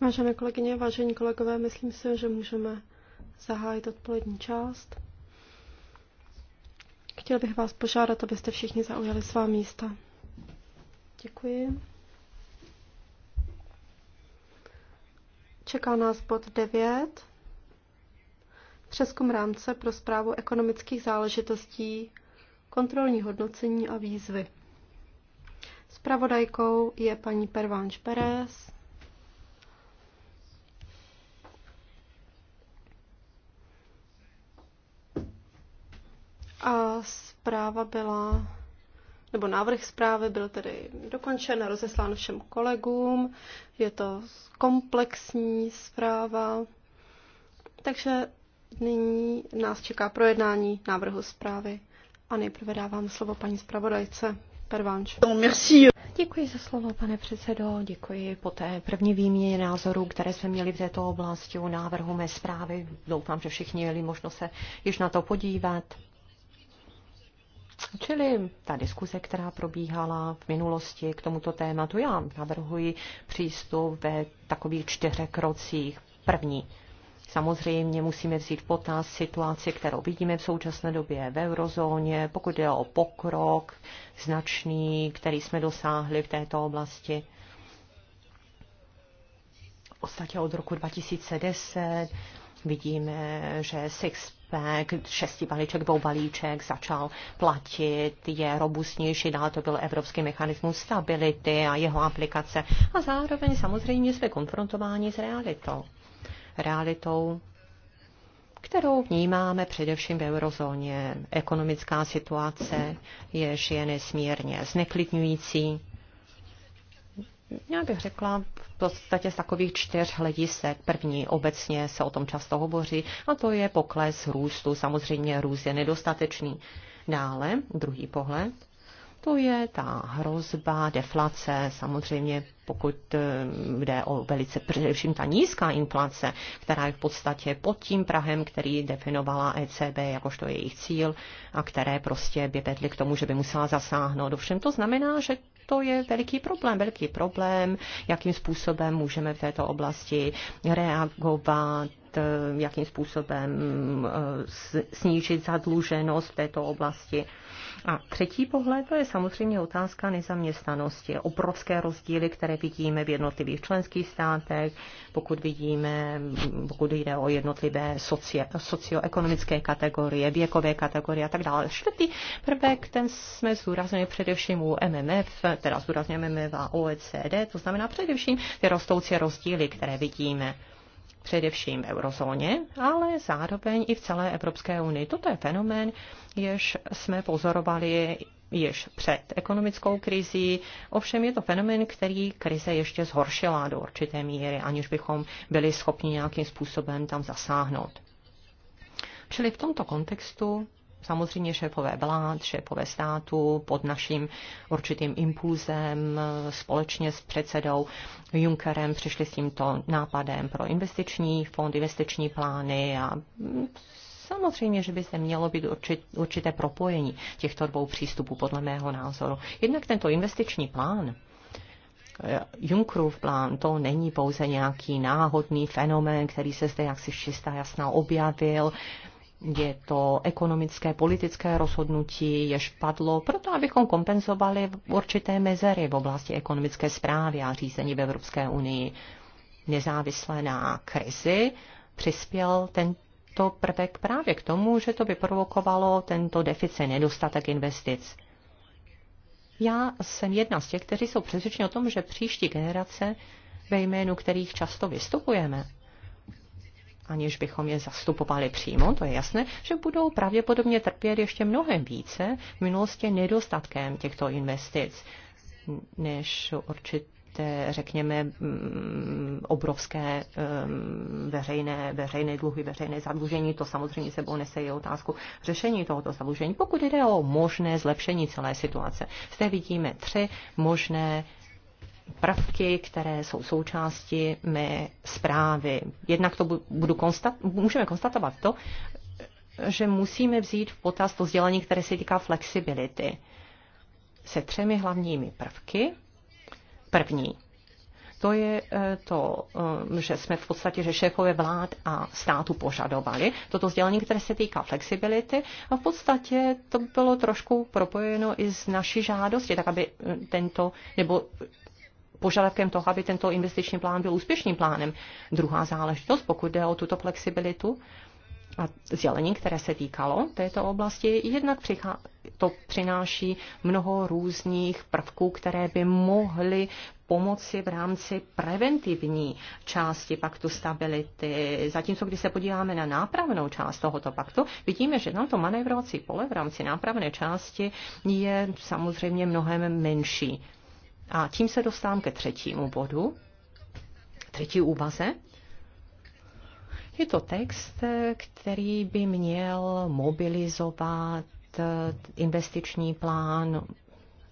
Vážené kolegyně, vážení kolegové, myslím si, že můžeme zahájit odpolední část. Chtěl bych vás požádat, abyste všichni zaujali svá místa. Děkuji. Čeká nás bod 9. Přeskum rámce pro zprávu ekonomických záležitostí, kontrolní hodnocení a výzvy. Spravodajkou je paní Pervánč Perez. A zpráva byla, nebo návrh zprávy byl tedy dokončen a rozeslán všem kolegům. Je to komplexní zpráva. Takže nyní nás čeká projednání návrhu zprávy. A nejprve dávám slovo paní zpravodajce. No, Děkuji za slovo, pane předsedo. Děkuji po té první výměně názorů, které jsme měli v této oblasti o návrhu mé zprávy. Doufám, že všichni měli možnost se již na to podívat. Čili ta diskuze, která probíhala v minulosti k tomuto tématu, já navrhuji přístup ve takových čtyřech krocích. První Samozřejmě musíme vzít v potaz situaci, kterou vidíme v současné době v eurozóně, pokud jde o pokrok značný, který jsme dosáhli v této oblasti. V podstatě od roku 2010 vidíme, že six balíček, šesti balíček, dvou balíček začal platit, je robustnější, dále to byl Evropský mechanismus stability a jeho aplikace. A zároveň samozřejmě jsme konfrontováni s realitou realitou, kterou vnímáme především v eurozóně. Ekonomická situace jež je nesmírně zneklidňující. Já bych řekla v podstatě z takových čtyř hledisek. První obecně se o tom často hovoří a to je pokles růstu. Samozřejmě růst je nedostatečný. Dále, druhý pohled, to je ta hrozba deflace, samozřejmě pokud eh, jde o velice především ta nízká inflace, která je v podstatě pod tím Prahem, který definovala ECB jakožto jejich cíl a které prostě by vedly k tomu, že by musela zasáhnout. Ovšem to znamená, že to je veliký problém, veliký problém, jakým způsobem můžeme v této oblasti reagovat, eh, jakým způsobem eh, snížit zadluženost v této oblasti. A třetí pohled to je samozřejmě otázka nezaměstnanosti. Obrovské rozdíly, které vidíme v jednotlivých členských státech, pokud vidíme, pokud jde o jednotlivé socio, socioekonomické kategorie, věkové kategorie a tak dále. Čtvrtý prvek, ten jsme zúraznili především u MMF, teda zdůrazňujeme MMF a OECD, to znamená především ty rostoucí rozdíly, které vidíme především eurozóně, ale zároveň i v celé Evropské unii. Toto je fenomén, jež jsme pozorovali již před ekonomickou krizí. Ovšem je to fenomén, který krize ještě zhoršila do určité míry, aniž bychom byli schopni nějakým způsobem tam zasáhnout. Čili v tomto kontextu samozřejmě šéfové vlád, šéfové státu pod naším určitým impulzem společně s předsedou Junckerem přišli s tímto nápadem pro investiční fond, investiční plány a Samozřejmě, že by se mělo být určité propojení těchto dvou přístupů, podle mého názoru. Jednak tento investiční plán, eh, Junckerův plán, to není pouze nějaký náhodný fenomén, který se zde jaksi čistá jasná objavil, je to ekonomické, politické rozhodnutí, jež padlo proto, abychom kompenzovali určité mezery v oblasti ekonomické zprávy a řízení v Evropské unii. Nezávisle na krizi přispěl tento prvek právě k tomu, že to vyprovokovalo tento deficit, nedostatek investic. Já jsem jedna z těch, kteří jsou přesvědčeni o tom, že příští generace, ve jménu kterých často vystupujeme, aniž bychom je zastupovali přímo, to je jasné, že budou pravděpodobně trpět ještě mnohem více v minulosti nedostatkem těchto investic, než určité, řekněme, mm, obrovské mm, veřejné, veřejné dluhy, veřejné zadlužení. To samozřejmě sebou nese i otázku řešení tohoto zadlužení, pokud jde o možné zlepšení celé situace. Zde vidíme tři možné prvky, které jsou součástí mé zprávy. Jednak to budu konstat, můžeme konstatovat to, že musíme vzít v potaz to vzdělání, které se týká flexibility, se třemi hlavními prvky. První, to je eh, to, eh, že jsme v podstatě, že šéfové vlád a státu požadovali toto sdělení, které se týká flexibility a v podstatě to bylo trošku propojeno i s naší žádostí, tak aby eh, tento, nebo požadavkem toho, aby tento investiční plán byl úspěšným plánem. Druhá záležitost, pokud jde o tuto flexibilitu, a zelení, které se týkalo této oblasti, jednak přichá, to přináší mnoho různých prvků, které by mohly pomoci v rámci preventivní části paktu stability. Zatímco, když se podíváme na nápravnou část tohoto paktu, vidíme, že nám to manévrovací pole v rámci nápravné části je samozřejmě mnohem menší. A tím se dostávám ke třetímu bodu, třetí úvaze. Je to text, který by měl mobilizovat eh, investiční plán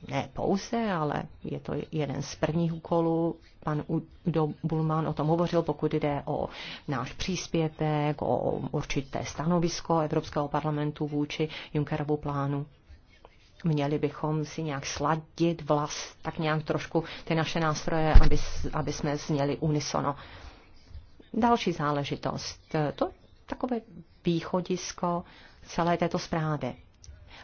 ne pouze, ale je to jeden z prvních úkolů. Pan Udo Bulman o tom hovořil, pokud jde o náš příspěvek, o určité stanovisko Evropského parlamentu vůči Junckerovu plánu. Měli bychom si nějak sladit vlas, tak nějak trošku ty naše nástroje, aby, aby jsme zněli unisono. Další záležitost, eh, to takové východisko celé této zprávy.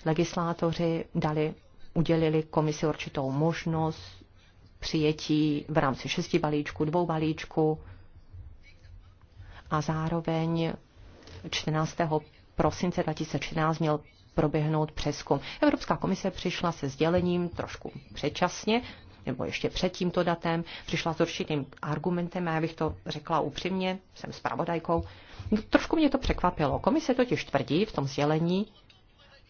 Legislátoři dali, udělili komisi určitou možnost přijetí v rámci šesti balíčků, dvou balíčků a zároveň 14. prosince 2014 měl proběhnout přeskum. Evropská komise přišla se sdělením trošku předčasně, nebo ještě před tímto datem, přišla s určitým argumentem a já bych to řekla upřímně, jsem spravodajkou. No, trošku mě to překvapilo. Komise totiž tvrdí v tom sdělení,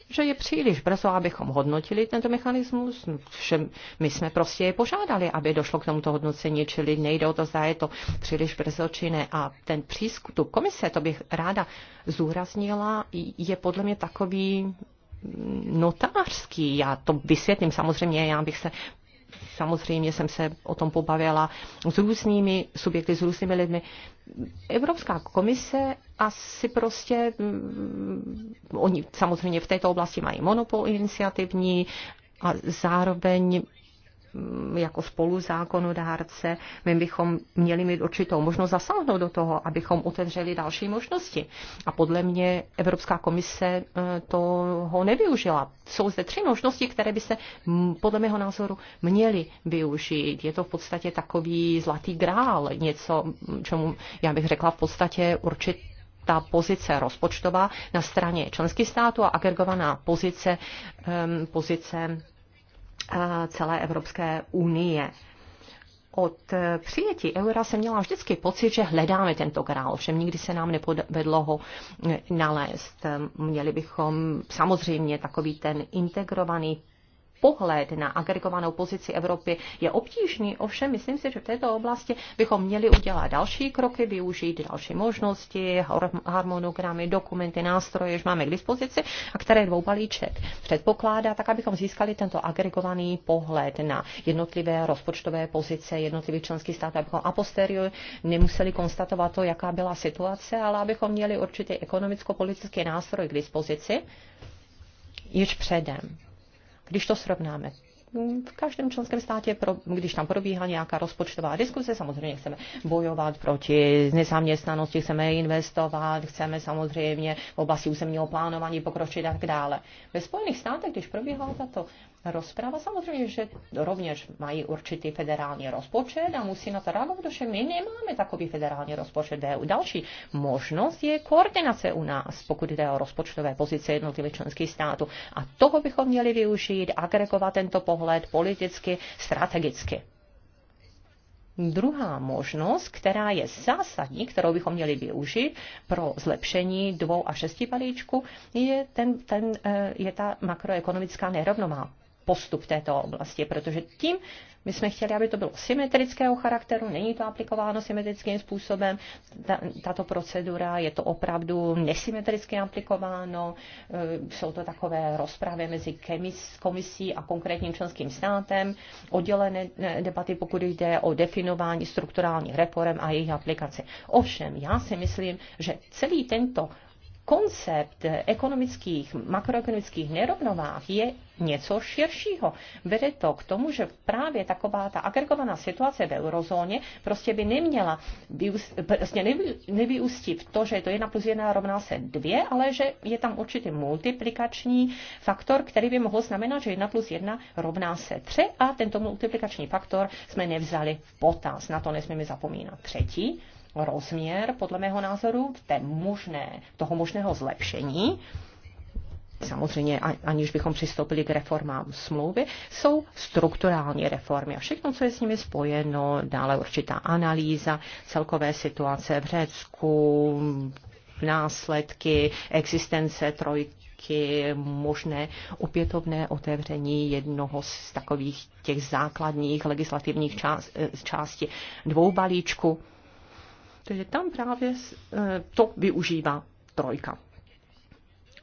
že je příliš brzo, abychom hodnotili tento mechanismus. Všem, my jsme prostě je požádali, aby došlo k tomuto hodnocení, čili nejde o to, zda je to příliš brzo či ne. A ten přístup komise, to bych ráda zúraznila, je podle mě takový notářský. Já to vysvětlím samozřejmě, já bych se samozřejmě jsem se o tom pobavila s různými subjekty, s různými lidmi. Evropská komise asi prostě, mm, oni samozřejmě v této oblasti mají monopol iniciativní a zároveň Mm, jako spoluzákonodárce, my bychom měli mít určitou možnost zasáhnout do toho, abychom otevřeli další možnosti. A podle mě Evropská komise eh, toho nevyužila. Jsou zde tři možnosti, které by se mm, podle mého názoru měly využít. Je to v podstatě takový zlatý grál, něco, mm, čemu já bych řekla v podstatě určit ta pozice rozpočtová na straně členských států a agregovaná pozice, um, pozice celé Evropské unie. Od přijetí eura jsem měla vždycky pocit, že hledáme tento král, ovšem nikdy se nám nepovedlo ho nalézt. Měli bychom samozřejmě takový ten integrovaný pohled na agregovanou pozici Evropy je obtížný, ovšem myslím si, že v této oblasti bychom měli udělat další kroky, využít další možnosti, harmonogramy, dokumenty, nástroje, jež máme k dispozici a které dvou balíček předpokládá, tak abychom získali tento agregovaný pohled na jednotlivé rozpočtové pozice jednotlivých členských států, abychom a posteriori nemuseli konstatovat to, jaká byla situace, ale abychom měli určitě ekonomicko-politické nástroje k dispozici již předem. Když to srovnáme, v každém členském státě, když tam probíhá nějaká rozpočtová diskuse, samozřejmě chceme bojovat proti nezaměstnanosti, chceme investovat, chceme samozřejmě v oblasti územního plánování pokročit a tak dále. Ve Spojených státech, když probíhala tato rozpráva. Samozřejmě, že rovněž mají určitý federální rozpočet a musí na to reagovat, protože my nemáme takový federální rozpočet EU. Další možnost je koordinace u nás, pokud jde o rozpočtové pozice jednotlivých členských států. A toho bychom měli využít, agregovat tento pohled politicky, strategicky. Druhá možnost, která je zásadní, kterou bychom měli využít pro zlepšení dvou a šesti balíčku, je, ten, ten, eh, je ta makroekonomická nerovnováha postup v této oblasti, protože tím my jsme chtěli, aby to bylo symetrického charakteru, není to aplikováno symetrickým způsobem, tato procedura je to opravdu nesymetricky aplikováno, e, jsou to takové rozpravy mezi komisí a konkrétním členským státem, oddělené e, debaty, pokud jde o definování strukturálních reform a jejich aplikaci. Ovšem, já si myslím, že celý tento koncept ekonomických, makroekonomických nerovnovách je něco širšího. Vede to k tomu, že právě taková ta agregovaná situace v eurozóně prostě by neměla prostě nevyústit v to, že je to jedna plus jedna rovná se dvě, ale že je tam určitý multiplikační faktor, který by mohl znamenat, že jedna plus jedna rovná se tři, a tento multiplikační faktor jsme nevzali v potaz. Na to nesmíme zapomínat. Třetí rozměr, podle mého názoru, té možné, toho možného zlepšení, samozřejmě aniž bychom přistoupili k reformám smlouvy, jsou strukturální reformy a všechno, co je s nimi spojeno, dále určitá analýza celkové situace v Řecku, následky existence trojky, možné opětovné otevření jednoho z takových těch základních legislativních část, části dvou balíčku. Takže tam právě e, to využívá trojka.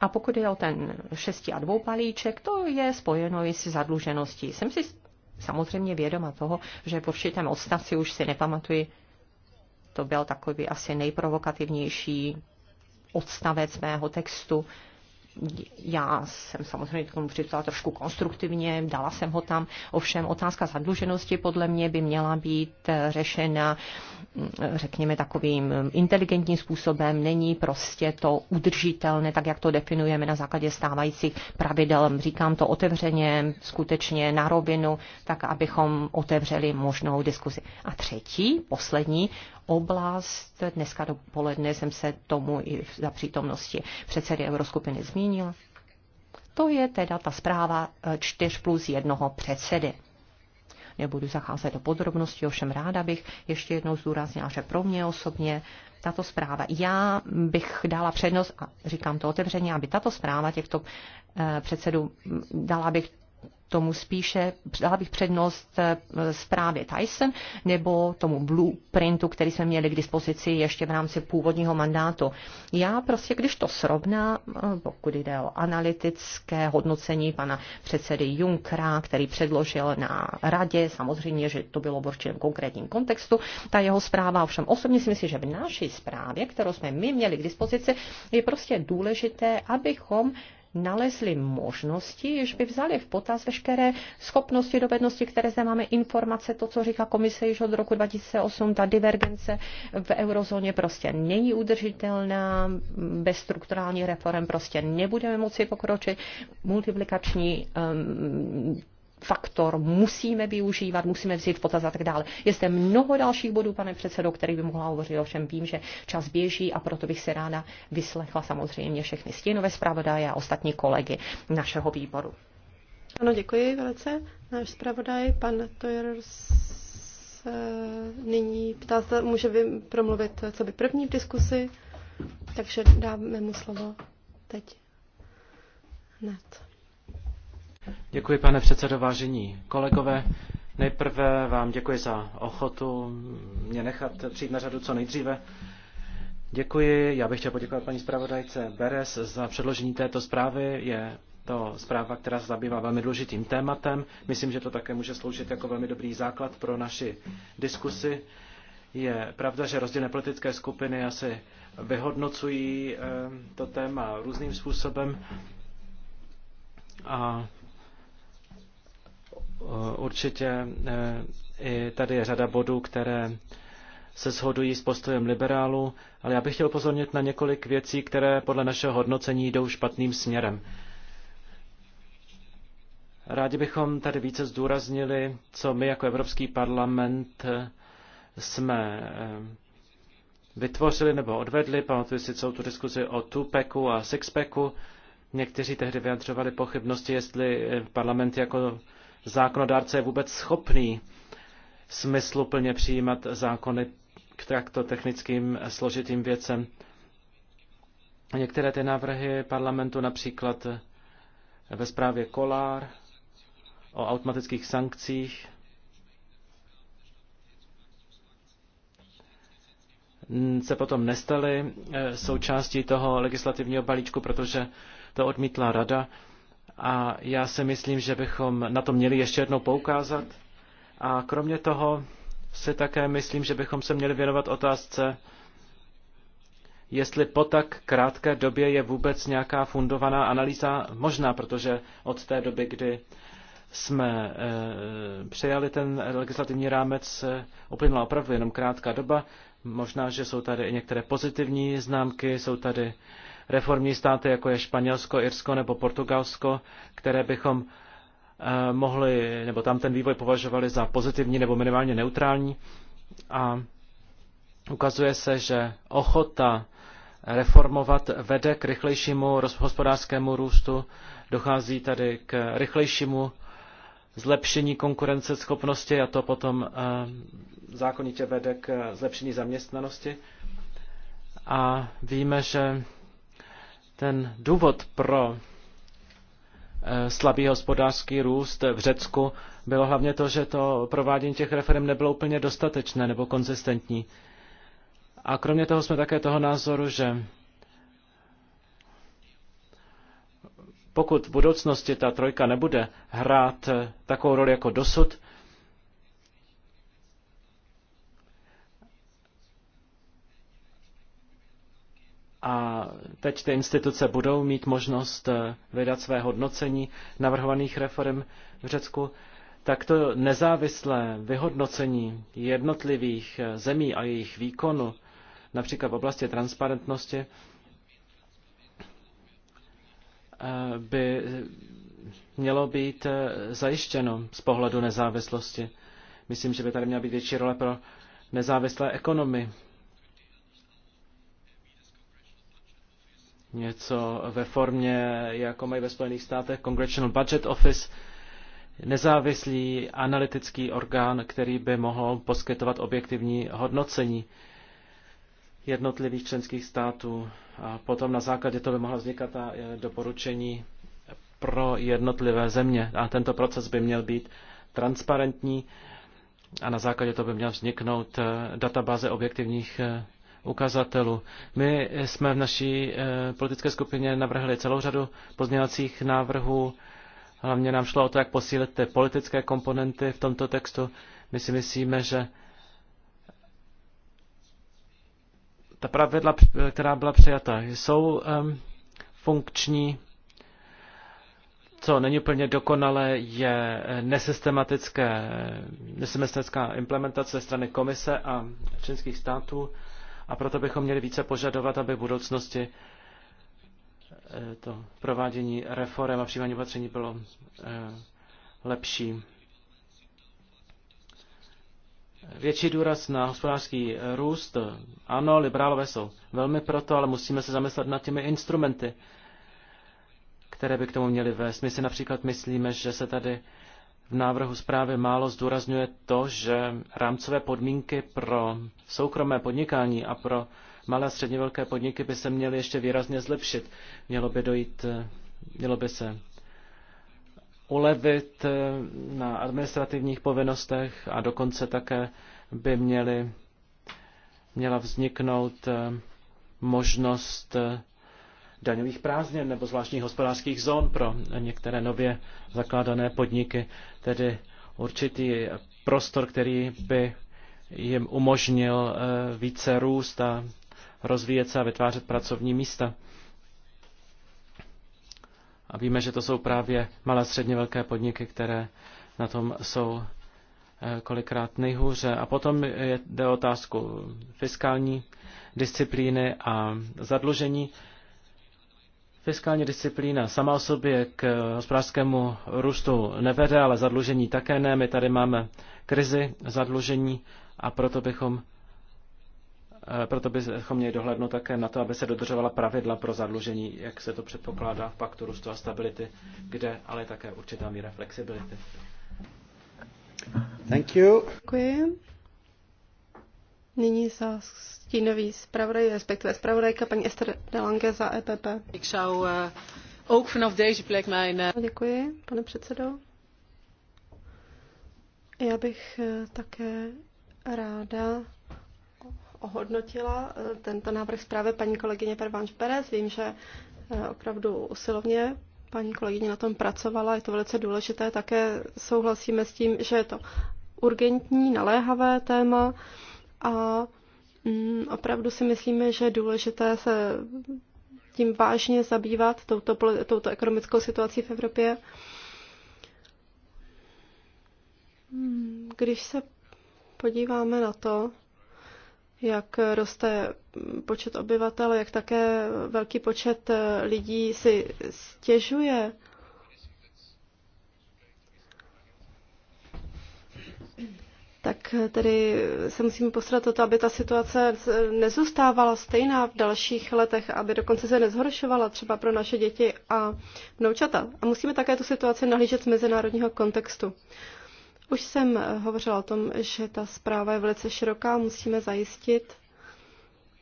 A pokud je o ten 6 a 2 palíček, to je spojeno i s zadlužeností. Jsem si samozřejmě vědoma toho, že po určitém odstavci už si nepamatuji, to byl takový asi nejprovokativnější odstavec mého textu, já jsem samozřejmě tomu přistala trošku konstruktivně, dala jsem ho tam. Ovšem otázka zadluženosti podle mě by měla být eh, řešena, mm, řekněme, takovým mm, inteligentním způsobem. Není prostě to udržitelné, tak jak to definujeme na základě stávajících pravidel. Říkám to otevřeně, skutečně na rovinu, tak abychom otevřeli možnou diskuzi. A třetí, poslední oblast. Dneska dopoledne jsem se tomu i za přítomnosti předsedy Euroskupiny zmínil. To je teda ta zpráva 4 eh, plus jednoho předsedy. Nebudu zacházet do podrobností, ovšem ráda bych ještě jednou zdůraznila, že pro mě osobně tato zpráva, já bych dala přednost, a říkám to otevřeně, aby tato zpráva těchto eh, předsedů, dala bych tomu spíše dala bych přednost eh, zprávě Tyson nebo tomu blueprintu, který jsme měli k dispozici ještě v rámci původního mandátu. Já prostě, když to srovnám, eh, pokud jde o analytické hodnocení pana předsedy Junkra, který předložil na radě, samozřejmě, že to bylo v určitém konkrétním kontextu, ta jeho zpráva, ovšem osobně si myslím, že v naší zprávě, kterou jsme my měli k dispozici, je prostě důležité, abychom nalezli možnosti, jež by vzali v potaz veškeré schopnosti, dovednosti, které zde máme, informace, to, co říká komise již od roku 2008, ta divergence v eurozóně prostě není udržitelná, bez strukturálních reform prostě nebudeme moci pokročit, multiplikační um, faktor musíme využívat, musíme vzít v potaz a tak dále. Je zde mnoho dalších bodů, pane předsedo, který by mohla hovořit, ovšem vím, že čas běží a proto bych se ráda vyslechla samozřejmě všechny stínové zpravodaje a ostatní kolegy našeho výboru. Ano, děkuji velice. Náš zpravodaj, pan Tojers, eh, nyní ptá se, může vy promluvit, co by první v diskusi, takže dáme mu slovo teď. Net. Děkuji, pane předsedo, vážení kolegové. Nejprve vám děkuji za ochotu mě nechat přijít na řadu co nejdříve. Děkuji. Já bych chtěl poděkovat paní zpravodajce Beres za předložení této zprávy. Je to zpráva, která se zabývá velmi důležitým tématem. Myslím, že to také může sloužit jako velmi dobrý základ pro naši diskusi. Je pravda, že rozdílné politické skupiny asi vyhodnocují eh, to téma různým způsobem. A Eh, určitě eh, i tady je řada bodů, které se shodují s postojem liberálu, ale já bych chtěl pozornit na několik věcí, které podle našeho hodnocení jdou špatným směrem. Rádi bychom tady více zdůraznili, co my jako Evropský parlament eh, jsme vytvořili nebo odvedli. Pamatuju si celou tu diskuzi o Tupeku a Sixpeku. Někteří tehdy vyjadřovali pochybnosti, jestli parlament jako zákonodárce je vůbec schopný smysluplně přijímat zákony k takto technickým složitým věcem. Některé ty návrhy parlamentu, například ve zprávě Kolár o automatických sankcích, se potom nestaly eh, součástí toho legislativního balíčku, protože to odmítla rada. A já si myslím, že bychom na to měli ještě jednou poukázat. A kromě toho si také myslím, že bychom se měli věnovat otázce, jestli po tak krátké době je vůbec nějaká fundovaná analýza možná, protože od té doby, kdy jsme e, přijali ten legislativní rámec, eh, uplynula opravdu jenom krátká doba. Možná, že jsou tady i některé pozitivní známky, jsou tady reformní státy, jako je Španělsko, Irsko nebo Portugalsko, které bychom eh, mohli, nebo tam ten vývoj považovali za pozitivní nebo minimálně neutrální. A ukazuje se, že ochota reformovat vede k rychlejšímu hospodářskému růstu, dochází tady k rychlejšímu zlepšení konkurenceschopnosti a to potom eh, zákonitě vede k zlepšení zaměstnanosti. A víme, že ten důvod pro eh, slabý hospodářský růst v Řecku bylo hlavně to, že to provádění těch reform nebylo úplně dostatečné nebo konzistentní. A kromě toho jsme také toho názoru, že pokud v budoucnosti ta trojka nebude hrát takovou roli jako dosud, A teď ty instituce budou mít možnost eh, vydat své hodnocení navrhovaných reform v Řecku. Tak to nezávislé vyhodnocení jednotlivých eh, zemí a jejich výkonu, například v oblasti transparentnosti, eh, by mělo být zajištěno z pohledu nezávislosti. Myslím, že by tady měla být větší role pro nezávislé ekonomy něco ve formě, jako mají ve Spojených státech Congressional Budget Office, nezávislý analytický orgán, který by mohl poskytovat objektivní hodnocení jednotlivých členských států. A potom na základě toho by mohla vznikat ta eh, doporučení pro jednotlivé země. A tento proces by měl být transparentní a na základě toho by měla vzniknout eh, databáze objektivních eh, ukazatelů. My jsme v naší eh, politické skupině navrhli celou řadu pozměňovacích návrhů. Hlavně nám šlo o to, jak posílit ty politické komponenty v tomto textu. My si myslíme, že ta pravidla, eh, která byla přijata, jsou um, funkční. Co není úplně dokonalé, je eh, nesystematická implementace strany komise a členských států. A proto bychom měli více požadovat, aby v budoucnosti eh, to provádění reform a přijímání opatření bylo eh, lepší. Větší důraz na hospodářský růst. Ano, liberálové jsou velmi proto, ale musíme se zamyslet nad těmi instrumenty, které by k tomu měly vést. My si například myslíme, že se tady v návrhu zprávy málo zdůrazňuje to, že rámcové podmínky pro soukromé podnikání a pro malé a středně velké podniky by se měly ještě výrazně zlepšit. Mělo by dojít, mělo by se ulevit na administrativních povinnostech a dokonce také by měly, měla vzniknout možnost daňových prázdnin nebo zvláštních hospodářských zón pro některé nově zakládané podniky, tedy určitý prostor, který by jim umožnil eh, více růst a rozvíjet se a vytvářet pracovní místa. A víme, že to jsou právě malé a středně velké podniky, které na tom jsou eh, kolikrát nejhůře. A potom jde otázku fiskální disciplíny a zadlužení. Fiskální disciplína sama o sobě k hospodářskému růstu nevede, ale zadlužení také ne. My tady máme krizi zadlužení a proto bychom eh, proto bychom měli dohlednout také na to, aby se dodržovala pravidla pro zadlužení, jak se to předpokládá v paktu růstu a stability, kde ale také určitá míra flexibility. Thank you. Děkuji. Nyní za stínový zpravodaj, respektive zpravodajka paní Ester Delange za EPP. Ik zou eh, ook vanaf deze plek mijn... Eh, Děkuji, pane předsedo. Já bych eh, také ráda ohodnotila tento návrh zprávy paní kolegyně Pervanš Perez. Vím, že opravdu usilovně paní kolegyně na tom pracovala, je to velice důležité. Také souhlasíme s tím, že je to urgentní, naléhavé téma a mm, opravdu si myslíme, že je důležité se tím vážně zabývat, touto, touto ekonomickou situací v Evropě. Hmm, když se podíváme na to, jak roste počet obyvatel, jak také velký počet lidí si stěžuje tak tedy se musíme postarat o to, aby ta situace nezůstávala stejná v dalších letech, aby dokonce se nezhoršovala třeba pro naše děti a vnoučata. A musíme také tu situaci nahlížet z mezinárodního kontextu. Už jsem hovořila o tom, že ta zpráva je velice široká, musíme zajistit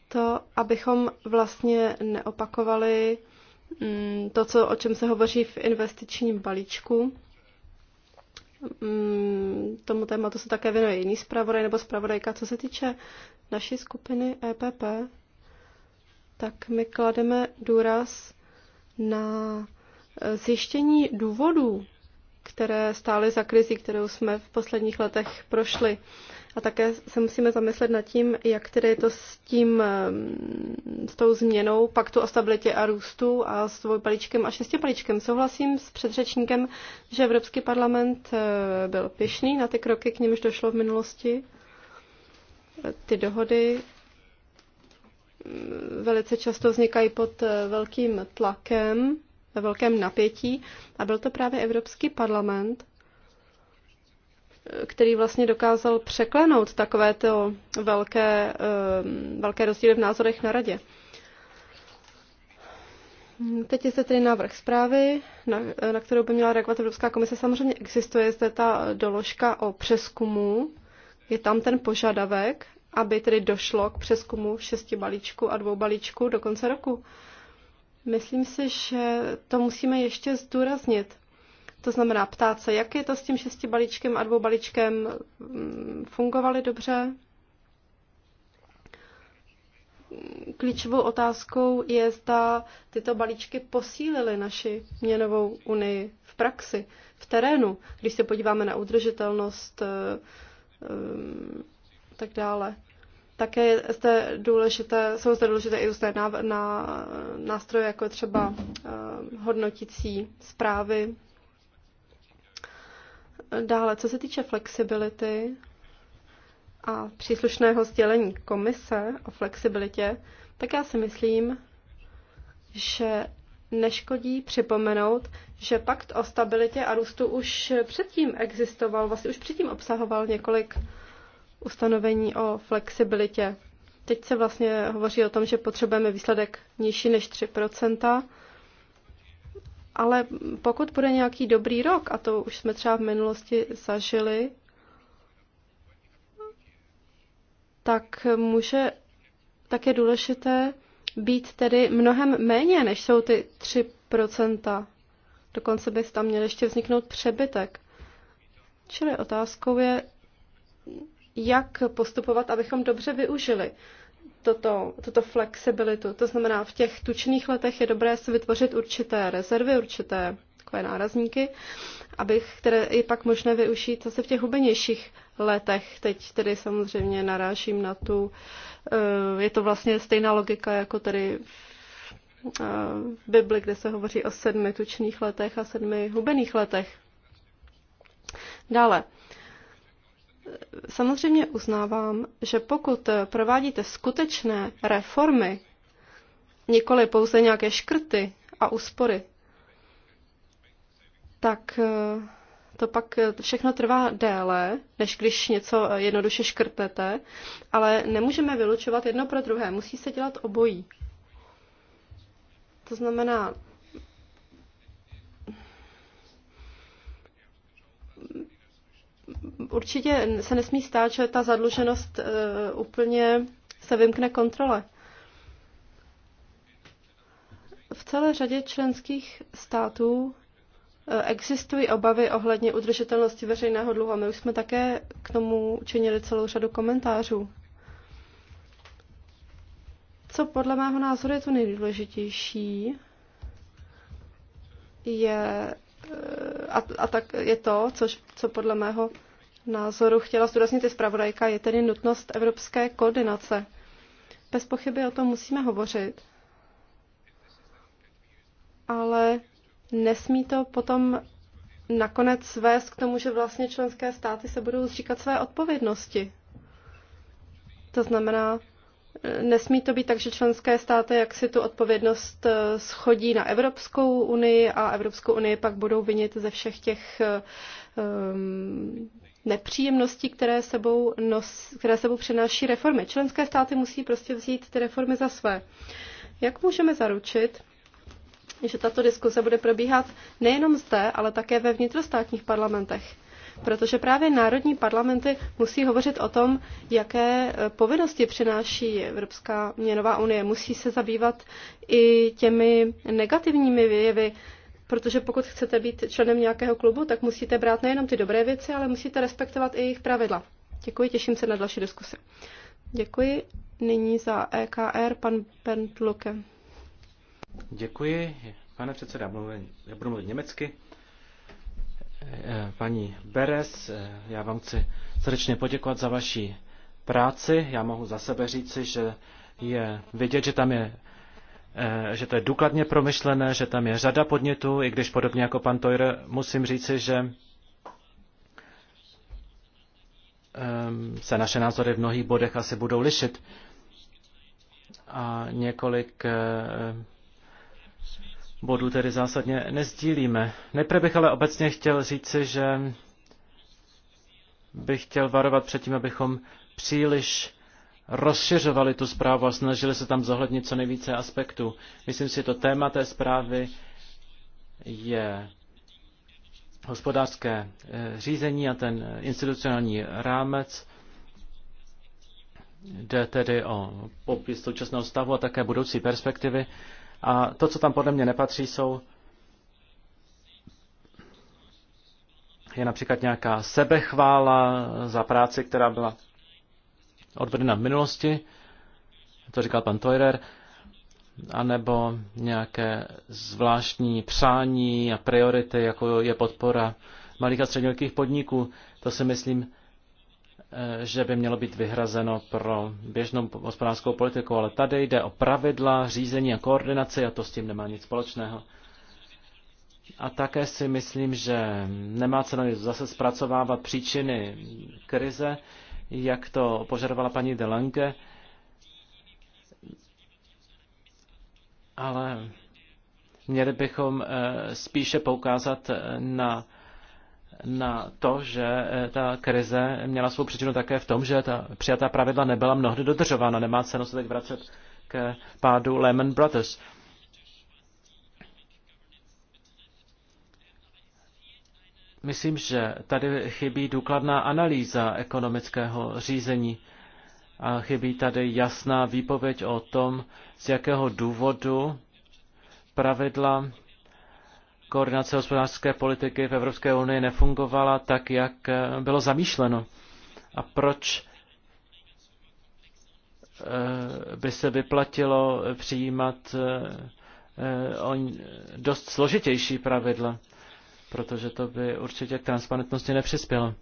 to, abychom vlastně neopakovali mm, to, co, o čem se hovoří v investičním balíčku, Mm, tomu tématu se také věnuje jiný zpravodaj nebo zpravodajka. Co se týče naší skupiny EPP, tak my klademe důraz na zjištění důvodů které stály za krizi, kterou jsme v posledních letech prošli. A také se musíme zamyslet nad tím, jak tedy je to s tím, eh, s tou změnou paktu o stabilitě a růstu a s dvojpalíčkem a šestipalíčkem. Souhlasím s předřečníkem, že Evropský parlament eh, byl pěšný na ty kroky, k nimž došlo v minulosti. Ty dohody mm, velice často vznikají pod eh, velkým tlakem ve velkém napětí a byl to právě Evropský parlament, který vlastně dokázal překlenout takovéto velké, ehm, velké rozdíly v názorech na radě. Teď je zde tedy návrh zprávy, na, na kterou by měla reagovat Evropská komise. Samozřejmě existuje zde ta doložka o přeskumu. Je tam ten požadavek, aby tedy došlo k přeskumu šesti balíčku a dvou balíčku do konce roku. Uh, Myslím si, že to musíme ještě zdůraznit. To znamená ptát se, jak je to s tím šesti balíčkem a dvou balíčkem mm, fungovaly dobře. Klíčovou otázkou je, zda tyto balíčky posílily naši měnovou unii v praxi, v terénu, když se podíváme na udržitelnost eh, eh, tak dále. Také zde důležité, jsou zde důležité i zde na, na, nástroje, jako třeba uh, hodnotící zprávy. Dále, co se týče flexibility a příslušného sdělení komise o flexibilitě, tak já si myslím, že neškodí připomenout, že pakt o stabilitě a růstu už předtím existoval, vlastně už předtím obsahoval několik uh, ustanovení o flexibilitě. Teď se vlastně hovoří o tom, že potřebujeme výsledek nižší než 3 ale pokud bude nějaký dobrý rok, a to už jsme třeba v minulosti zažili, tak může, tak je důležité být tedy mnohem méně, než jsou ty 3%. Dokonce by tam měl ještě vzniknout přebytek. Čili otázkou je, jak postupovat, abychom dobře využili toto, tuto flexibilitu. To znamená, v těch tučných letech je dobré si vytvořit určité rezervy, určité takové nárazníky, abych, které je pak možné využít zase v těch hubenějších letech. Teď tedy samozřejmě narážím na tu, eh, je to vlastně stejná logika jako tedy eh, v Bibli, kde se hovoří o sedmi tučných letech a sedmi hubených letech. Dále, samozřejmě uznávám, že pokud provádíte skutečné reformy, nikoli pouze nějaké škrty a úspory, tak eh, to pak všechno trvá déle, než když něco jednoduše škrtnete, ale nemůžeme vylučovat jedno pro druhé, musí se dělat obojí. To znamená, určitě se nesmí stát, že ta zadluženost eh, úplně se vymkne kontrole. V celé řadě členských států eh, existují obavy ohledně udržitelnosti veřejného dluhu. My už jsme také k tomu učinili celou řadu komentářů. Co podle mého názoru je to nejdůležitější, je a, a tak je to, což, co podle mého názoru chtěla zdůraznit i zpravodajka, je tedy nutnost evropské koordinace. Bez pochyby o tom musíme hovořit, ale nesmí to potom nakonec vést k tomu, že vlastně členské státy se budou zříkat své odpovědnosti. To znamená, Nesmí to být tak, že členské státy jak si tu odpovědnost eh, schodí na Evropskou unii a Evropskou unii pak budou vinit ze všech těch um, nepříjemností, které sebou, nos, které sebou přináší reformy. Členské státy musí prostě vzít ty reformy za své. Jak můžeme zaručit, že tato diskuse bude probíhat nejenom zde, ale také ve vnitrostátních parlamentech? protože právě národní parlamenty musí hovořit o tom, jaké eh, povinnosti přináší Evropská měnová unie. Musí se zabývat i těmi negativními jevy, protože pokud chcete být členem nějakého klubu, tak musíte brát nejenom ty dobré věci, ale musíte respektovat i jejich pravidla. Děkuji, těším se na další diskusy. Děkuji. Nyní za EKR pan Bernd Luke. Děkuji. Pane předseda, já budu mluvit německy. Eh, paní Beres, eh, já vám chci srdečně poděkovat za vaši práci. Já mohu za sebe říci, že je vidět, že tam je eh, že to je důkladně promyšlené, že tam je řada podnětů, i když podobně jako pan Tojr musím říci, že ehm, se naše názory v mnohých bodech asi budou lišit. A několik Bodu tedy zásadně nezdílíme. Nejprve bych ale obecně chtěl říci, že bych chtěl varovat před tím, abychom příliš rozšiřovali tu zprávu a snažili se tam zohlednit co nejvíce aspektů. Myslím si, že to téma té zprávy je hospodářské eh, řízení a ten institucionální rámec. Jde tedy o popis současného stavu a také budoucí perspektivy. A to, co tam podle mě nepatří, jsou je například nějaká sebechvála za práci, která byla odvedena v minulosti, to říkal pan Teurer, anebo nějaké zvláštní přání a priority, jako je podpora malých a středních podniků. To si myslím, Eh, že by mělo být vyhrazeno pro běžnou hospodářskou politiku, ale tady jde o pravidla, řízení a koordinaci a to s tím nemá nic společného. A také si myslím, že nemá cenu zase zpracovávat příčiny krize, jak to požadovala paní Delange, ale měli bychom eh, spíše poukázat eh, na na to, že eh, ta krize měla svou příčinu také v tom, že ta přijatá pravidla nebyla mnohdy dodržována. Nemá cenu se tak vracet k pádu Lehman Brothers. Myslím, že tady chybí důkladná analýza ekonomického řízení a chybí tady jasná výpověď o tom, z jakého důvodu pravidla koordinace hospodářské politiky v Evropské unii nefungovala tak, jak eh, bylo zamýšleno. A proč eh, by se vyplatilo přijímat eh, dost složitější pravidla, protože to by určitě k transparentnosti nepřispělo.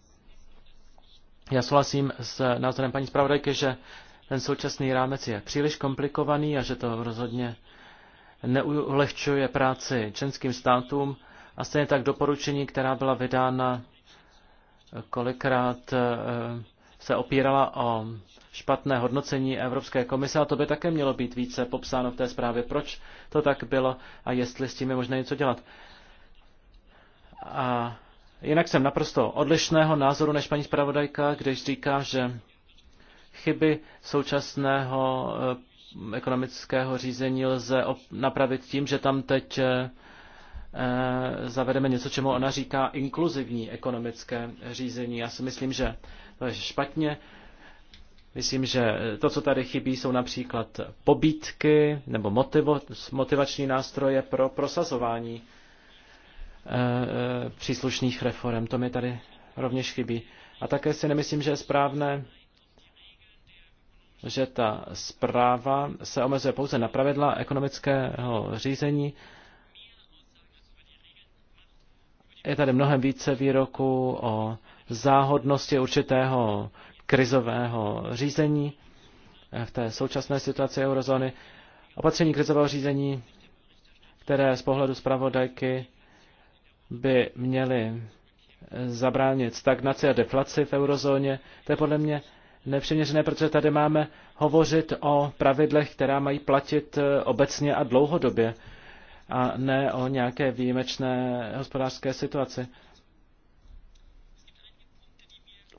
Já souhlasím s názorem paní zpravodajky, že ten současný rámec je příliš komplikovaný a že to rozhodně neulehčuje práci členským státům a stejně tak doporučení, která byla vydána kolikrát eh, se opírala o špatné hodnocení Evropské komise a to by také mělo být více popsáno v té zprávě, proč to tak bylo a jestli s tím je možné něco dělat. A jinak jsem naprosto odlišného názoru než paní zpravodajka, když říká, že chyby současného eh, ekonomického řízení lze napravit tím, že tam teď eh, zavedeme něco, čemu ona říká inkluzivní ekonomické řízení. Já si myslím, že to je špatně. Myslím, že to, co tady chybí, jsou například pobítky nebo motivo, motivační nástroje pro prosazování eh, eh, příslušných reform. To mi tady rovněž chybí. A také si nemyslím, že je správné že ta zpráva se omezuje pouze na pravidla ekonomického řízení. Je tady mnohem více výroků o záhodnosti určitého krizového řízení v té současné situaci eurozóny. Opatření krizového řízení, které z pohledu zpravodajky by měly zabránit stagnaci a deflaci v eurozóně, to je podle mě nepřiměřené, protože tady máme hovořit o pravidlech, která mají platit e, obecně a dlouhodobě a ne o nějaké výjimečné hospodářské situaci.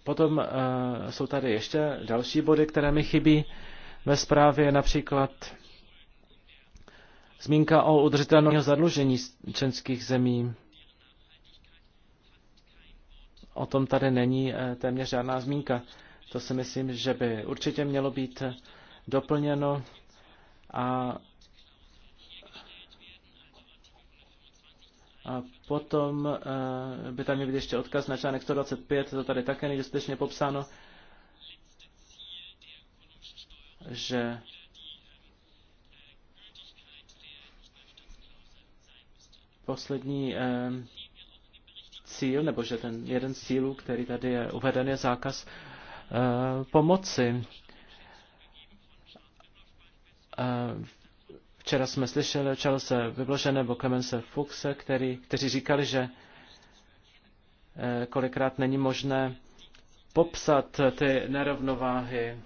Potom uh, jsou tady ještě další body, které mi chybí ve zprávě, například zmínka o udržitelném zadlužení členských zemí. O tom tady není uh, téměř žádná zmínka. Uh, to si myslím, že by určitě mělo být doplněno a, a potom uh, by tam měl být ještě odkaz na článek 125, to tady také není dostatečně popsáno, že poslední um, cíl, nebo že ten jeden z cílů, který tady je uveden, je zákaz Eh, pomoci. Eh, včera jsme slyšeli o Charlesa Vyblože nebo Clemence Fuchse, který, kteří říkali, že eh, kolikrát není možné popsat ty nerovnováhy.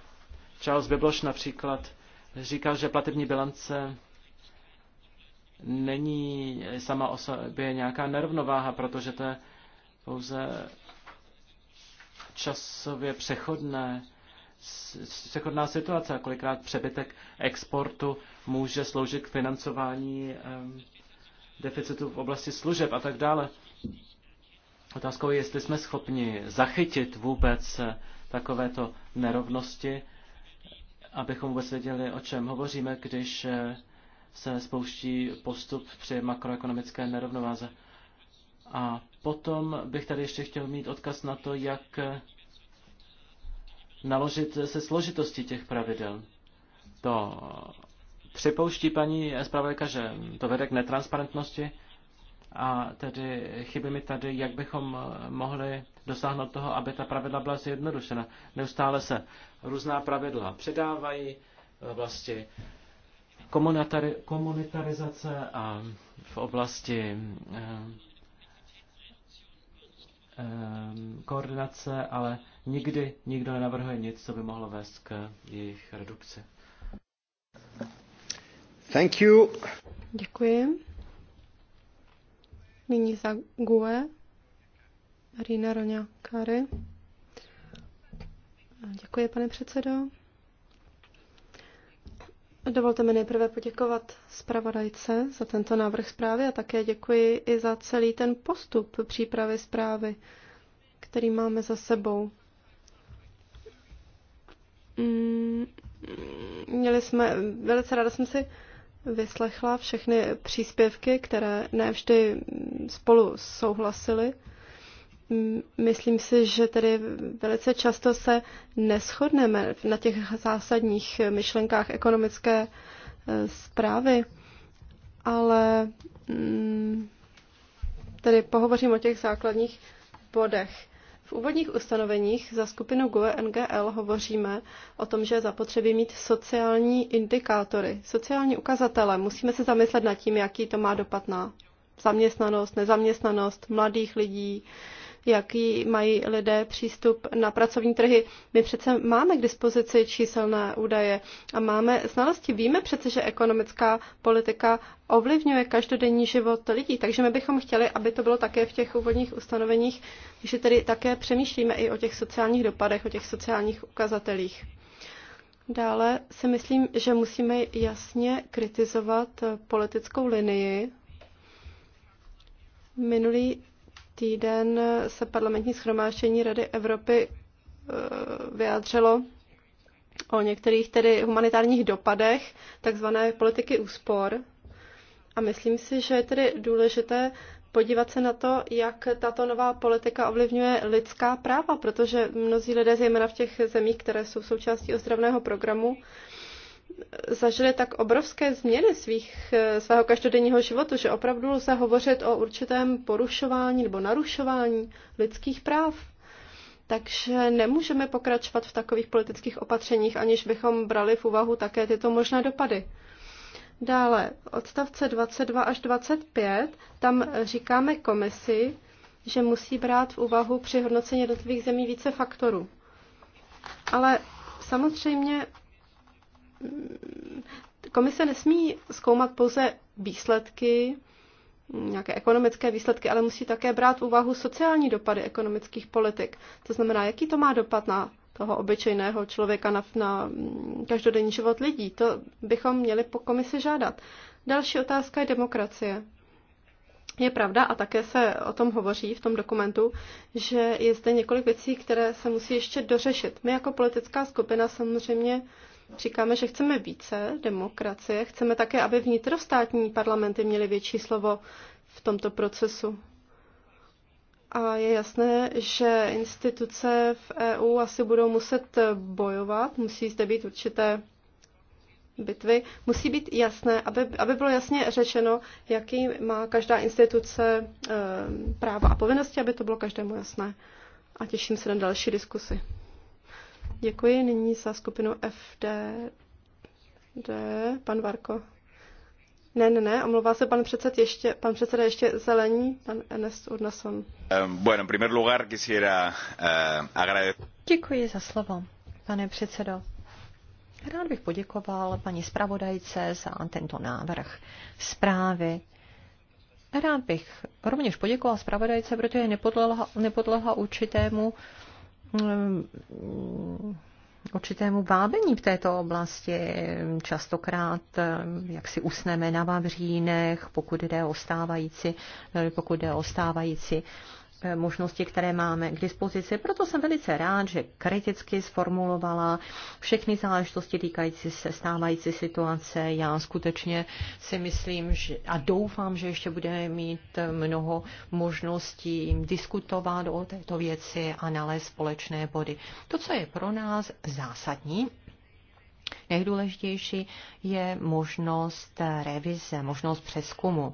Charles Bibloš například říkal, že platební bilance není sama o sobě nějaká nerovnováha, protože to je pouze časově přechodné, přechodná situace a kolikrát přebytek exportu může sloužit k financování deficitu v oblasti služeb a tak dále. Otázkou je, jestli jsme schopni zachytit vůbec eh, takovéto nerovnosti, abychom vůbec věděli, o čem hovoříme, když eh, se spouští postup při makroekonomické nerovnováze. A Potom bych tady ještě chtěl mít odkaz na to, jak naložit se složitostí těch pravidel. To připouští paní zpravodajka, že to vede k netransparentnosti a tedy chybí mi tady, jak bychom mohli dosáhnout toho, aby ta pravidla byla zjednodušena. Neustále se různá pravidla předávají v oblasti komunitarizace a v oblasti eh, Ehm, koordinace, ale nikdy nikdo nenavrhuje nic, co by mohlo vést k jejich redukci. Thank you. Děkuji. Nyní za GUE Marina Roňa Kary. Děkuji, pane předsedo. Dovolte mi nejprve poděkovat zpravodajce za tento návrh zprávy a také děkuji i za celý ten postup přípravy zprávy, který máme za sebou. Mm, měli jsme, velice ráda jsem si vyslechla všechny příspěvky, které ne vždy spolu souhlasily. Myslím si, že tedy velice často se neschodneme na těch zásadních myšlenkách ekonomické e, zprávy, ale mm, tedy pohovořím o těch základních bodech. V úvodních ustanoveních za skupinu GUE NGL hovoříme o tom, že je zapotřebí mít sociální indikátory, sociální ukazatele. Musíme se zamyslet nad tím, jaký to má dopad na zaměstnanost, nezaměstnanost mladých lidí, jaký mají lidé přístup na pracovní trhy. My přece máme k dispozici číselné údaje a máme znalosti. Víme přece, že ekonomická politika ovlivňuje každodenní život lidí, takže my bychom chtěli, aby to bylo také v těch úvodních ustanoveních, že tedy také přemýšlíme i o těch sociálních dopadech, o těch sociálních ukazatelích. Dále si myslím, že musíme jasně kritizovat politickou linii. Minulý týden se parlamentní schromáždění Rady Evropy eh, vyjádřilo o některých tedy humanitárních dopadech takzvané politiky úspor. A myslím si, že je tedy důležité podívat se na to, jak tato nová politika ovlivňuje lidská práva, protože mnozí lidé, zejména v těch zemích, které jsou součástí ozdravného programu, zažili tak obrovské změny svých, eh, svého každodenního života, že opravdu lze hovořit o určitém porušování nebo narušování lidských práv. Takže nemůžeme pokračovat v takových politických opatřeních, aniž bychom brali v úvahu také tyto možné dopady. Dále, odstavce 22 až 25, tam říkáme komisi, že musí brát v úvahu při hodnocení jednotlivých zemí více faktorů. Ale samozřejmě komise nesmí zkoumat pouze výsledky, nějaké ekonomické výsledky, ale musí také brát v úvahu sociální dopady ekonomických politik. To znamená, jaký to má dopad na toho obyčejného člověka, na, na každodenní život lidí. To bychom měli po komise žádat. Další otázka je demokracie. Je pravda, a také se o tom hovoří v tom dokumentu, že je zde několik věcí, které se musí ještě dořešit. My jako politická skupina samozřejmě Říkáme, že chceme více demokracie, chceme také, aby vnitrostátní parlamenty měly větší slovo v tomto procesu. A je jasné, že instituce v EU asi budou muset bojovat, musí zde být určité bitvy. Musí být jasné, aby, aby bylo jasně řečeno, jaký má každá instituce e, práva a povinnosti, aby to bylo každému jasné. A těším se na další diskusy. Děkuji nyní za skupinu FD. D, pan Varko. Ne, ne, ne, omlouvá se pan předseda ještě, pan předseda ještě zelení, pan Ernest Urnason. bueno, en primer lugar quisiera eh, agradecer... Děkuji za slovo, pane předsedo. Rád bych poděkoval paní zpravodajce za tento návrh zprávy. Rád bych rovněž poděkoval zpravodajce, protože nepodlehla, nepodlehla určitému uh, Ehm, určitému vábení v této oblasti. Častokrát, ehm, jak si usneme na Vavřínech, pokud jde o stávající, eh, pokud jde o stávající Eh, možnosti, které máme k dispozici. Proto jsem velice rád, že kriticky sformulovala všechny záležitosti týkající se stávající situace. Já skutečně si myslím že, a doufám, že ještě budeme mít mnoho možností diskutovat o této věci a nalézt společné body. To, co je pro nás zásadní, Nejdůležitější je možnost revize, možnost přeskumu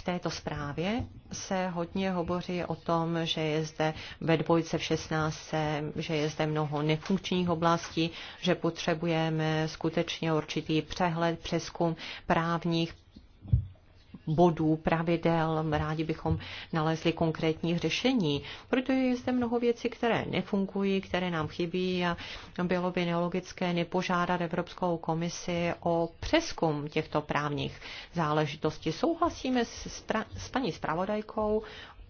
v této zprávě se hodně hovoří o tom, že je zde ve dvojce v 16, že je zde mnoho nefunkčních oblastí, že potřebujeme skutečně určitý přehled, přeskum právních bodů, pravidel. Rádi bychom nalezli konkrétní řešení, Proto je zde mnoho věcí, které nefungují, které nám chybí a bylo by nelogické nepožádat Evropskou komisi o přeskum těchto právních záležitostí. Souhlasíme s, s paní zpravodajkou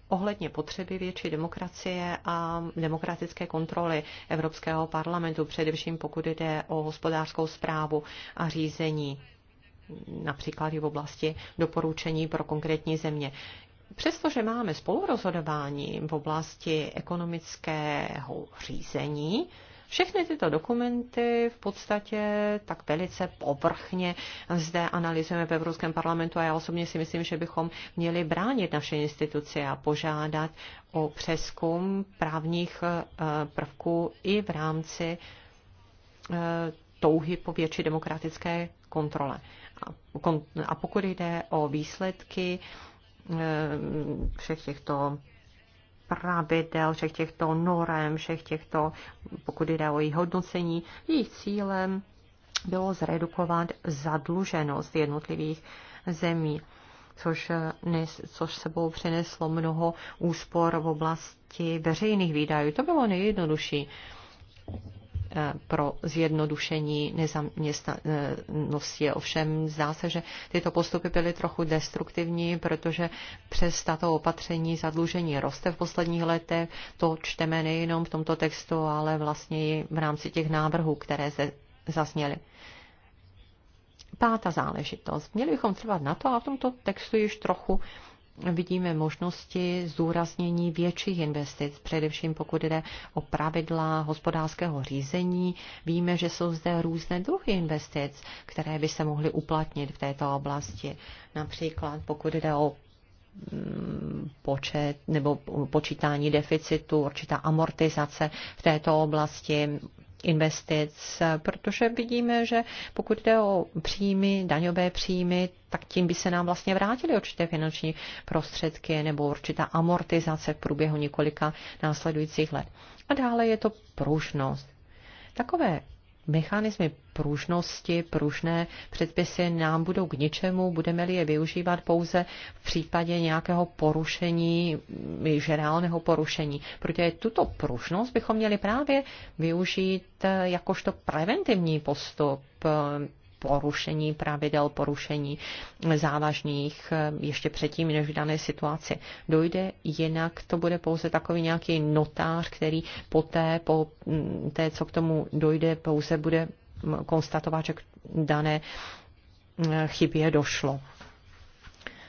ohledně potřeby větší demokracie a demokratické kontroly Evropského parlamentu, především pokud jde o hospodářskou zprávu a řízení například i v oblasti doporučení pro konkrétní země. Přestože máme spolurozhodování v oblasti ekonomického řízení, všechny tyto dokumenty v podstatě tak velice povrchně zde analyzujeme v Evropském parlamentu a já osobně si myslím, že bychom měli bránit naše instituce a požádat o přeskum právních eh, prvků i v rámci eh, touhy po větší demokratické kontrole. A pokud jde o výsledky eh, všech těchto pravidel, všech těchto norem, všech těchto, pokud jde o jejich hodnocení, jejich cílem bylo zredukovat zadluženost jednotlivých zemí, což, nes, což sebou přineslo mnoho úspor v oblasti veřejných výdajů. To bylo nejjednodušší Eh, pro zjednodušení nezaměstnanosti. Ovšem zdá se, že tyto postupy byly trochu destruktivní, protože přes tato opatření zadlužení roste v posledních letech. To čteme nejenom v tomto textu, ale vlastně i v rámci těch návrhů, které se zasněly. Pátá záležitost. Měli bychom trvat na to a v tomto textu již trochu uh, vidíme možnosti zdůraznění větších investic, především pokud jde o pravidla hospodářského řízení. Víme, že jsou zde různé druhy investic, které by se mohly uplatnit v této oblasti. Například pokud jde o mm, počet nebo počítání deficitu, určitá amortizace v této oblasti, investic, protože vidíme, že pokud jde o příjmy, daňové příjmy, tak tím by se nám vlastně vrátily určité finanční prostředky nebo určitá amortizace v průběhu několika následujících let. A dále je to pružnost. Takové mechanismy pružnosti, pružné předpisy nám budou k ničemu, budeme-li je využívat pouze v případě nějakého porušení, žerálného reálného porušení. Protože tuto pružnost bychom měli právě využít eh, jakožto preventivní postup, porušení pravidel, porušení závažných eh, ještě předtím, než v dané situaci dojde. Jinak to bude pouze takový nějaký notář, který poté, po mm, té, co k tomu dojde, pouze bude konstatovat, že k dané eh, chybě došlo.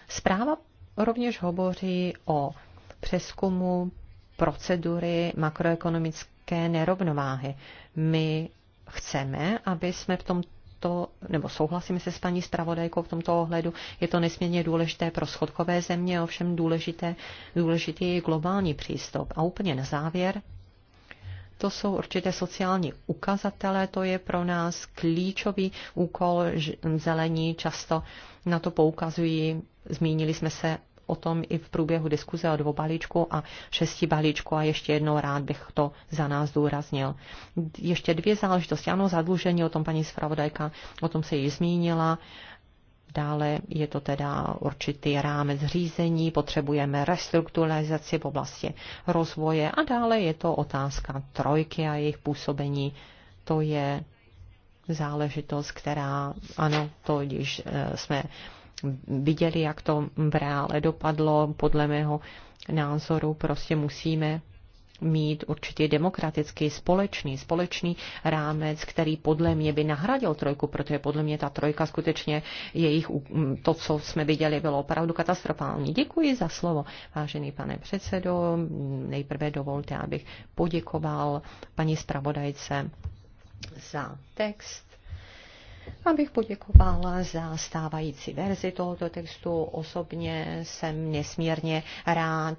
Zpráva rovněž hovoří o přeskumu procedury makroekonomické nerovnováhy. My chceme, aby jsme v tom to, nebo souhlasím se s paní zpravodajkou v tomto ohledu, je to nesmírně důležité pro schodkové země, ovšem důležité, důležitý je globální přístup. A úplně na závěr, to jsou určité sociální ukazatele, to je pro nás klíčový úkol zelení, často na to poukazují, zmínili jsme se o tom i v průběhu diskuze o dvou balíčku a šesti balíčku a ještě jednou rád bych to za nás zdůraznil. Ještě dvě záležitosti. Ano, zadlužení, o tom paní zpravodajka, o tom se již zmínila. Dále je to teda určitý rámec řízení, potřebujeme restrukturalizaci v oblasti rozvoje a dále je to otázka trojky a jejich působení. To je záležitost, která, ano, to již eh, jsme viděli, jak to v reále dopadlo. Podle mého názoru prostě musíme mít určitě demokratický, společný, společný rámec, který podle mě by nahradil trojku, protože podle mě ta trojka skutečně jejich, to, co jsme viděli, bylo opravdu katastrofální. Děkuji za slovo, vážený pane předsedo. Nejprve dovolte, abych poděkoval paní zpravodajce za text abych poděkovala za stávající verzi tohoto textu. Osobně jsem nesmírně rád.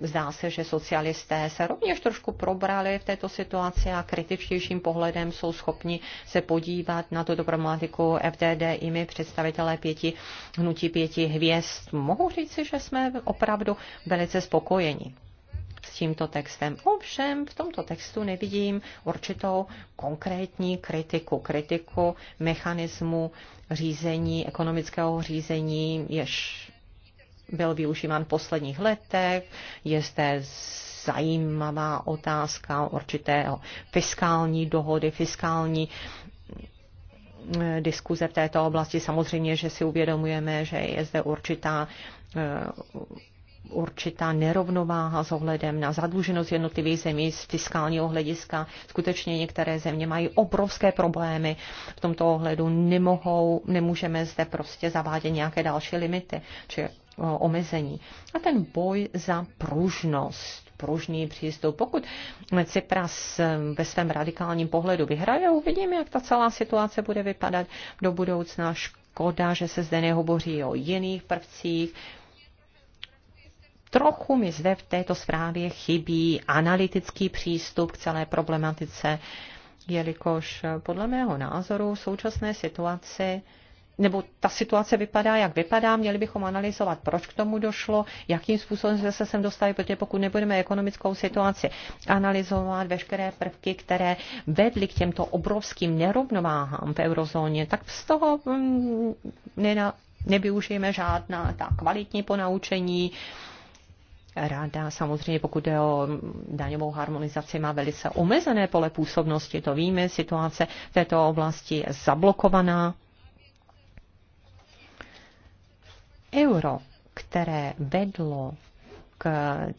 Zdá se, že socialisté se rovněž trošku probrali v této situaci a kritičtějším pohledem jsou schopni se podívat na tuto problematiku FDD. I my, představitelé pěti hnutí pěti hvězd, mohu říci, že jsme opravdu velice spokojeni s tímto textem. Ovšem v tomto textu nevidím určitou konkrétní kritiku, kritiku mechanismu řízení, ekonomického řízení, jež byl využíván v posledních letech, je zde zajímavá otázka určitého fiskální dohody, fiskální eh, diskuze v této oblasti. Samozřejmě, že si uvědomujeme, že je zde určitá eh, určitá nerovnováha s ohledem na zadluženost jednotlivých zemí z fiskálního hlediska. Skutečně některé země mají obrovské problémy v tomto ohledu. Nemohou, nemůžeme zde prostě zavádět nějaké další limity či omezení. A ten boj za pružnost pružný přístup. Pokud Cypras eh, ve svém radikálním pohledu vyhraje, uvidíme, jak ta celá situace bude vypadat do budoucna škoda, že se zde nehovoří o jiných prvcích, Trochu mi zde v této zprávě chybí analytický přístup k celé problematice, jelikož podle mého názoru v současné situaci nebo ta situace vypadá, jak vypadá, měli bychom analyzovat, proč k tomu došlo, jakým způsobem se sem dostali, protože pokud nebudeme ekonomickou situaci analyzovat veškeré prvky, které vedly k těmto obrovským nerovnováhám v eurozóně, tak z toho mm, nevyužijeme žádná ta kvalitní ponaučení, Rada samozřejmě, pokud je o daňovou harmonizaci, má velice omezené pole působnosti, to víme, situace v této oblasti je zablokovaná. Euro, které vedlo k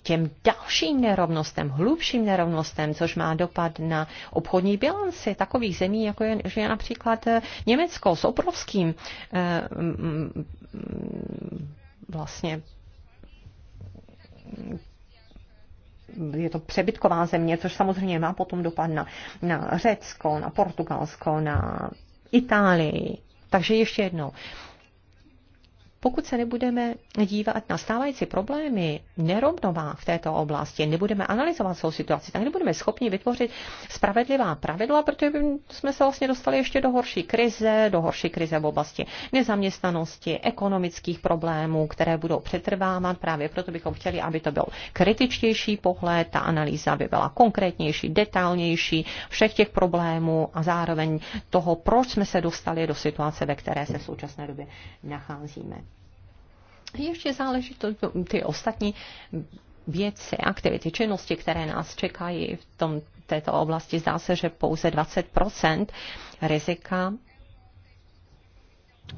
těm dalším nerovnostem, hlubším nerovnostem, což má dopad na obchodní bilanci takových zemí, jako je, že je například eh, Německo s obrovským eh, vlastně je to přebytková země, což samozřejmě má potom dopad na, na Řecko, na Portugalsko, na Itálii. Takže ještě jednou, pokud se nebudeme dívat na stávající problémy nerovnová v této oblasti, nebudeme analyzovat svou situaci, tak nebudeme schopni vytvořit spravedlivá pravidla, protože jsme se vlastně dostali ještě do horší krize, do horší krize v oblasti nezaměstnanosti, ekonomických problémů, které budou přetrvávat. Právě proto bychom chtěli, aby to byl kritičtější pohled, ta analýza by byla konkrétnější, detailnější všech těch problémů a zároveň toho, proč jsme se dostali do situace, ve které se v současné době nacházíme ještě záleží to, ty ostatní věci, aktivity, činnosti, které nás čekají v tom, této oblasti. Zdá se, že pouze 20 rizika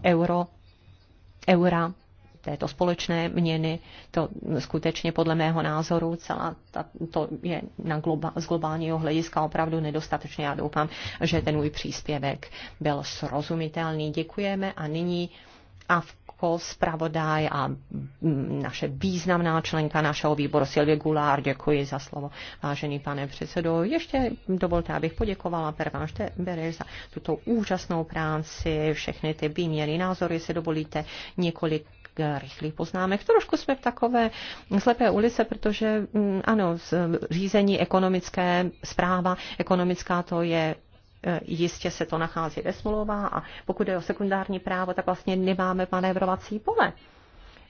euro, eura této společné měny, to skutečně podle mého názoru celá ta, to je na globa, z globálního hlediska opravdu nedostatečné. Já doufám, že ten můj příspěvek byl srozumitelný. Děkujeme a nyní a v zpravodaj a mm, naše významná členka našeho výboru Silvie Gulár. Děkuji za slovo, vážený pane předsedo. Ještě dovolte, abych poděkovala Perváš Bereš za tuto úžasnou práci, všechny ty výměny názory, jestli dovolíte několik eh, rychlých poznámek. Trošku jsme v takové slepé ulice, protože mm, ano, řízení ekonomické, zpráva ekonomická, to je Eh, jistě se to nachází ve smlouvách a pokud je o sekundární právo, tak vlastně nemáme manévrovací pole.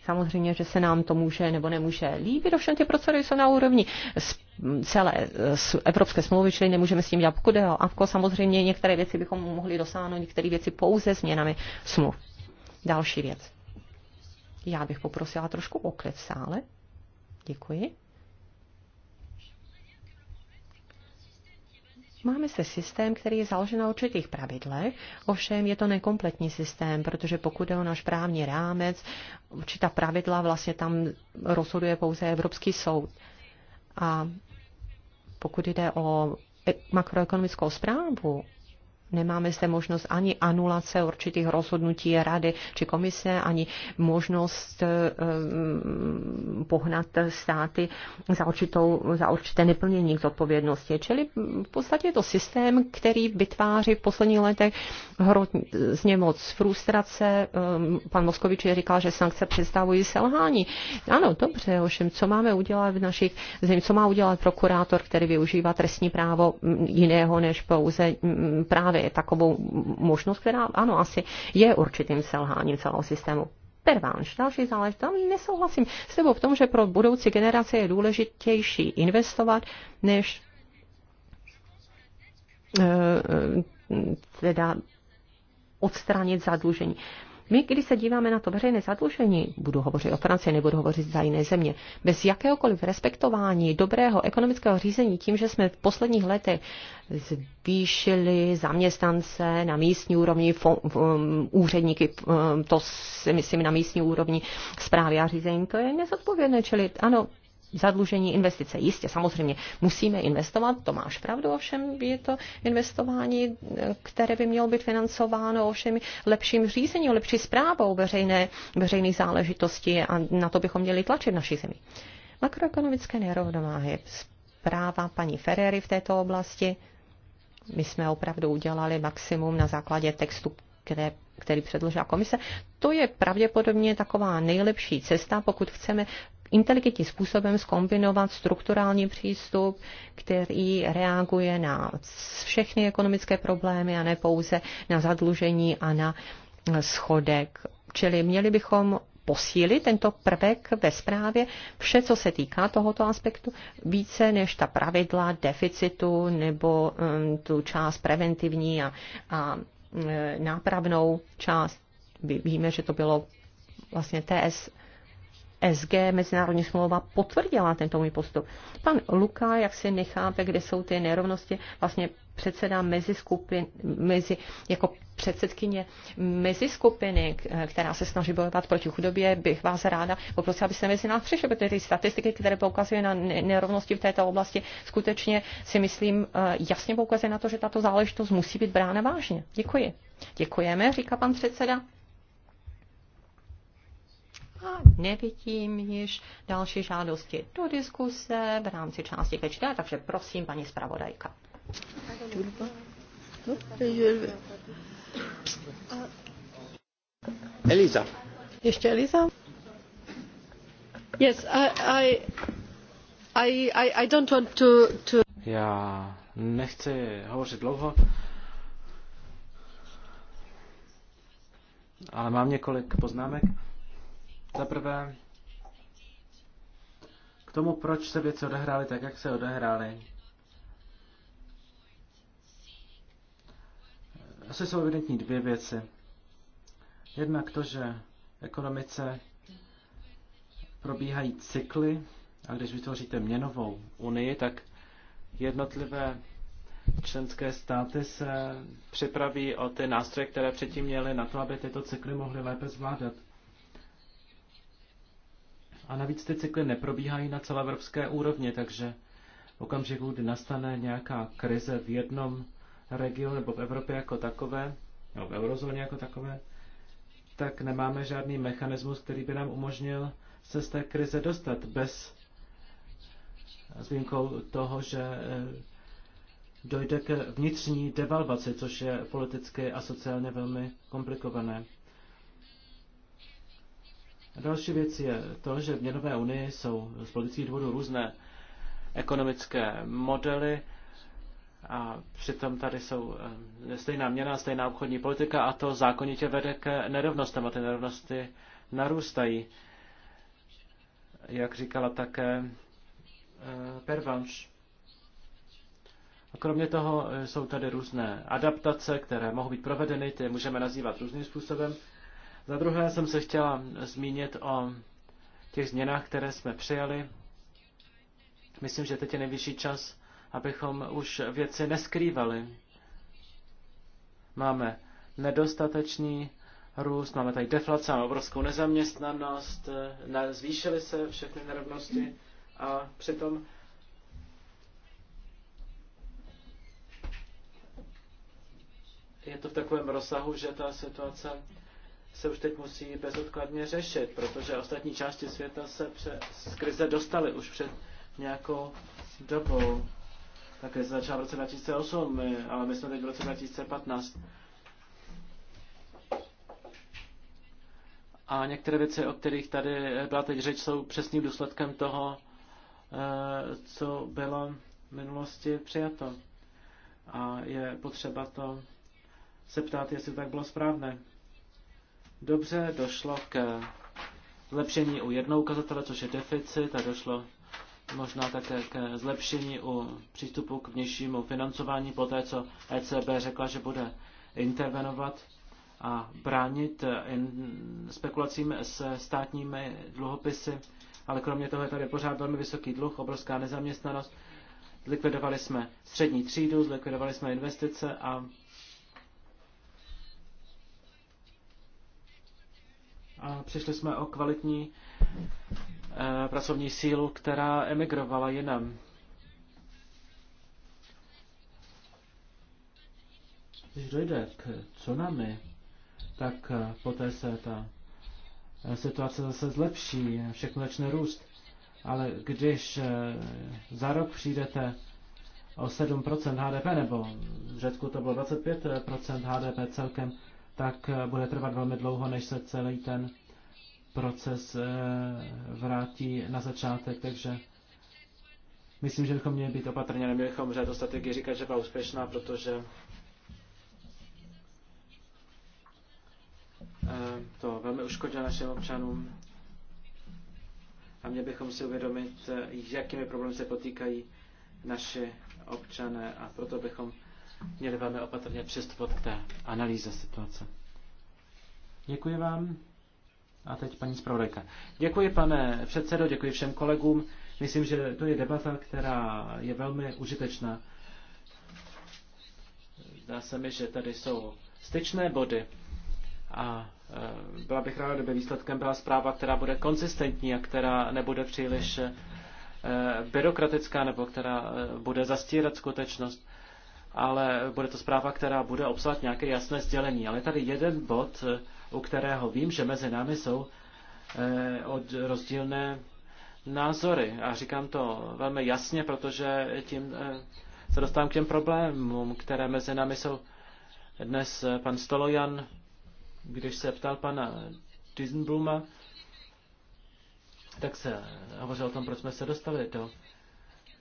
Samozřejmě, že se nám to může nebo nemůže líbit, ovšem ty procedury jsou na úrovni celé eh, evropské smlouvy, čili nemůžeme s tím dělat. Pokud je o AVKO, samozřejmě některé věci bychom mohli dosáhnout, některé věci pouze změnami smluv. Další věc. Já bych poprosila trošku oklid v sále. Děkuji. Máme se systém, který je založen na určitých pravidlech, ovšem je to nekompletní systém, protože pokud je o náš právní rámec, určitá pravidla vlastně tam rozhoduje pouze Evropský soud. A pokud jde o e- makroekonomickou zprávu Nemáme zde možnost ani anulace určitých rozhodnutí rady či komise, ani možnost eh, mm, pohnat státy za, určitou, za určité neplnění k odpovědnosti. Čili v podstatě je to systém, který vytváří v posledních letech hrozně moc frustrace. Eh, pan Moskovič říkal, že sankce představují selhání. Ano, dobře, ovšem, co máme udělat v našich zemích, co má udělat prokurátor, který využívá trestní právo jiného než pouze mm, právě zvažovali takovou možnost, která ano, asi je určitým selháním celého systému. Pervánš, další záležitost, nesouhlasím s tebou v tom, že pro budoucí generace je důležitější investovat, než eh, eh, teda odstranit zadlužení. My, když se díváme na to veřejné zadlužení, budu hovořit o Francii, nebudu hovořit za jiné země, bez jakéhokoliv respektování dobrého ekonomického řízení tím, že jsme v posledních letech zvýšili zaměstnance na místní úrovni, um, úředníky, um, to si myslím na místní úrovni zprávy a řízení, to je nezodpovědné. Čili ano, zadlužení investice. Jistě, samozřejmě musíme investovat, to máš pravdu, ovšem je to investování, které by mělo být financováno ovšem lepším řízením, lepší zprávou veřejné, veřejných záležitostí a na to bychom měli tlačit v naší zemi. Makroekonomické nerovnováhy, zpráva paní Ferrery v této oblasti. My jsme opravdu udělali maximum na základě textu, které který předložila komise. To je pravděpodobně taková nejlepší cesta, pokud chceme inteligentním způsobem skombinovat strukturální přístup, který reaguje na všechny ekonomické problémy a ne pouze na zadlužení a na schodek. Čili měli bychom posílit tento prvek ve zprávě, vše, co se týká tohoto aspektu, více než ta pravidla deficitu nebo um, tu část preventivní a, a e, nápravnou část. Víme, že to bylo vlastně TS SG, mezinárodní smlouva, potvrdila tento můj postup. Pan Luka, jak si nechápe, kde jsou ty nerovnosti, vlastně předseda mezi skupin, mezi, jako předsedkyně mezi skupiny, která se snaží bojovat proti chudobě, bych vás ráda poprosila, abyste mezi nás přišli, protože ty statistiky, které poukazují na nerovnosti v této oblasti, skutečně si myslím eh, jasně poukazují na to, že tato záležitost musí být brána vážně. Děkuji. Děkujeme, říká pan předseda. A nevidím již další žádosti do diskuse v rámci části Kečka, takže prosím, paní zpravodajka. Eliza. Ještě Eliza? Yes, I, I, I, I don't want to, to... Já nechci hovořit dlouho, ale mám několik poznámek. Za prvé, k tomu, proč se věci odehrály tak, jak se odehrály. Asi jsou evidentní dvě věci. Jednak to, že ekonomice probíhají cykly a když vytvoříte měnovou unii, tak jednotlivé členské státy se připraví o ty nástroje, které předtím měly na to, aby tyto cykly mohly lépe zvládat. A navíc ty cykly neprobíhají na celoevropské úrovni, takže v okamžiku, kdy nastane nějaká krize v jednom regionu nebo v Evropě jako takové, nebo v eurozóně jako takové, tak nemáme žádný mechanismus, který by nám umožnil se z té krize dostat bez s výjimkou toho, že eh, dojde k vnitřní devalvaci, což je politicky a sociálně velmi komplikované. Další věc je to, že v měnové unii jsou z politických důvodů různé ekonomické modely a přitom tady jsou eh, stejná měna, stejná obchodní politika a to zákonitě vede k nerovnostem a ty nerovnosti narůstají. Jak říkala také eh, Pervanš. A kromě toho eh, jsou tady různé adaptace, které mohou být provedeny, ty můžeme nazývat různým způsobem. Za druhé jsem se chtěla zmínit o těch změnách, které jsme přijali. Myslím, že teď je nejvyšší čas, abychom už věci neskrývali. Máme nedostatečný růst, máme tady deflace, máme obrovskou nezaměstnanost, zvýšily se všechny nerovnosti a přitom je to v takovém rozsahu, že ta situace se už teď musí bezodkladně řešit, protože ostatní části světa se pře- z krize dostaly už před nějakou dobou. Ta krize začala v roce 2008, ale my jsme teď v roce 2015. A některé věci, o kterých tady byla teď řeč, jsou přesným důsledkem toho, eh, co bylo v minulosti přijato. A je potřeba to se ptát, jestli tak bylo správné. Dobře, došlo k zlepšení u jednoho ukazatele, což je deficit, a došlo možná také k zlepšení u přístupu k vnějšímu financování, po té, co ECB řekla, že bude intervenovat a bránit spekulacím se státními dluhopisy, ale kromě toho je tady pořád velmi vysoký dluh, obrovská nezaměstnanost. Zlikvidovali jsme střední třídu, zlikvidovali jsme investice a a přišli jsme o kvalitní eh, pracovní sílu, která emigrovala jinam. Když dojde k tsunami, tak eh, poté se ta eh, situace zase zlepší, všechno začne růst. Ale když za rok přijdete o 7% HDP, nebo v Řecku to bylo 25% HDP celkem, tak eh, bude trvat velmi dlouho, než se celý ten proces eh, vrátí na začátek, takže myslím, že bychom měli být opatrně, neměli bychom řadu strategii říkat, že byla úspěšná, protože eh, to velmi uškodilo našim občanům a měli bychom si uvědomit, jakými problémy se potýkají naše občané a proto bychom měli velmi opatrně přistupovat k té analýze situace. Děkuji vám. A teď paní zpravodajka. Děkuji, pane předsedo, děkuji všem kolegům. Myslím, že to je debata, která je velmi užitečná. Zdá se mi, že tady jsou styčné body a e, byla bych ráda, kdyby výsledkem byla zpráva, která bude konzistentní a která nebude příliš e, byrokratická nebo která e, bude zastírat skutečnost ale bude to zpráva, která bude obsahovat nějaké jasné sdělení. Ale tady jeden bod, u kterého vím, že mezi námi jsou eh, od rozdílné názory. A říkám to velmi jasně, protože tím eh, se dostávám k těm problémům, které mezi námi jsou. Dnes eh, pan Stolojan, když se ptal pana Dizenbluma, tak se hovořil o tom, proč jsme se dostali do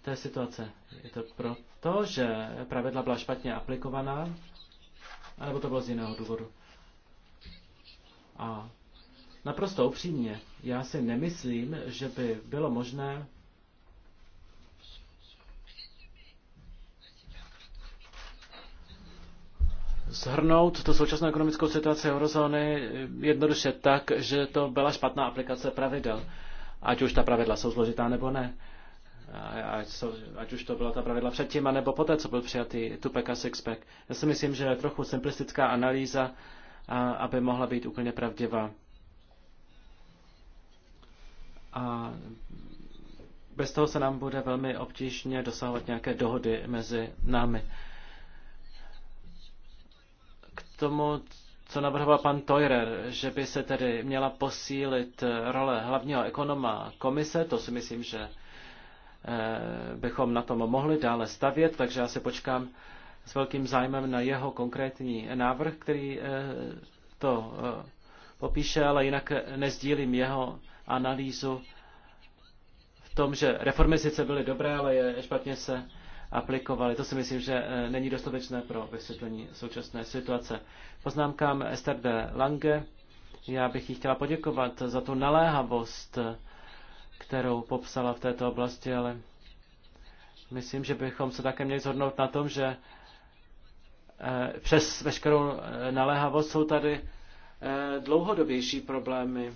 té situace? Je to proto, že pravidla byla špatně aplikovaná, anebo to bylo z jiného důvodu? A naprosto upřímně, já si nemyslím, že by bylo možné Zhrnout tu současnou ekonomickou situaci eurozóny jednoduše tak, že to byla špatná aplikace pravidel, ať už ta pravidla jsou složitá nebo ne ať, už to byla ta pravidla předtím, anebo poté, co byl přijatý Tupek a Sixpack. Já si myslím, že je trochu simplistická analýza, aby mohla být úplně pravdivá. A bez toho se nám bude velmi obtížně dosahovat nějaké dohody mezi námi. K tomu, co navrhoval pan Teurer, že by se tedy měla posílit role hlavního ekonoma komise, to si myslím, že Eh, bychom na tom mohli dále stavět, takže já se počkám s velkým zájmem na jeho konkrétní návrh, který eh, to eh, popíše, ale jinak nezdílím jeho analýzu v tom, že reformy sice byly dobré, ale je špatně se aplikovaly. To si myslím, že není dostatečné pro vysvětlení současné situace. Poznámkám Esther de Lange. Já bych jí chtěla poděkovat za tu naléhavost kterou popsala v této oblasti, ale myslím, že bychom se také měli zhodnout na tom, že eh, přes veškerou eh, naléhavost jsou tady eh, dlouhodobější problémy.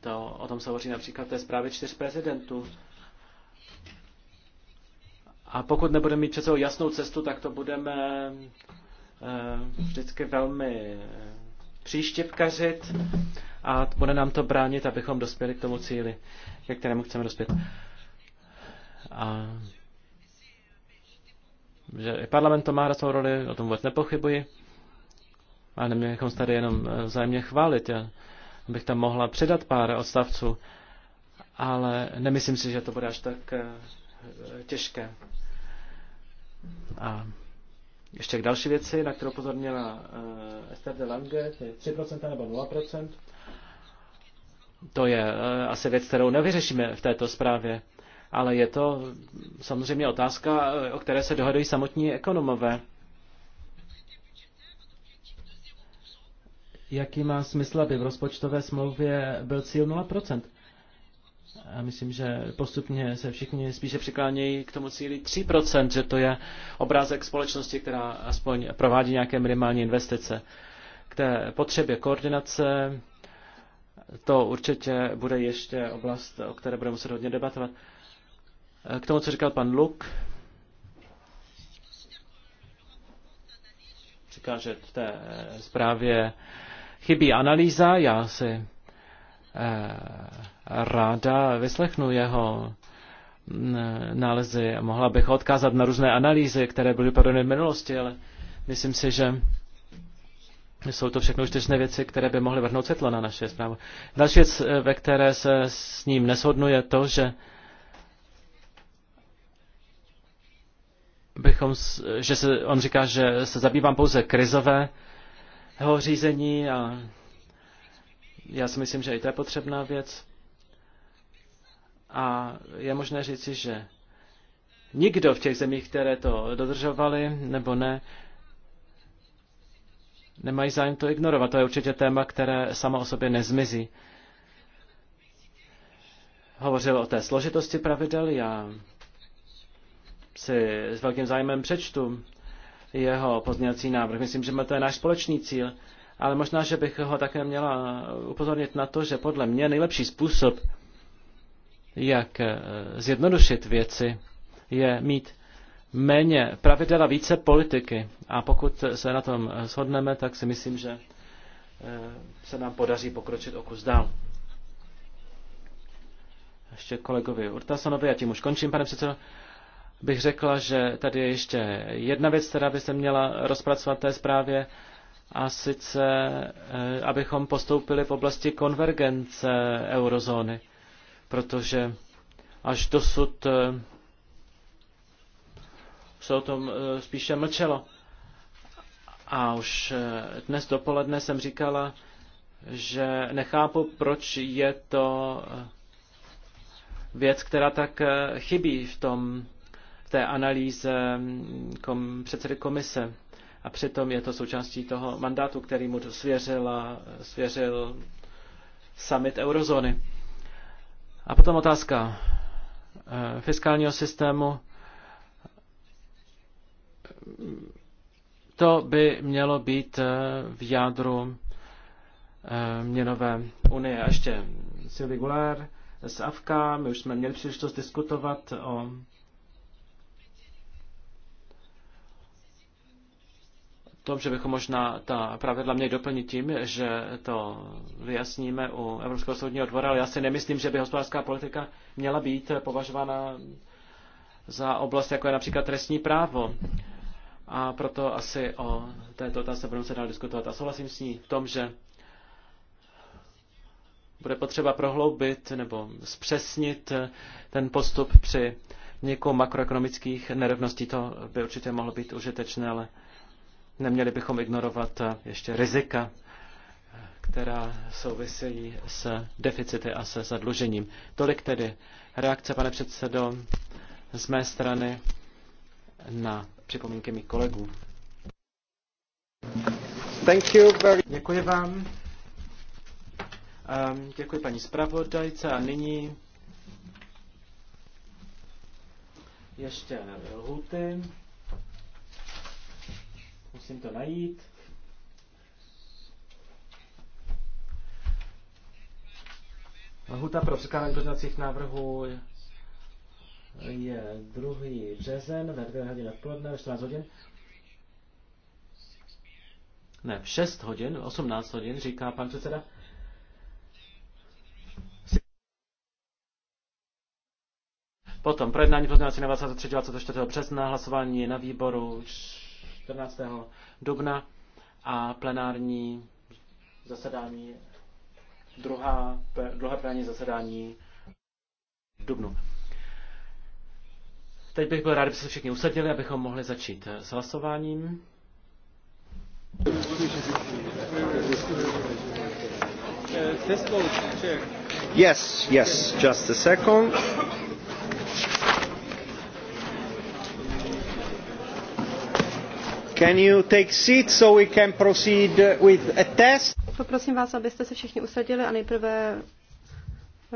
To, o tom se hovoří například v té zprávě čtyř prezidentů. A pokud nebudeme mít přece jasnou cestu, tak to budeme vždycky velmi příštěpkařit a bude nám to bránit, abychom dospěli k tomu cíli, ke kterému chceme dospět. A že i parlament to má na svou roli, o tom vůbec nepochybuji. A neměli bychom tady jenom eh, vzájemně chválit. Já bych tam mohla přidat pár odstavců, ale nemyslím si, že to bude až tak eh, těžké. A ještě k další věci, na kterou pozornila eh, Esther de Lange, to je 3% nebo 0%. To je eh, asi věc, kterou nevyřešíme v této zprávě, ale je to samozřejmě otázka, eh, o které se dohodují samotní ekonomové. Jaký má smysl, aby v rozpočtové smlouvě byl cíl 0%? A myslím, že postupně se všichni spíše přiklánějí k tomu cíli 3%, že to je obrázek společnosti, která aspoň provádí nějaké minimální investice. K té potřebě koordinace, to určitě bude ještě oblast, o které budeme muset hodně debatovat. K tomu, co říkal pan Luk, říká, že v té zprávě chybí analýza. Já si Eh, ráda vyslechnu jeho mm, nálezy a mohla bych odkázat na různé analýzy, které byly podobné v minulosti, ale myslím si, že jsou to všechno užitečné věci, které by mohly vrhnout světlo na naše zprávu. Další věc, eh, ve které se s ním neshodnu, je to, že bychom, že se, on říká, že se zabývám pouze krizové řízení a já si myslím, že i to je potřebná věc. A je možné říci, že nikdo v těch zemích, které to dodržovali nebo ne, nemají zájem to ignorovat. To je určitě téma, které sama o sobě nezmizí. Hovořil o té složitosti pravidel. Já si s velkým zájmem přečtu jeho pozměňovací návrh. Myslím, že to je náš společný cíl ale možná, že bych ho také měla upozornit na to, že podle mě nejlepší způsob, jak eh, zjednodušit věci, je mít méně pravidel a více politiky. A pokud se na tom shodneme, tak si myslím, že eh, se nám podaří pokročit o kus dál. Ještě kolegovi Urtasanovi, a tím už končím, pane předsedo, bych řekla, že tady je ještě jedna věc, která by se měla rozpracovat té zprávě, a sice, eh, abychom postoupili v oblasti konvergence eurozóny, protože až dosud eh, se o tom eh, spíše mlčelo. A už dnes dopoledne jsem říkala, že nechápu, proč je to věc, která tak chybí v, tom, v té analýze mm, kom, předsedy komise a přitom je to součástí toho mandátu, který mu svěřila, svěřil summit eurozóny. A potom otázka eh, fiskálního systému. To by mělo být eh, v jádru eh, měnové unie. A ještě Sylvie Goulart z AFKA, my už jsme měli příležitost diskutovat o tom, že bychom možná ta pravidla měli doplnit tím, že to vyjasníme u Evropského soudního dvora, ale já si nemyslím, že by hospodářská politika měla být považována za oblast, jako je například trestní právo. A proto asi o této otázce budeme se dál diskutovat. A souhlasím s ní v tom, že bude potřeba prohloubit nebo zpřesnit ten postup při někou makroekonomických nerovností. To by určitě mohlo být užitečné, ale Neměli bychom ignorovat eh, ještě rizika, která souvisejí s deficity a se zadlužením. Tolik tedy reakce, pane předsedo, z mé strany na připomínky mých kolegů. Thank you very... Děkuji vám. Ehm, děkuji paní zpravodajce a nyní ještě lhuty. Musím to najít. Lhuta pro předkládání pozměňovacích návrhů je 2. březen ve 2 hodiny odpoledne, ve 14 hodin. Ne, v 6 hodin, 18 hodin, říká pan předseda. Potom projednání pozměňovací na 23. 24. března, hlasování na výboru 14. dubna a plenární zasedání, druhá, druhé plenární zasedání v dubnu. Teď bych byl rád, aby se všichni usadili, abychom mohli začít s hlasováním. Yes, yes, just a second. Can you take seat so we can proceed with a test? Poprosím vás, abyste se všichni usadili a nejprve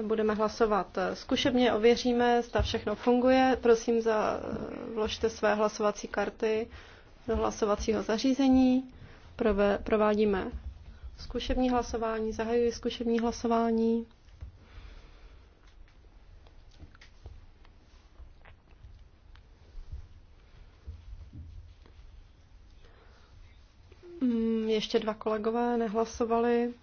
budeme hlasovat. Zkušebně ověříme, zda všechno funguje. Prosím, za, vložte své hlasovací karty do hlasovacího zařízení. Prove, provádíme zkušební hlasování, zahajuji zkušební hlasování. mě ještě dva kolegové nehlasovali.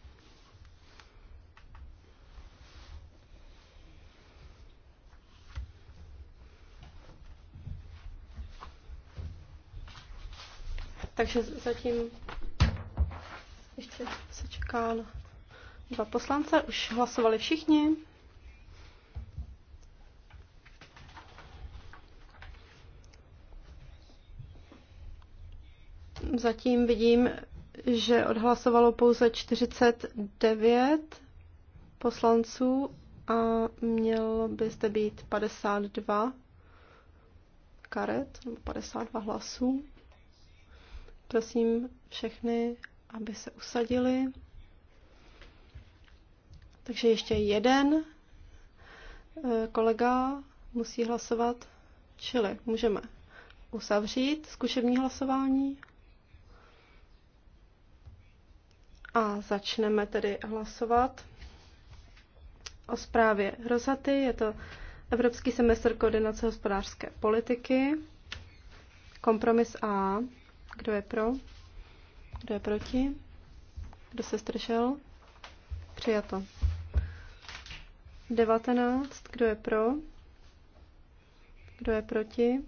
Takže zatím ještě se čeká na dva poslance. Už hlasovali všichni. Zatím vidím že odhlasovalo pouze 49 poslanců a mělo by zde být 52 karet nebo 52 hlasů. Prosím všechny, aby se usadili. Takže ještě jeden eh, kolega musí hlasovat, čili můžeme uzavřít zkušební hlasování. A začneme tedy hlasovat o zprávě Rosaty. Je to Evropský semestr koordinace hospodářské politiky. Kompromis A. Kdo je pro? Kdo je proti? Kdo se stršel? Přijato. 19. Kdo je pro? Kdo je proti?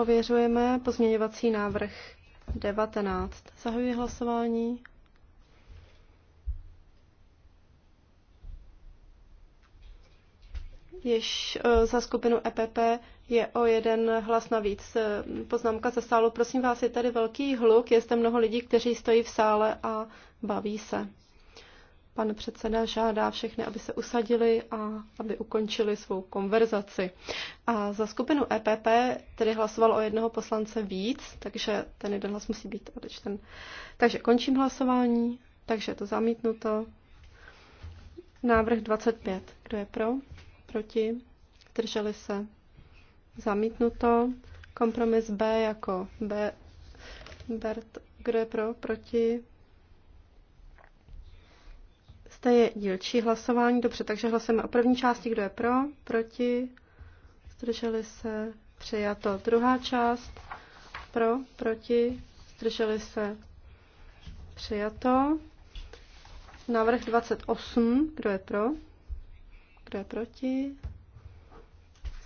Ověřujeme pozměňovací návrh 19. Zahajuji hlasování. Jež eh, za skupinu EPP je o jeden hlas navíc. Eh, poznámka ze sálu. Prosím vás, je tady velký hluk, je zde mnoho lidí, kteří stojí v sále a baví se. Pan předseda žádá všechny, aby se usadili a aby ukončili svou konverzaci. A za skupinu EPP tedy hlasoval o jednoho poslance víc, takže ten jeden hlas musí být odečten. Takže končím hlasování, takže je to zamítnuto. Návrh 25. Kdo je pro? Proti? Drželi se? Zamítnuto. Kompromis B jako B. Bert, kdo je pro? Proti? Zde je dílčí hlasování. Dobře, takže hlasujeme o první části, kdo je pro, proti, zdrželi se, přijato. Druhá část, pro, proti, zdrželi se, přijato. Návrh 28, kdo je pro, kdo je proti,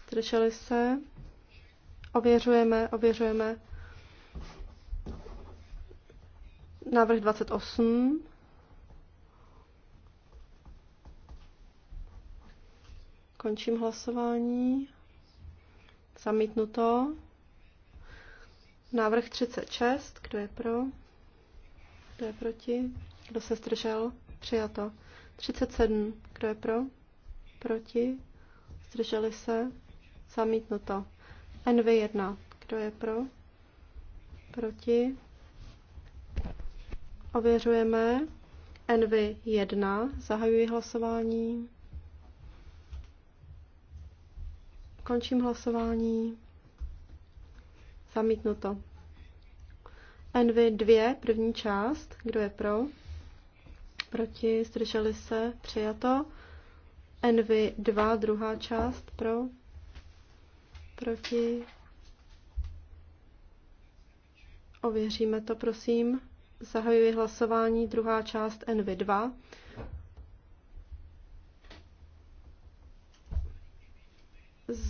zdrželi se, ověřujeme, ověřujeme. Návrh 28. Končím hlasování. Zamítnuto. Návrh 36. Kdo je pro? Kdo je proti? Kdo se zdržel? Přijato. 37. Kdo je pro? Proti? Zdrželi se? Zamítnuto. NV1. Kdo je pro? Proti? Ověřujeme. NV1. Zahajuji hlasování. Končím hlasování. Zamítnuto. Envy 2, první část. Kdo je pro? Proti, zdrželi se, přijato. Envy 2, druhá část, pro? Proti. Ověříme to, prosím. Zahajuji hlasování, druhá část Envy 2.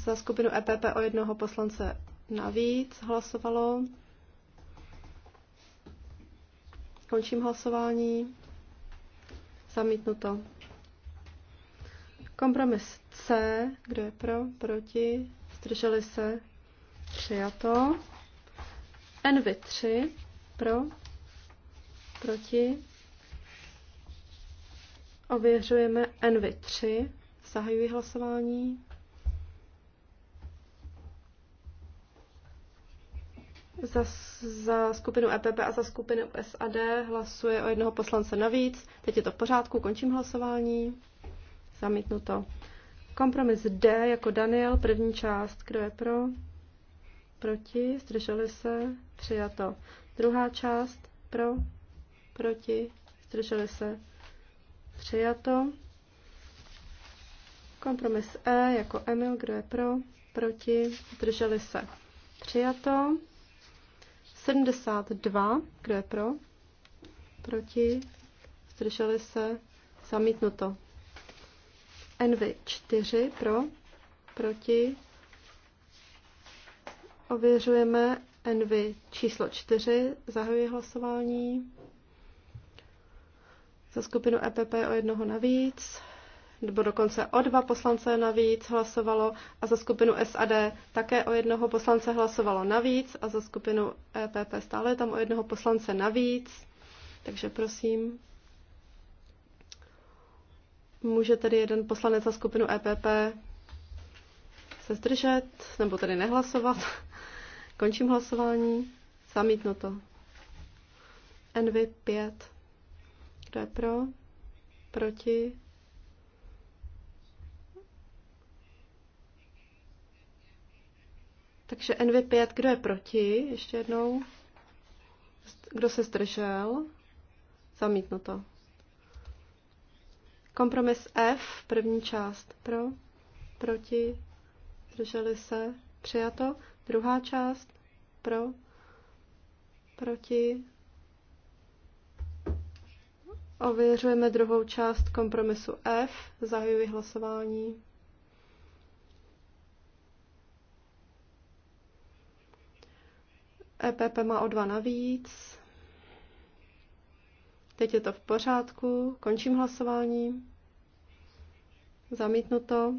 za skupinu EPP o jednoho poslance navíc hlasovalo. Končím hlasování. Zamítnuto. Kompromis C. Kdo je pro? Proti? Zdrželi se? Přijato. NV3. Pro? Proti? Ověřujeme NV3. Zahajuji hlasování. za, za skupinu EPP a za skupinu SAD hlasuje o jednoho poslance navíc. Teď je to v pořádku, končím hlasování. Zamítnuto. Kompromis D jako Daniel, první část. Kdo je pro? Proti? Zdrželi se? Přijato. Druhá část. Pro? Proti? Zdrželi se? Přijato. Kompromis E jako Emil, kdo je pro? Proti? Zdrželi se? Přijato. 72, kdo je pro? Proti? Zdrželi se? Zamítnuto. Envy 4 pro? Proti? Ověřujeme Envy číslo 4. Zahajuji hlasování. Za skupinu EPP o jednoho navíc nebo dokonce o dva poslance navíc hlasovalo a za skupinu SAD také o jednoho poslance hlasovalo navíc a za skupinu EPP stále tam o jednoho poslance navíc. Takže prosím, může tedy jeden poslanec za skupinu EPP se zdržet, nebo tedy nehlasovat. Končím hlasování. to. NV 5. Kdo je pro? Proti? Takže NV5, kdo je proti? Ještě jednou. Kdo se zdržel? Zamítnuto. Kompromis F, první část pro, proti, zdrželi se, přijato. Druhá část pro, proti. Ověřujeme druhou část kompromisu F, zahajuji hlasování. EPP má o dva navíc. Teď je to v pořádku. Končím hlasování. Zamítnuto.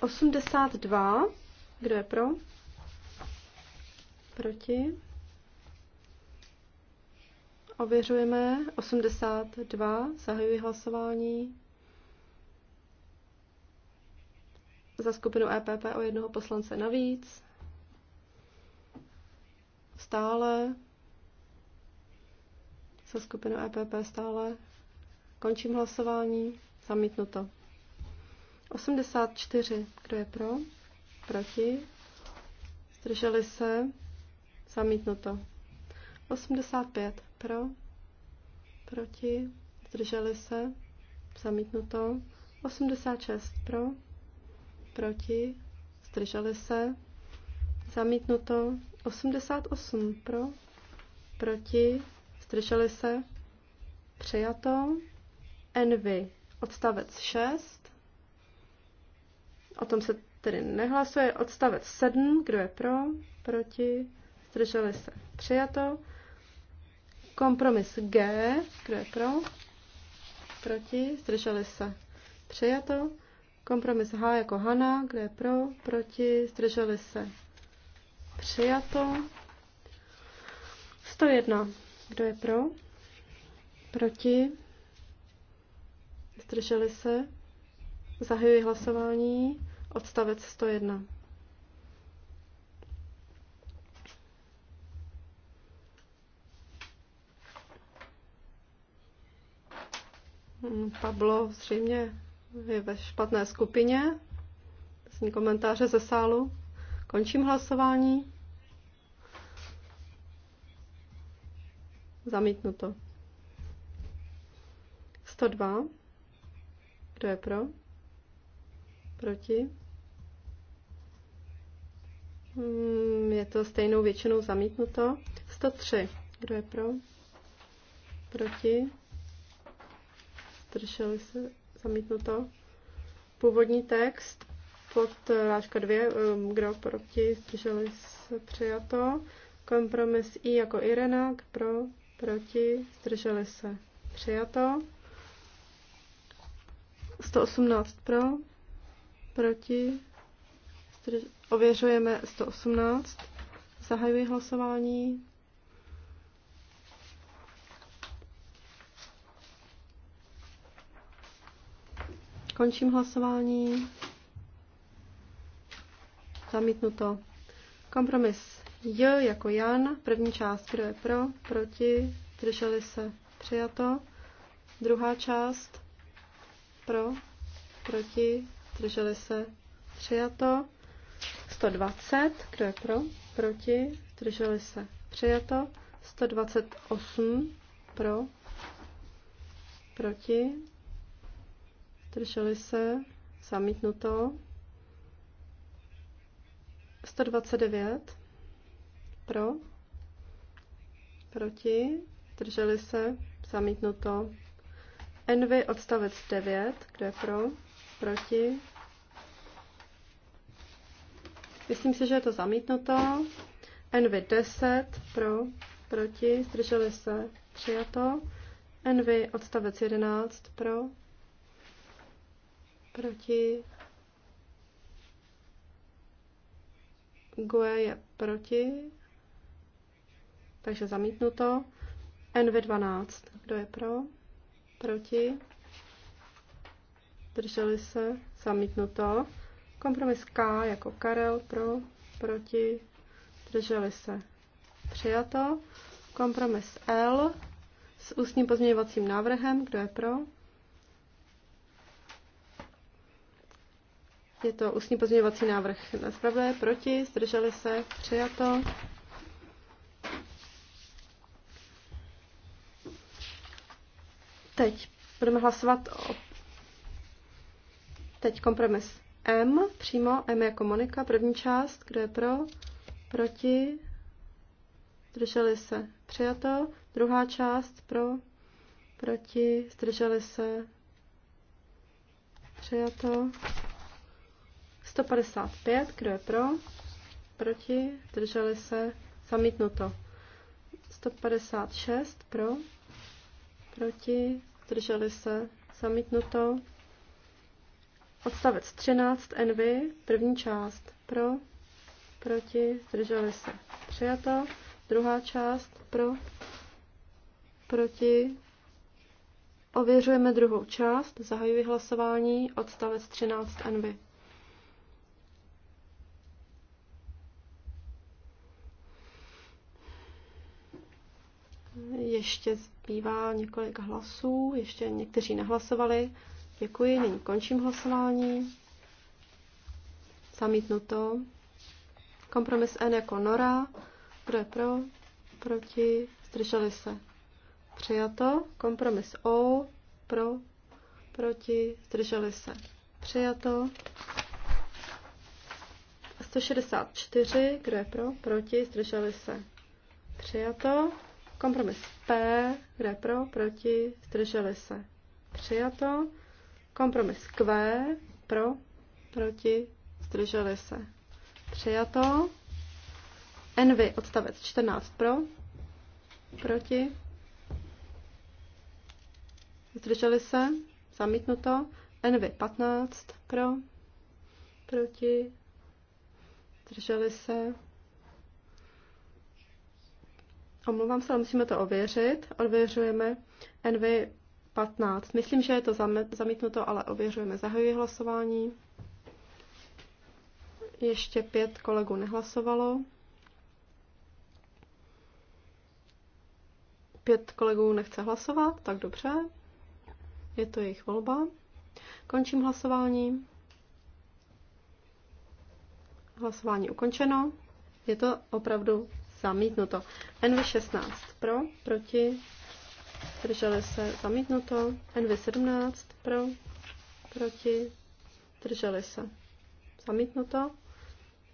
82. Kdo je pro? Proti? Ověřujeme. 82. Zahajuji hlasování. Za skupinu EPP o jednoho poslance navíc stále se skupinou EPP stále. Končím hlasování. Zamítnuto. 84. Kdo je pro? Proti? Zdrželi se? Zamítnuto. 85. Pro? Proti? Zdrželi se? Zamítnuto. 86. Pro? Proti? Zdrželi se? Zamítnuto. 88 pro, proti, zdrželi se, přijato. Envy, odstavec 6, o tom se tedy nehlasuje. Odstavec 7, kdo je pro, proti, zdrželi se, přijato. Kompromis G, kdo je pro, proti, zdrželi se, přijato. Kompromis H jako Hana, kdo je pro, proti, zdrželi se, Přijato. 101. Kdo je pro? Proti? Zdrželi se? Zahajuji hlasování. Odstavec 101. Hmm, Pablo zřejmě je ve špatné skupině. Zní komentáře ze sálu. Končím hlasování. Zamítnuto. 102. Kdo je pro? Proti? Hmm, je to stejnou většinou zamítnuto. 103. Kdo je pro? Proti? Zdrželi se zamítnuto. Původní text Podrážka 2, um, kdo proti, zdrželi se přijato. Kompromis I jako Irena, pro, proti, zdrželi se přijato. 118 pro, proti, zdrž... ověřujeme 118, zahajuji hlasování. Končím hlasování. Zamítnuto. Kompromis J jako Jan. První část, kdo je pro, proti, drželi se, přijato. Druhá část, pro, proti, drželi se, přijato. 120, kdo je pro, proti, drželi se, přijato. 128, pro, proti, drželi se, zamítnuto. 129 pro, proti, drželi se, zamítnuto. Envy odstavec 9, kde je pro, proti. Myslím si, že je to zamítnuto. Envy 10, pro, proti, zdrželi se, přijato. Envy odstavec 11, pro, proti, GUE je proti, takže zamítnuto. NV12, kdo je pro? Proti? Drželi se? Zamítnuto. Kompromis K jako Karel, pro, proti, drželi se. Přijato. Kompromis L s ústním pozměňovacím návrhem, kdo je pro? Je to ústní pozměňovací návrh na zpravé, proti, zdrželi se, přijato. Teď budeme hlasovat o teď kompromis M, přímo M jako Monika, první část, kdo je pro, proti, zdrželi se, přijato, druhá část, pro, proti, zdrželi se, přijato. 155, kdo je pro? Proti? Drželi se? Zamítnuto. 156 pro? Proti? Drželi se? Zamítnuto. Odstavec 13 NV, první část pro, proti, drželi se. Přijato. Druhá část pro, proti. Ověřujeme druhou část, zahajuji hlasování, odstavec 13 NV. Ještě zbývá několik hlasů, ještě někteří nehlasovali. Děkuji, nyní končím hlasování. Zamítnuto. Kompromis N jako Nora. Kdo je pro? Proti? Zdrželi se. Přijato. Kompromis O. Pro? Proti? Zdrželi se. Přijato. 164. Kdo je pro? Proti? Zdrželi se. Přijato. Kompromis P, kde pro, proti, zdrželi se. Přijato. Kompromis Q, pro, proti, zdrželi se. Přijato. Envy odstavec 14 pro, proti, zdrželi se, zamítnuto. Envy 15 pro, proti, zdrželi se, Omlouvám se, ale musíme to ověřit. Ověřujeme NV 15. Myslím, že je to zamítnuto, ale ověřujeme. Zahajuji hlasování. Ještě pět kolegů nehlasovalo. Pět kolegů nechce hlasovat, tak dobře. Je to jejich volba. Končím hlasování. Hlasování ukončeno. Je to opravdu zamítnuto. NV16 pro, proti, drželi se, zamítnuto. NV17 pro, proti, drželi se, zamítnuto.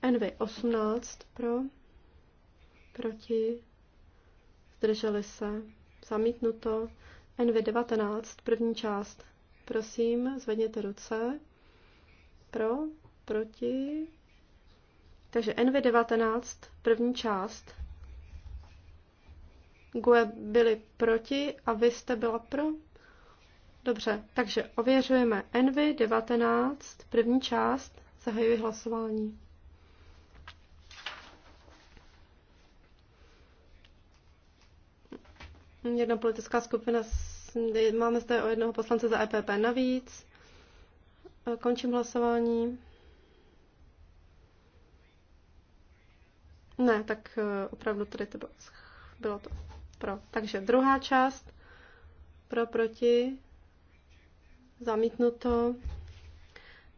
NV18 pro, proti, zdrželi se, zamítnuto. NV19 první část, prosím, zvedněte ruce. Pro, proti, takže NV19, první část. GUE byli proti a vy jste byla pro? Dobře, takže ověřujeme NV19, první část, zahajuji hlasování. Jedna politická skupina, máme zde o jednoho poslance za EPP navíc. Končím hlasování. Ne, tak eh, opravdu tady to bylo, bylo to pro. Takže druhá část pro proti zamítnuto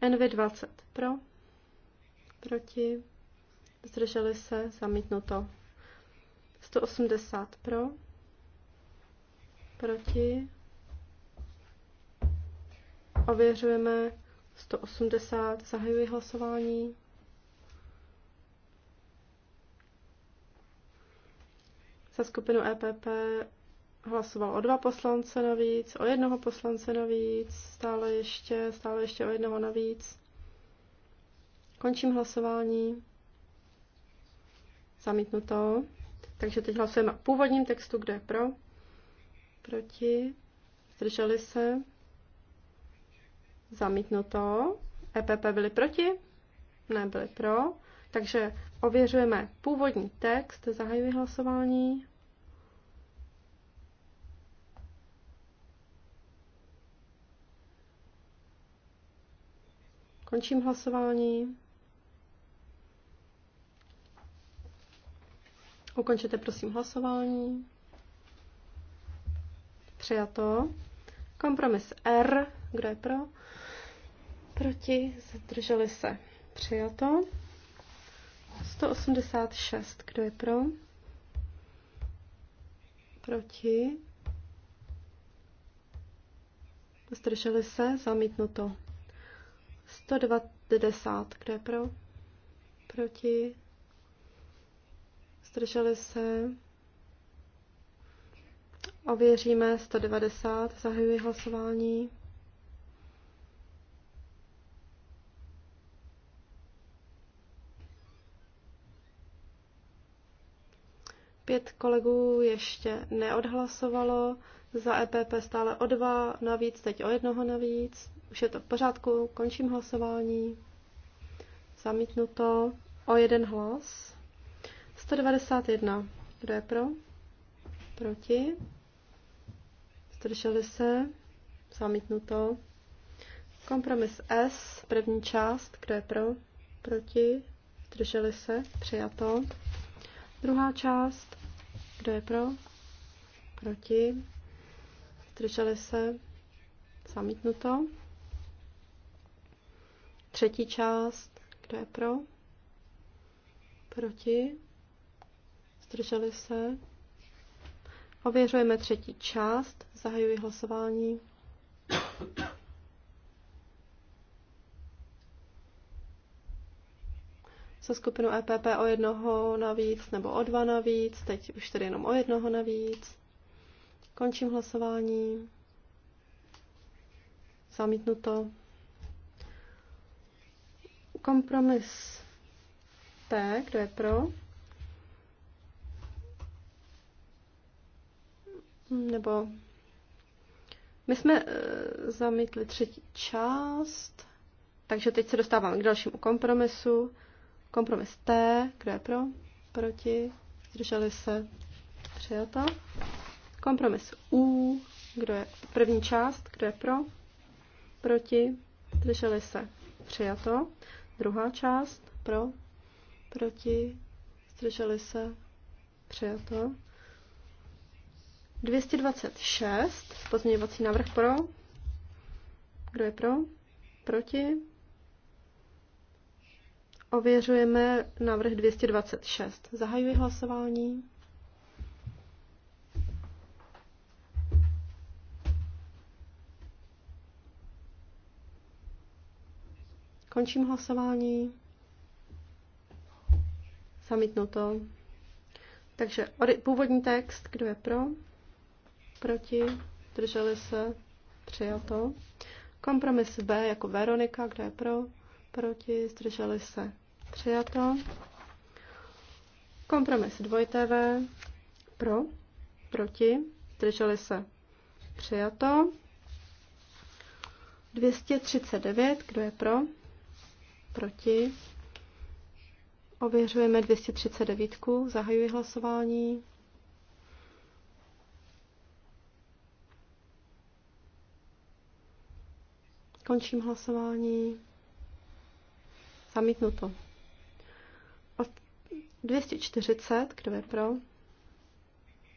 NV20 pro proti zdrželi se zamítnuto 180 pro proti ověřujeme 180 zahajuji hlasování za skupinu EPP hlasoval o dva poslance navíc, o jednoho poslance navíc, stále ještě, stále ještě o jednoho navíc. Končím hlasování. Zamítnuto. Takže teď hlasujeme o původním textu, kde je pro, proti, zdrželi se, zamítnuto. EPP byli proti, nebyli pro. Takže ověřujeme původní text, zahajuji hlasování. Končím hlasování. Ukončete prosím hlasování. Přijato. Kompromis R. Kdo je pro? Proti. Zdrželi se. Přijato. 186. Kdo je pro? Proti. Zdrželi se. Zamítnuto. 190, kdo je pro? Proti? Zdrželi se? Ověříme 190, zahajuji hlasování. Pět kolegů ještě neodhlasovalo, za EPP stále o dva navíc, teď o jednoho navíc. Už je to v pořádku, končím hlasování. Zamítnuto o jeden hlas. 191. Kdo je pro? Proti? Zdrželi se? Zamítnuto. Kompromis S, první část. Kdo je pro? Proti? Zdrželi se? Přijato. Druhá část. Kdo je pro? Proti? Zdrželi se? Zamítnuto. Třetí část, kdo je pro? Proti? Zdrželi se? Ověřujeme třetí část. Zahajuji hlasování. se skupinou EPP o jednoho navíc nebo o dva navíc, teď už tedy jenom o jednoho navíc. Končím hlasování. Zamítnuto. Kompromis T, kdo je pro? Nebo my jsme e, zamítli třetí část, takže teď se dostáváme k dalšímu kompromisu. Kompromis T, kdo je pro? Proti? Zdrželi se? Přijata. Kompromis U, kdo je první část, kdo je pro? Proti? Zdrželi se? Přijato. Druhá část pro, proti, zdrželi se, přijato. 226, pozměňovací návrh pro. Kdo je pro? Proti? Ověřujeme návrh 226. Zahajuji hlasování. Končím hlasování. to, Takže původní text, kdo je pro, proti, drželi se, přijato. Kompromis B jako Veronika, kdo je pro, proti, zdrželi se, přijato. Kompromis 2TV, pro, proti, zdrželi se, přijato. 239, kdo je pro, proti. Ověřujeme 239. Zahajuji hlasování. Končím hlasování. Zamítnuto. 240, kdo je pro?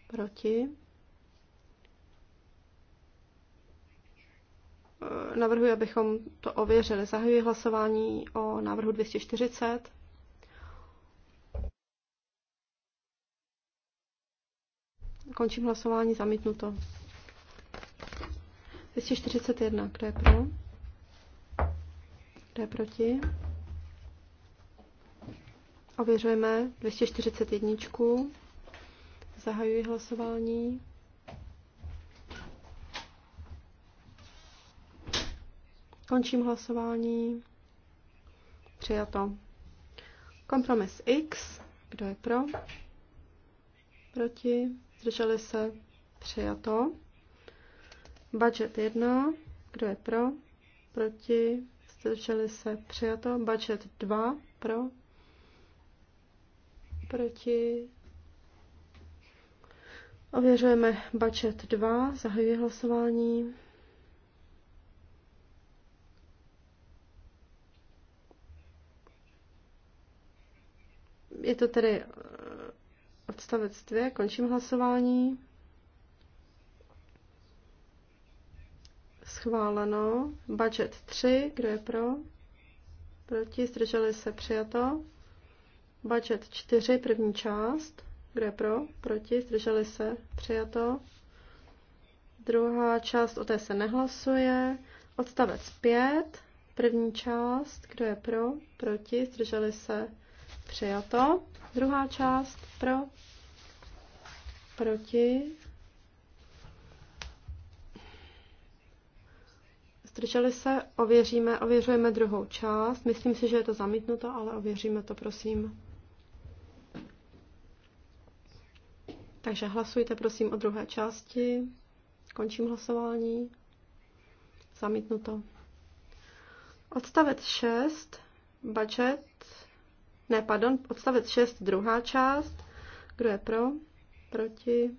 Proti. Eh, navrhuji, abychom to ověřili. Zahajuji hlasování o návrhu 240. Končím hlasování, zamítnuto. 241, kdo je pro? Kdo je proti? Ověřujeme 241. Zahajuji hlasování. Končím hlasování. Přijato. Kompromis X. Kdo je pro? Proti? Zdrželi se? Přijato. Budget 1. Kdo je pro? Proti? Zdrželi se? Přijato. Budget 2. Pro? Proti? Ověřujeme budget 2. Zahajuji hlasování. Je to tedy eh, odstavec 2, končím hlasování. Schváleno. Budget 3, kdo je pro? Proti, zdrželi se, přijato. Budget 4, první část, kdo je pro? Proti, zdrželi se, přijato. Druhá část, o té se nehlasuje. Odstavec 5, první část, kdo je pro? Proti, zdrželi se, Přijato. Druhá část pro, proti. Zdrželi se, ověříme, ověřujeme druhou část. Myslím si, že je to zamítnuto, ale ověříme to, prosím. Takže hlasujte prosím o druhé části. Končím hlasování. Zamítnuto. Odstavec 6. Budget ne, pardon, odstavec 6, druhá část. Kdo je pro? Proti?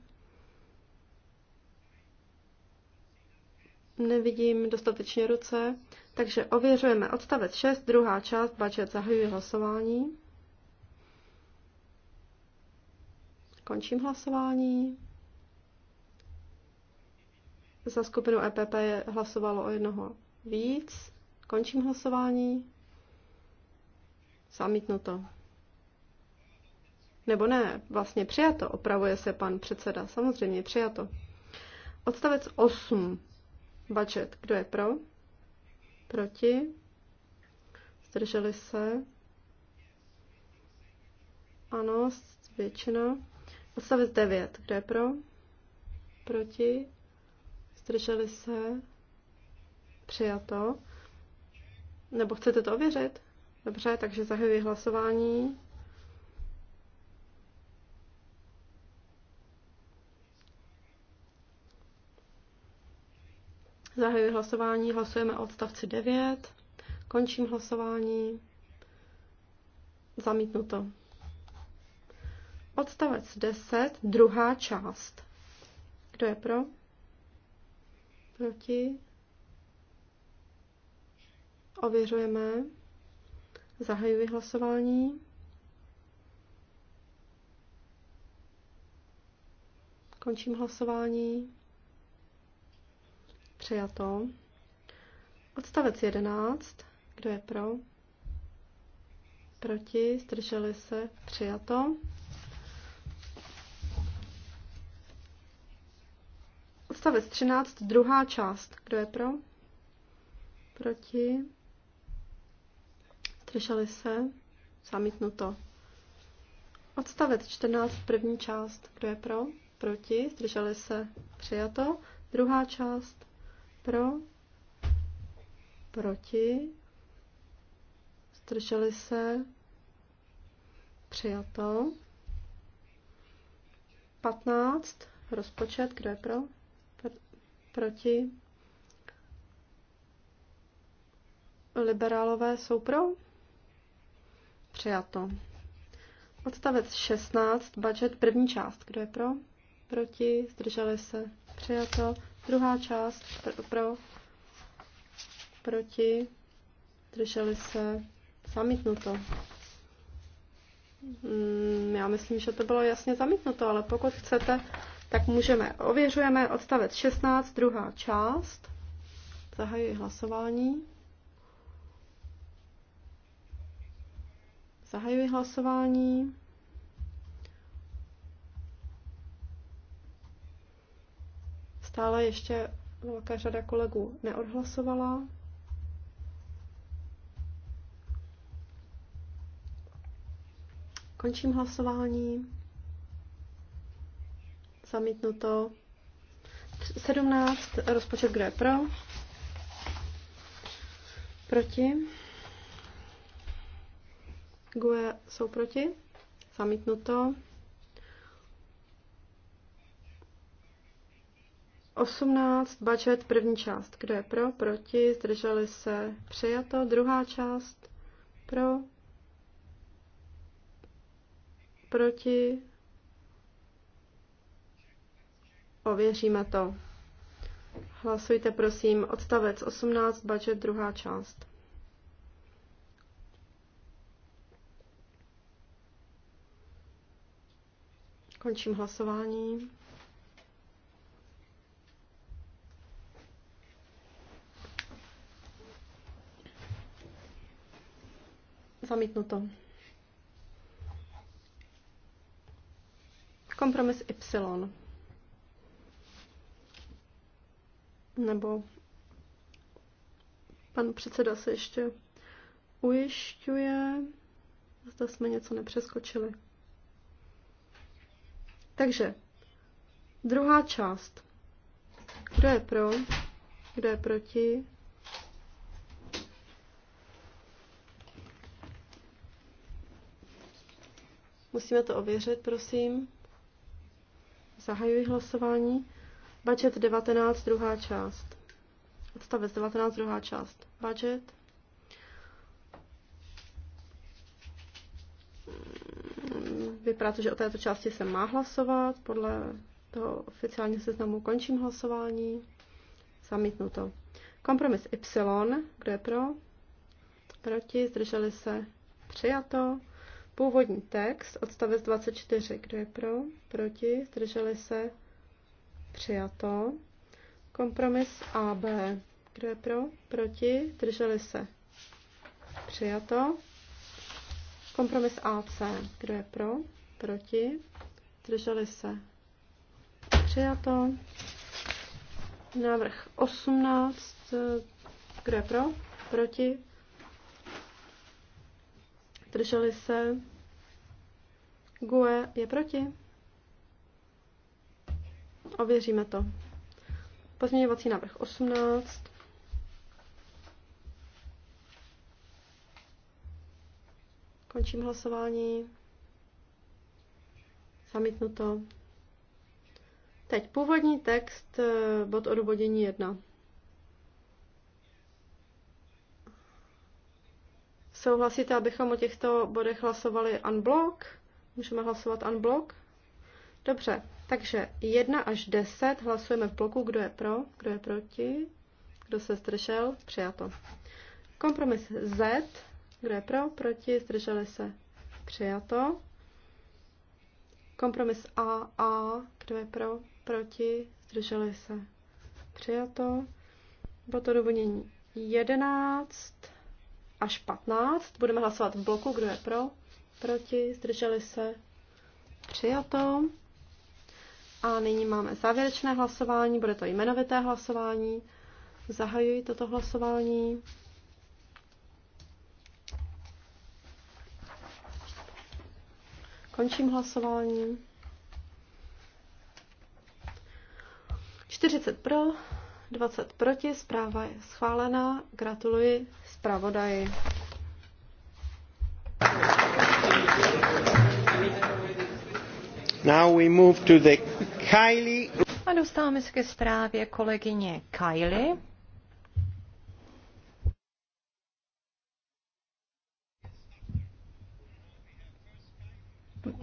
Nevidím dostatečně ruce. Takže ověřujeme odstavec 6, druhá část, budget zahajuje hlasování. Končím hlasování. Za skupinu EPP hlasovalo o jednoho víc. Končím hlasování. Zamítnuto. Nebo ne, vlastně přijato, opravuje se pan předseda, samozřejmě přijato. Odstavec 8. Bačet, Kdo je pro? Proti? Zdrželi se? Ano, většina. Odstavec 9. Kdo je pro? Proti? Zdrželi se? Přijato? Nebo chcete to ověřit? Dobře, takže zahajuji hlasování. Zahajuji hlasování, hlasujeme o odstavci 9. Končím hlasování. Zamítnuto. Odstavec 10, druhá část. Kdo je pro? Proti? Ověřujeme. Zahajuji hlasování. Končím hlasování. Přijato. Odstavec 11. Kdo je pro? Proti? Zdrželi se? Přijato. Odstavec 13. Druhá část. Kdo je pro? Proti? Zdrželi se? Zamítnuto. Odstavec 14, první část. Kdo je pro? Proti. Zdrželi se? Přijato. Druhá část. Pro? Proti. Zdrželi se? Přijato. 15. Rozpočet. Kdo je pro? Pr- proti. Liberálové jsou pro? Přijato. Odstavec 16, budget, první část. Kdo je pro? Proti? Zdrželi se? Přijato. Druhá část pr- pro? Proti? Zdrželi se? Zamítnuto. Mm, já myslím, že to bylo jasně zamítnuto, ale pokud chcete, tak můžeme. Ověřujeme odstavec 16, druhá část. Zahajuji hlasování. Zahajuji hlasování. Stále ještě velká řada kolegů neodhlasovala. Končím hlasování. Zamítnuto. 17. Rozpočet, kdo je pro? Proti? GUE jsou proti. Zamítnuto. 18. Budget, první část. Kdo je pro? Proti. Zdrželi se. Přijato. Druhá část. Pro. Proti. Ověříme to. Hlasujte prosím. Odstavec 18. Budget, druhá část. Končím hlasování. Zamítnuto. Kompromis Y. Nebo pan předseda se ještě ujišťuje, zda jsme něco nepřeskočili. Takže druhá část. Kdo je pro? Kdo je proti? Musíme to ověřit, prosím. Zahajuji hlasování. Budget 19, druhá část. Odstavec 19, druhá část. Budget vypadá to, že o této části se má hlasovat. Podle toho oficiálního seznamu končím hlasování. Zamítnuto. Kompromis Y. Kdo je pro? Proti? Zdrželi se? Přijato. Původní text, odstavec 24. Kdo je pro? Proti? Zdrželi se? Přijato. Kompromis AB. Kdo je pro? Proti? zdrželi se. Přijato. Kompromis AC. Kdo je pro? Proti? Drželi se? Přijato. Návrh 18. Kdo je pro? Proti? Drželi se? GUE je proti? Ověříme to. Pozměňovací návrh 18. Končím hlasování. Zamítnuto. Teď původní text, eh, bod odůvodnění 1. Souhlasíte, abychom o těchto bodech hlasovali unblock? Můžeme hlasovat unblock? Dobře, takže 1 až 10 hlasujeme v bloku, kdo je pro, kdo je proti, kdo se zdržel, přijato. Kompromis Z, kdo je pro? Proti? Zdrželi se? Přijato. Kompromis A, Kdo je pro? Proti? Zdrželi se? Přijato. Bylo to dovolnění 11 až 15. Budeme hlasovat v bloku. Kdo je pro? Proti? Zdrželi se? Přijato. A nyní máme závěrečné hlasování. Bude to jmenovité hlasování. Zahajuji toto hlasování. Končím hlasování. 40 pro, 20 proti, zpráva je schválená. Gratuluji zpravodaji. Now we move to the Kylie. A dostáváme se ke zprávě kolegyně Kylie.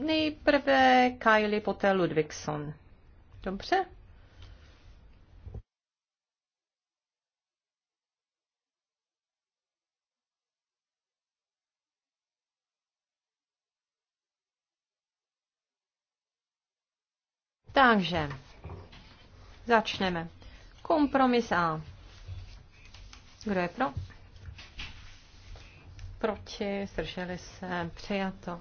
Nejprve Kylie, poté Ludvigson. Dobře? Takže začneme. Kompromis A. Kdo je pro? Proti, zdrželi se, přijato.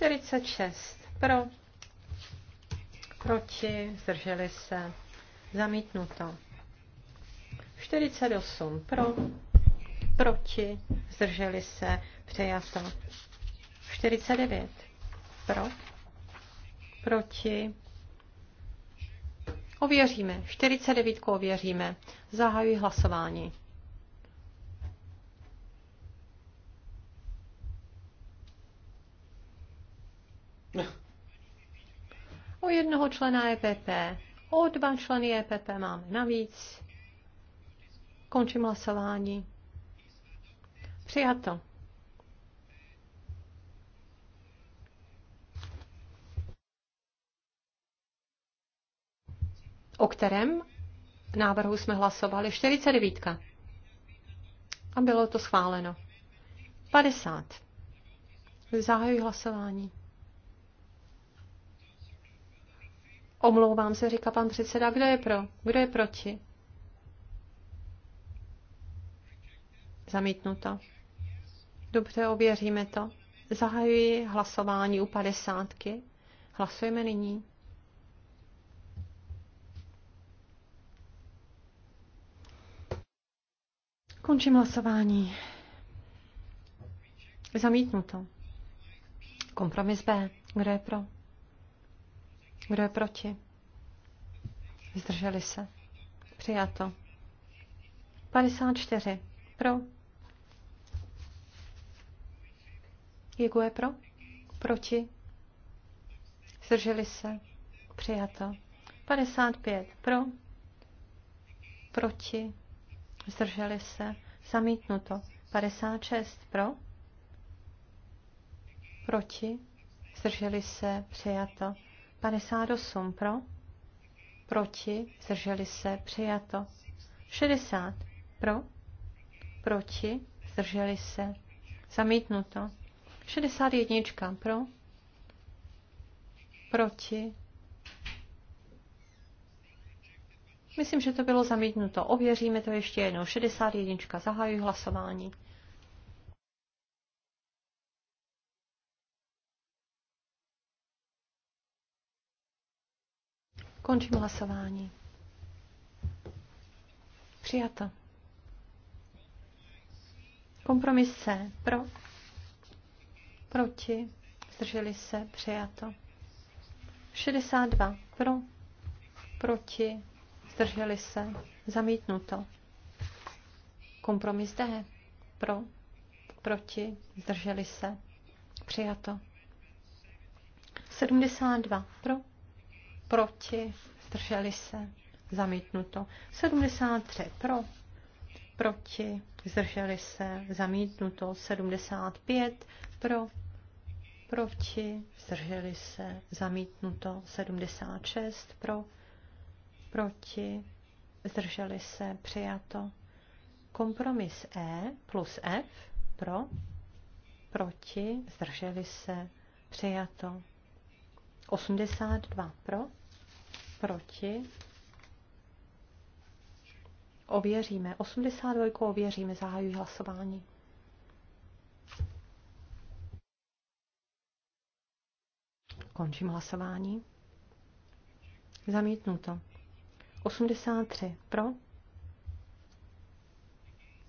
46 pro, proti, zdrželi se, zamítnuto. 48 pro, proti, zdrželi se, Přejato. 49 pro, proti, ověříme, 49 ověříme, zahajuji hlasování. o jednoho člena EPP, o dva členy EPP máme navíc. Končím hlasování. Přijato. O kterém návrhu jsme hlasovali? 49. A bylo to schváleno. 50. Zahajuji hlasování. Omlouvám se, říká pan předseda, kdo je pro, kdo je proti. Zamítnuto. Dobře, ověříme to. Zahajuji hlasování u padesátky. Hlasujeme nyní. Končím hlasování. Zamítnuto. Kompromis B. Kdo je pro? Kdo je proti? Zdrželi se. Přijato. 54. Pro. Jigu je pro? Proti? Zdrželi se. Přijato. 55. Pro. Proti? Zdrželi se. Zamítnuto. 56. Pro. Proti? Zdrželi se. Přijato. 58 pro, proti, zdrželi se, přijato. 60 pro, proti, zdrželi se, zamítnuto. 61 pro, proti. Myslím, že to bylo zamítnuto. Ověříme to ještě jednou. 61. Zahajuji hlasování. Končím hlasování. Přijato. Kompromis C. Pro. Proti. Zdrželi se. Přijato. 62. Pro. Proti. Zdrželi se. Zamítnuto. Kompromis D. Pro. Proti. Zdrželi se. Přijato. 72. Pro proti, zdrželi se, zamítnuto. 73 pro, proti, zdrželi se, zamítnuto. 75 pro, proti, zdrželi se, zamítnuto. 76 pro, proti, zdrželi se, přijato. Kompromis E plus F pro, proti, zdrželi se, přijato. 82 pro, proti. Ověříme. 82 ověříme. Zahajuji hlasování. Končím hlasování. Zamítnuto. 83 pro.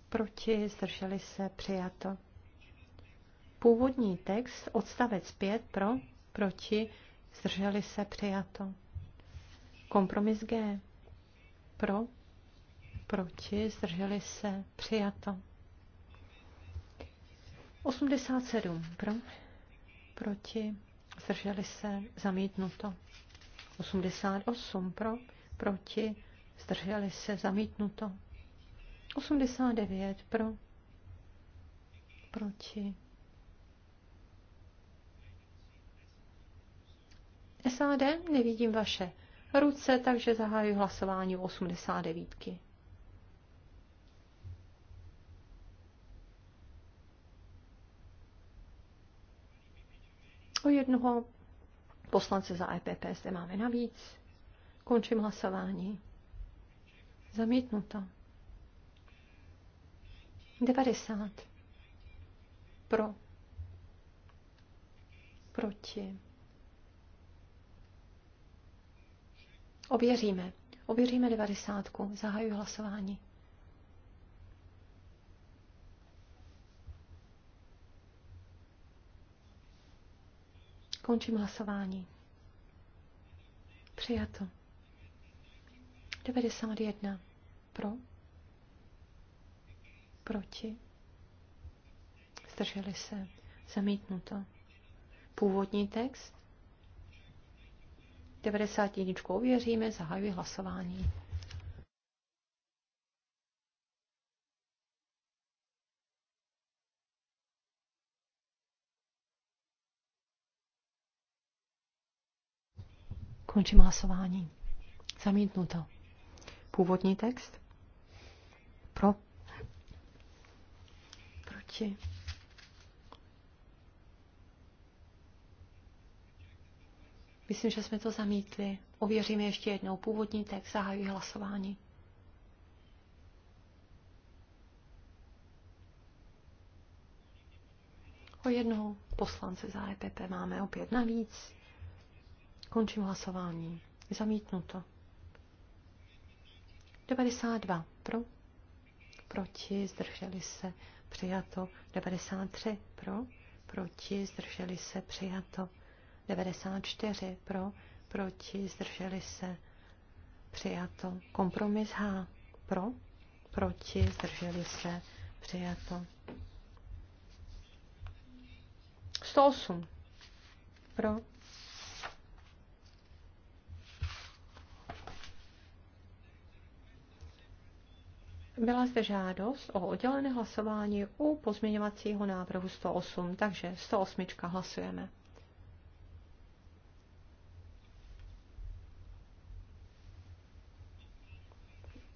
Proti zdrželi se přijato. Původní text, odstavec 5 pro, proti zdrželi se, přijato. Kompromis G. Pro, proti, zdrželi se, přijato. 87. Pro, proti, zdrželi se, zamítnuto. 88. Pro, proti, zdrželi se, zamítnuto. 89. Pro, proti, SAD nevidím vaše ruce, takže zahajuji hlasování o 89. O jednoho poslance za EPP zde máme navíc. Končím hlasování. Zamítnuto. 90. Pro. Proti. Ověříme. Ověříme devadesátku. Zahajuji hlasování. Končím hlasování. Přijato. 91. Pro. Proti. Zdrželi se. Zamítnuto. Původní text. 91 ověříme, zahajuji hlasování. Končím hlasování. Zamítnuto. Původní text? Pro. Proti. Myslím, že jsme to zamítli. Ověříme ještě jednou původní text, zahájí hlasování. O jednoho poslance za EPP máme opět navíc. Končím hlasování. Zamítnuto. 92 pro, proti, zdrželi se, přijato. 93 pro, proti, zdrželi se, přijato. 94 pro, proti, zdrželi se, přijato. Kompromis H pro, proti, zdrželi se, přijato. 108 pro, Byla zde žádost o oddělené hlasování u pozměňovacího návrhu 108, takže 108 hlasujeme.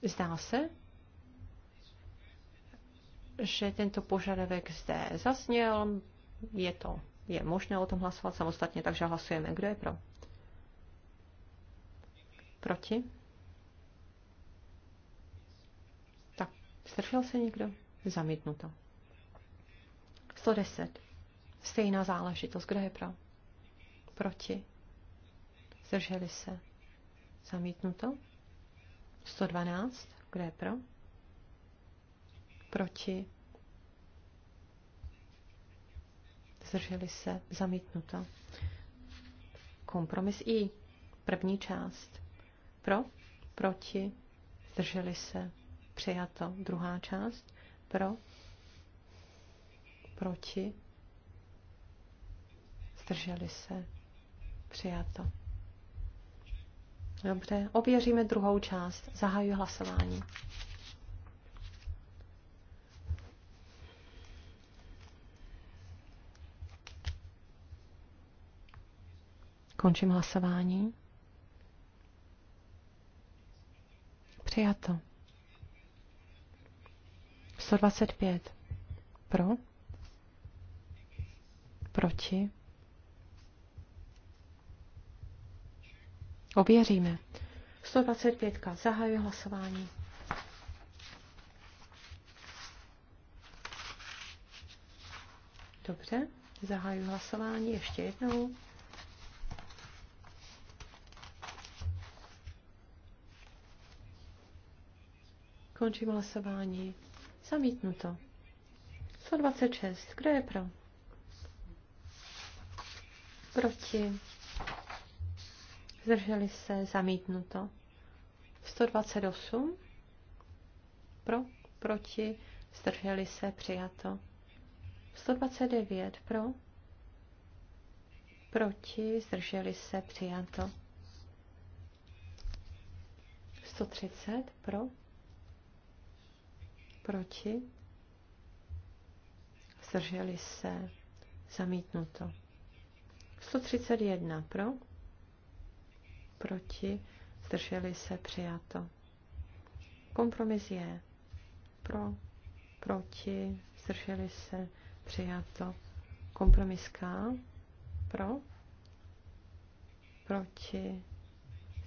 Zdá se, že tento požadavek zde zasněl. Je to, je možné o tom hlasovat samostatně, takže hlasujeme. Kdo je pro? Proti? Tak, strčil se někdo? Zamítnuto. 110. Stejná záležitost. Kdo je pro? Proti? Zdrželi se. Zamítnuto. 112. Kdo je pro? Proti? Zdrželi se? Zamítnuto. Kompromis I. První část. Pro? Proti? Zdrželi se? Přijato. Druhá část. Pro? Proti? Zdrželi se? Přijato. Dobře, ověříme druhou část. Zahajuji hlasování. Končím hlasování. Přijato. 125. Pro. Proti. Ověříme. 125. Zahajuji hlasování. Dobře, zahajuji hlasování ještě jednou. Končím hlasování. Zamítnuto. 126. Kdo je pro? Proti zdrželi se, zamítnuto. 128 pro, proti, zdrželi se, přijato. 129 pro, proti, zdrželi se, přijato. 130 pro, proti, zdrželi se, zamítnuto. 131 pro, proti, zdrželi se, přijato. Kompromis je pro, proti, zdrželi se, přijato. Kompromis K, pro, proti,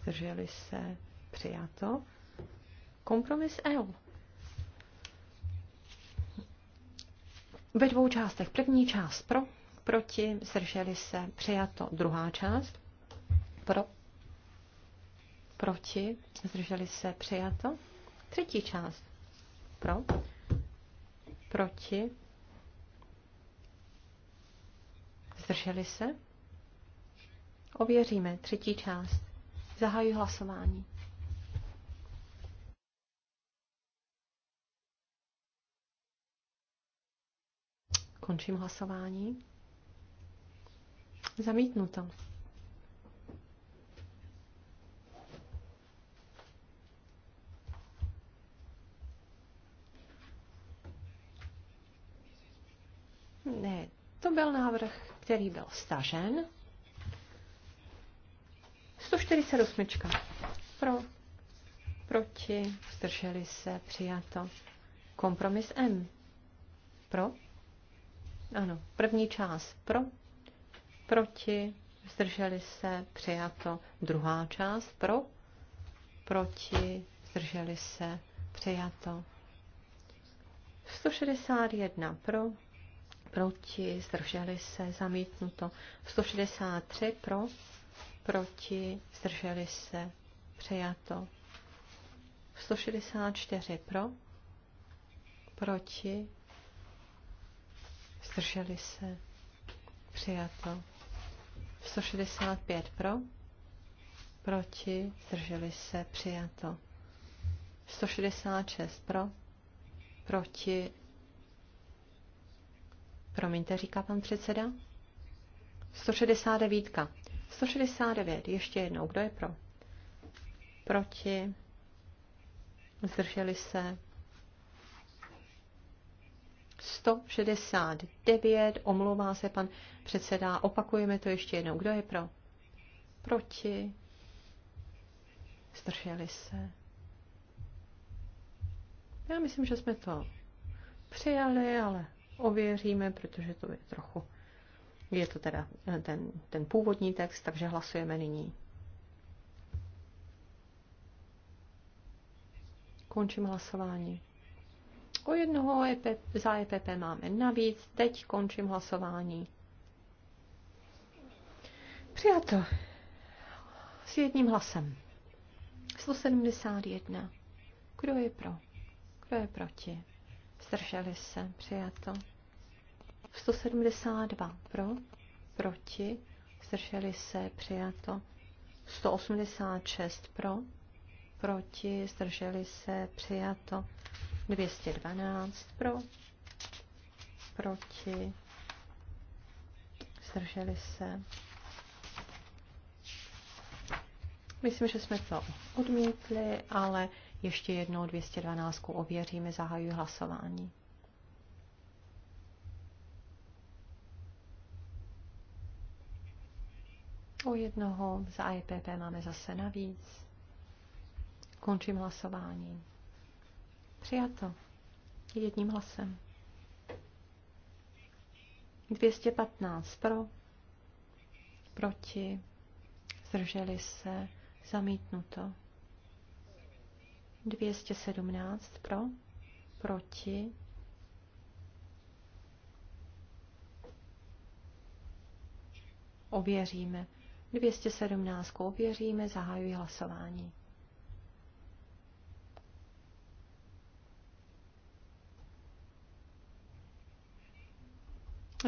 zdrželi se, přijato. Kompromis L. E. Ve dvou částech. První část pro, proti, zdrželi se, přijato. Druhá část pro, proti, zdrželi se, přijato. Třetí část, pro, proti, zdrželi se. Ověříme třetí část. Zahajuji hlasování. Končím hlasování. Zamítnuto. Ne, to byl návrh, který byl stažen. 148. Pro, proti, zdrželi se, přijato. Kompromis M. Pro? Ano, první část pro, proti, zdrželi se, přijato. Druhá část pro, proti, zdrželi se, přijato. 161 pro, proti, zdrželi se, zamítnuto. 163 pro, proti, zdrželi se, přijato. 164 pro, proti, zdrželi se, přijato. 165 pro, proti, zdrželi se, přijato. 166 pro, proti, Promiňte, říká pan předseda. 169. 169. Ještě jednou. Kdo je pro? Proti? Zdrželi se? 169. Omlouvá se pan předseda. Opakujeme to ještě jednou. Kdo je pro? Proti? Zdrželi se? Já myslím, že jsme to přijali, ale ověříme, protože to je trochu, je to teda ten, ten původní text, takže hlasujeme nyní. Končím hlasování. O jednoho EP, za EPP máme navíc, teď končím hlasování. Přijato. S jedním hlasem. 171. Kdo je pro? Kdo je proti? zdrželi se, přijato. 172 pro, proti, zdrželi se, přijato. 186 pro, proti, zdrželi se, přijato. 212 pro, proti, zdrželi se. Myslím, že jsme to odmítli, ale ještě jednou 212 ověříme, zahajuji hlasování. O jednoho za IPP e máme zase navíc. Končím hlasování. Přijato. Jedním hlasem. 215 pro, proti, zdrželi se, zamítnuto. 217 pro, proti, ověříme. 217 ověříme, zahajuji hlasování.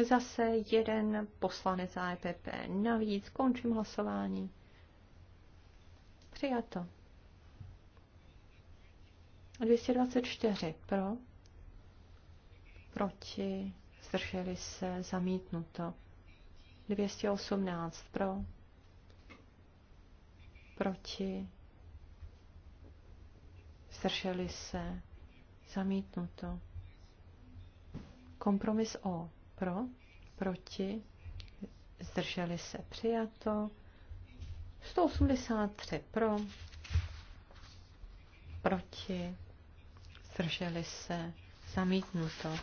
Zase jeden poslanec za e navíc. Končím hlasování. Přijato. 224 pro, proti, zdrželi se, zamítnuto. 218 pro, proti, zdrželi se, zamítnuto. Kompromis O pro, proti, zdrželi se, přijato. 183 pro, proti, zdrželi se, zamítnuto.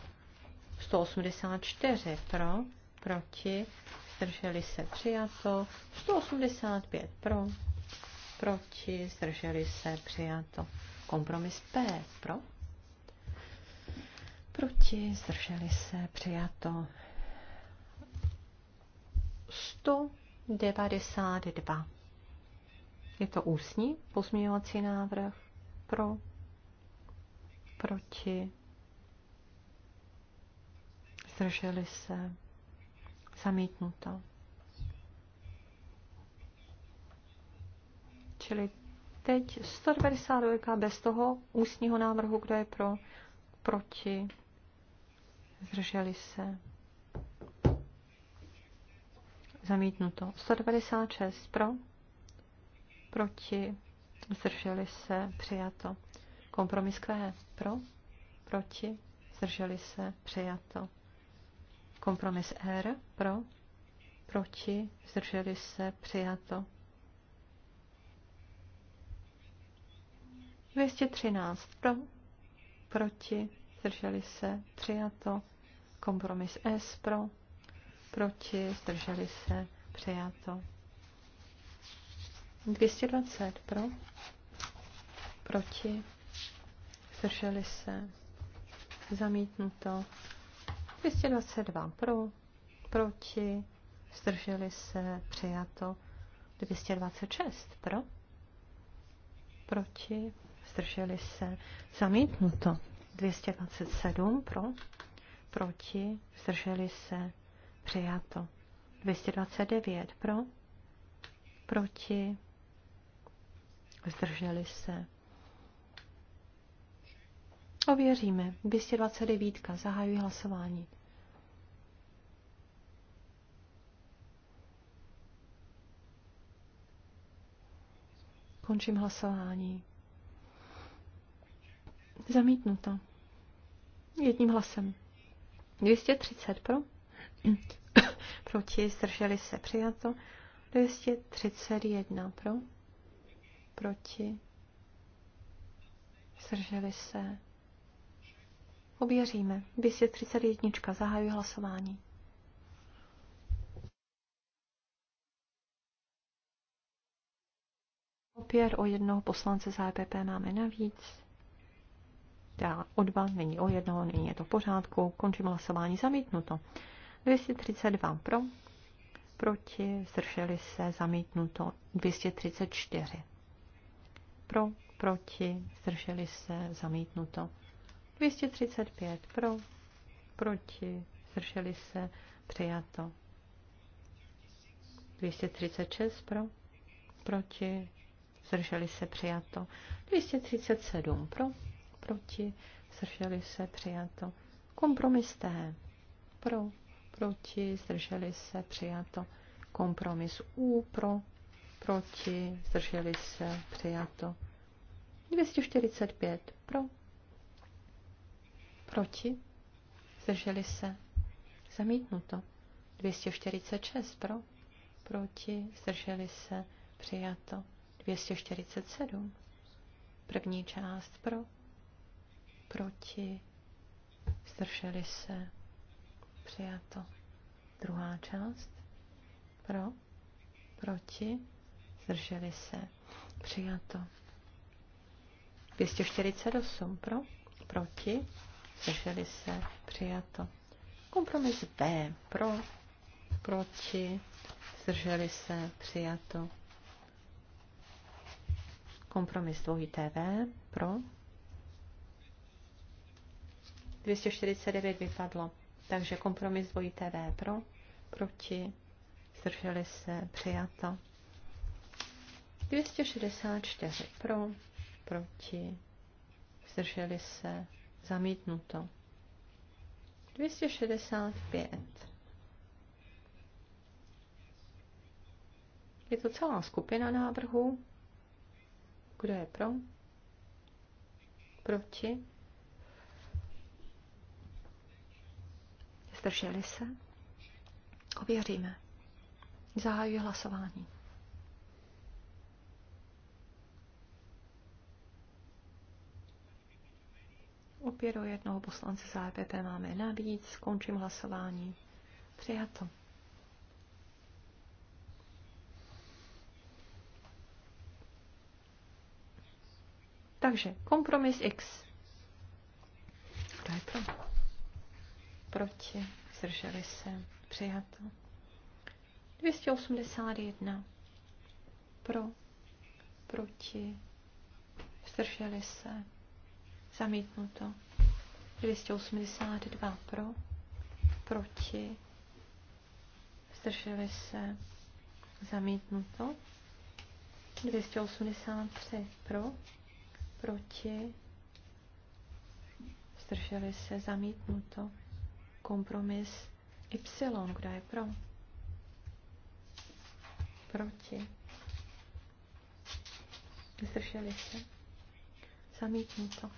184 pro, proti, zdrželi se, přijato. 185 pro, proti, zdrželi se, přijato. Kompromis P pro, proti, zdrželi se, přijato. 192. Je to ústní pozměňovací návrh pro proti, zdrželi se, zamítnuto. Čili teď 192 bez toho ústního návrhu, kdo je pro, proti, zdrželi se, zamítnuto. 196 pro, proti, zdrželi se, přijato. Kompromis kvé. pro, proti, zdrželi se, přijato. Kompromis R pro, proti, zdrželi se, přijato. 213 pro, proti, zdrželi se, přijato. Kompromis S pro, proti, zdrželi se, přijato. 220 pro, proti, zdrželi se, zamítnuto. 222 pro, proti, zdrželi se, přijato. 226 pro, proti, zdrželi se, zamítnuto. 227 pro, proti, zdrželi se, přijato. 229 pro, proti, zdrželi se, Ověříme. 229. Zahajuji hlasování. Končím hlasování. Zamítnuto. Jedním hlasem. 230 pro. Proti zdrželi se přijato. 231 pro. Proti zdrželi se Ověříme. 231. Zahajuji hlasování. Opět o jednoho poslance za EPP máme navíc. Dále o dva, není o jednoho, není je to v pořádku. Končím hlasování zamítnuto. 232 pro, proti, zdrželi se, zamítnuto. 234 pro, proti, zdrželi se, zamítnuto. 235 pro, proti, zdrželi se, přijato. 236 pro, proti, zdrželi se, přijato. 237 pro, proti, zdrželi se, přijato. Kompromis T, pro, proti, zdrželi se, přijato. Kompromis U, pro, proti, zdrželi se, přijato. 245 pro, Proti? Zdrželi se? Zamítnuto. 246 pro? Proti? Zdrželi se? Přijato. 247. První část pro? Proti? Zdrželi se? Přijato. Druhá část? Pro? Proti? Zdrželi se? Přijato. 248 pro? Proti? zdrželi se, přijato. Kompromis B, pro, proti, zdrželi se, přijato. Kompromis dvojité V, pro. 249 vypadlo, takže kompromis dvojité V, pro, proti, zdrželi se, přijato. 264 pro, proti, zdrželi se, Zamítnuto. 265. Je to celá skupina návrhů. Kdo je pro? Proti? Zdrželi se? Ověříme. Zahajuji hlasování. Opět o jednoho poslance z EPP máme navíc. skončím hlasování. Přijato. Takže kompromis X. Kdo je pro? Proti. Zdrželi se. Přijato. 281. Pro. Proti. Zdrželi se. Zamítnuto. 282 pro, proti, zdrželi se, zamítnuto. 283 pro, proti, zdrželi se, zamítnuto. Kompromis Y, kdo je pro? Proti. Zdrželi se. Zamítnuto.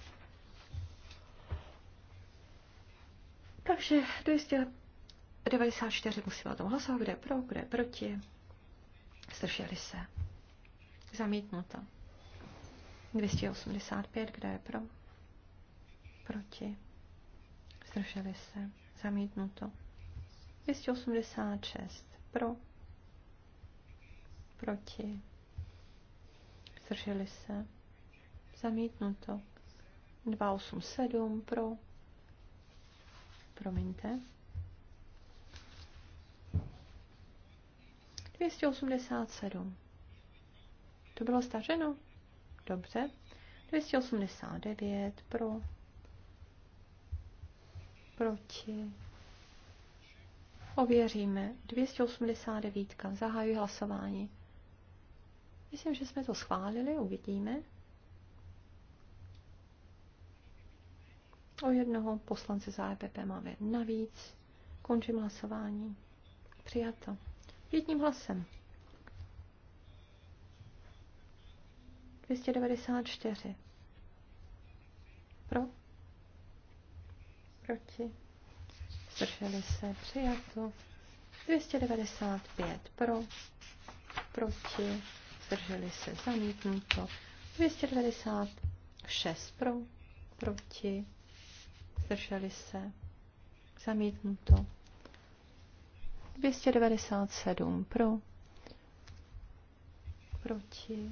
Takže 294 musíme o tom hlasovat, kde je pro, kde je proti. Zdrželi se. Zamítnuto. 285, kde je pro, proti. Zdrželi se. Zamítnuto. 286 pro, proti. Zdrželi se. Zamítnuto. 287 pro, promiňte. 287. To bylo staženo? Dobře. 289 pro. Proti. Ověříme. 289. Zahajuji hlasování. Myslím, že jsme to schválili, uvidíme. O jednoho poslance za EPP máme navíc. Končím hlasování. Přijato. Jedním hlasem. 294. Pro. Proti. Zdrželi se. Přijato. 295. Pro. Proti. Zdrželi se. Zamítnuto. 296. Pro. Proti zdrželi se, zamítnuto. 297 pro, proti,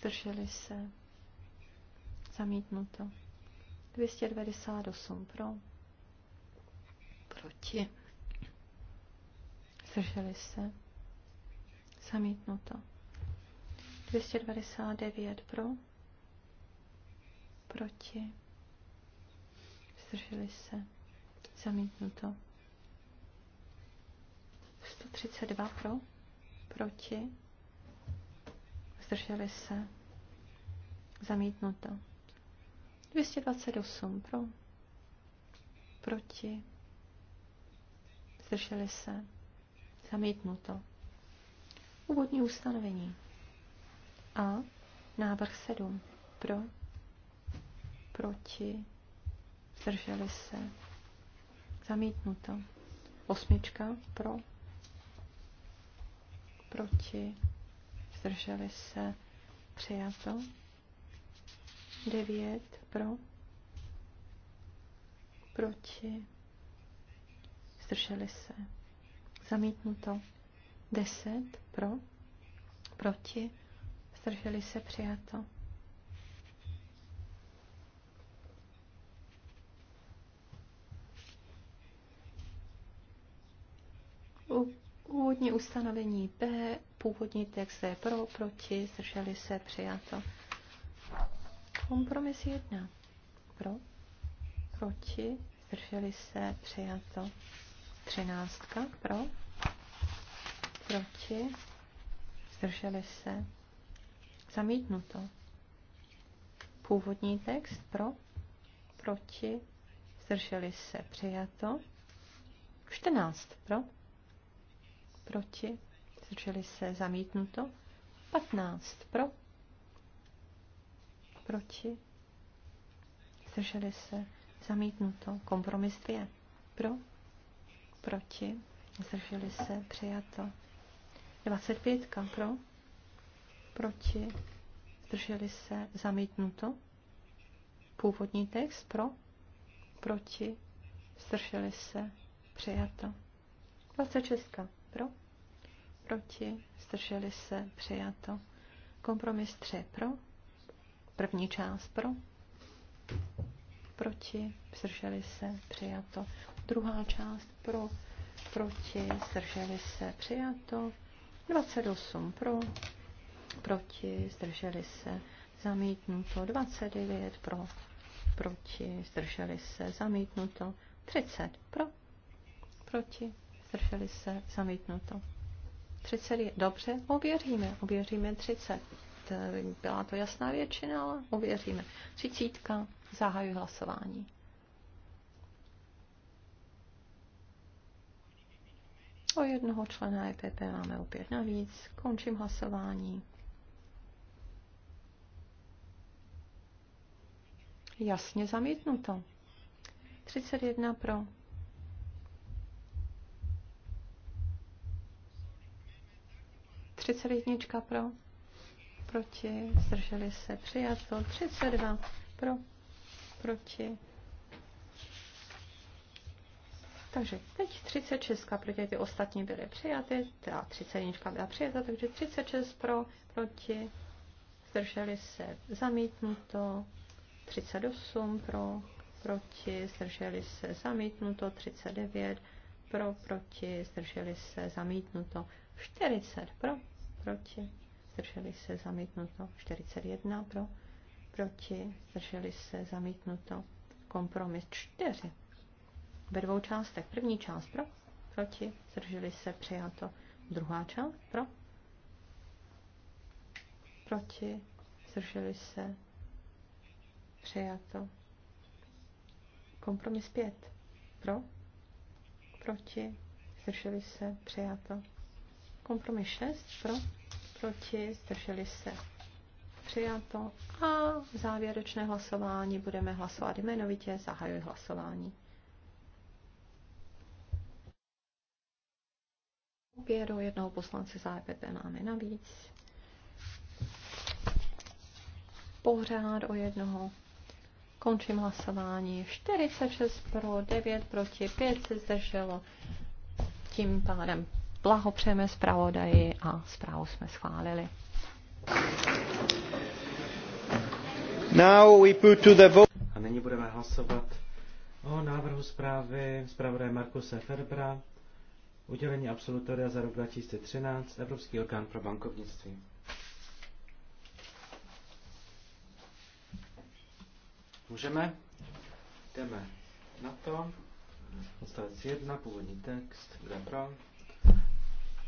zdrželi se, zamítnuto. 298 pro, proti, zdrželi se, zamítnuto. 299 pro, proti, zdrželi se, zamítnuto. 132 pro, proti, zdrželi se, zamítnuto. 228 pro, proti, zdrželi se, zamítnuto. Úvodní ustanovení. A návrh 7 pro, proti, zdrželi se, zamítnuto. Osmička pro, proti, zdrželi se, přijato. Devět pro, proti, zdrželi se, zamítnuto. Deset pro, proti, zdrželi se, přijato. původní ustanovení B, původní text je pro, proti, zdrželi se, přijato. Kompromis 1. Pro, proti, zdrželi se, přijato. Třináctka pro, proti, zdrželi se, zamítnuto. Původní text pro, proti, zdrželi se, přijato. 14 pro, proti, zdrželi se, zamítnuto. 15 pro, proti, zdrželi se, zamítnuto. Kompromis 2 pro, proti, zdrželi se, přijato. 25 pro, proti, zdrželi se, zamítnuto. Původní text pro, proti, zdrželi se, přijato. 26 pro, proti, zdrželi se, přijato. Kompromis 3 pro, první část pro, proti, zdrželi se, přijato. Druhá část pro, proti, zdrželi se, přijato. 28 pro, proti, zdrželi se, zamítnuto. 29 pro, proti, zdrželi se, zamítnuto. 30 pro, proti, drželi se, zamítnuto. 30 je, dobře, ověříme, ověříme 30. Byla to jasná většina, ale ověříme. 30. Zahajuji hlasování. O jednoho člena EPP máme opět navíc. Končím hlasování. Jasně zamítnuto. 31 pro, 31 pro, proti, zdrželi se, přijato. 32 pro, proti. Takže teď 36, protože ty ostatní byly přijaty, ta 31 byla přijata, takže 36 pro, proti, zdrželi se, zamítnuto, 38 pro, proti, zdrželi se, zamítnuto, 39 pro, proti, zdrželi se, zamítnuto, 40 pro, proti, zdrželi se zamítnuto. 41 pro, proti, zdrželi se zamítnuto. Kompromis 4. Ve dvou částech. První část pro, proti, zdrželi se přijato. Druhá část pro, proti, zdrželi se přijato. Kompromis 5. Pro, proti, zdrželi se přijato. Kompromis 6 pro, proti, zdrželi se přijato a závěrečné hlasování budeme hlasovat jmenovitě, zahajuji hlasování. Věru jednoho poslance za EPP máme navíc. Pořád o jednoho. Končím hlasování. 46 pro, 9 proti, 5 se zdrželo. Tím pádem Blahopřejeme zpravodaji a zprávu jsme schválili. Now we put to the vote. A nyní budeme hlasovat o návrhu zprávy zpravodaje Markuse Ferbra udělení absolutoria za rok 2013 Evropský orgán pro bankovnictví. Můžeme? Jdeme na to. Odstavec 1, původní text, kde pro?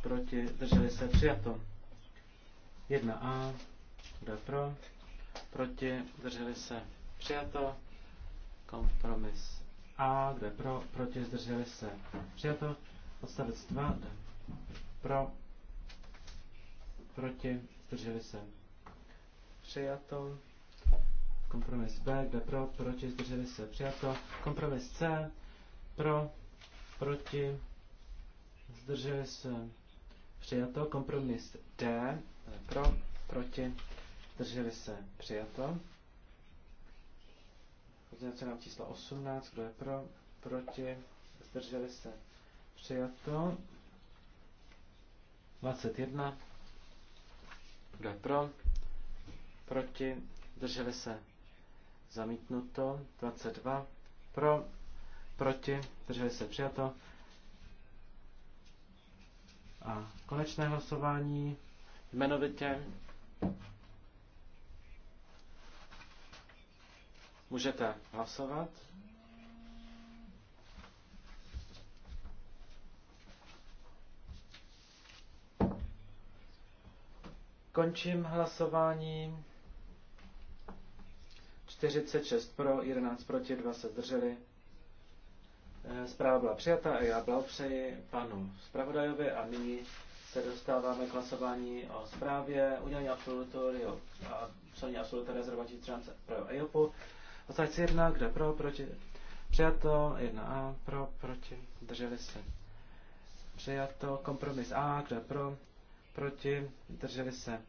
proti, zdrželi se, přijato. 1A, kdo je pro, proti, zdrželi se, přijato. Kompromis A, kdo je pro, proti, zdrželi se, přijato. Odstavec 2, pro, proti, zdrželi se, přijato. Kompromis B, kde pro, proti, zdrželi se, přijato. Kompromis C, pro, proti, zdrželi se, přijato. Kompromis D pro, proti, zdrželi se, přijato. Pozdělací nám číslo 18, kdo je pro, proti, zdrželi se, přijato. 21, kdo je pro, proti, zdrželi se, zamítnuto. 22, pro, proti, zdrželi se, přijato. A konečné hlasování jmenovitě. Můžete hlasovat. Končím hlasování. 46 pro, 11 proti, 2 se zdrželi. Eh, zpráva byla přijata a já blahopřeji panu zpravodajovi a nyní se dostáváme k hlasování o zprávě udělení absolutorio a psaní absolutoria z 2013 pro EIOPu. Odstavec 1, kde pro, proti, přijato, 1A, pro, proti, drželi se. Přijato, kompromis A, kde pro, proti, drželi se.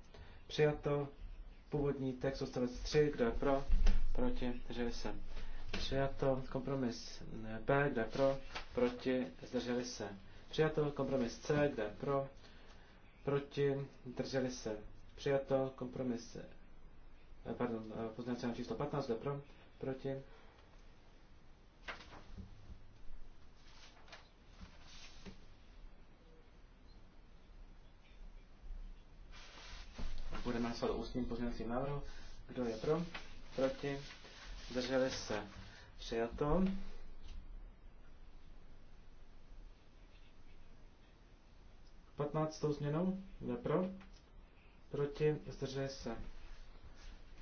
Přijato, původní text, odstavec 3, kde pro, proti, drželi se Přijato. Kompromis B, kde pro, proti, zdrželi se. Přijato. Kompromis C, kde pro, proti, zdrželi se. Přijato. Kompromis eh, pardon, eh, poznací číslo 15, kde pro, proti, budeme hlasovat o ústním pozměňovacím návrhu. Kdo je pro? Proti? Zdrželi se? Přijato. Patnáctou změnou? Kdo pro? Proti? Zdržuje se.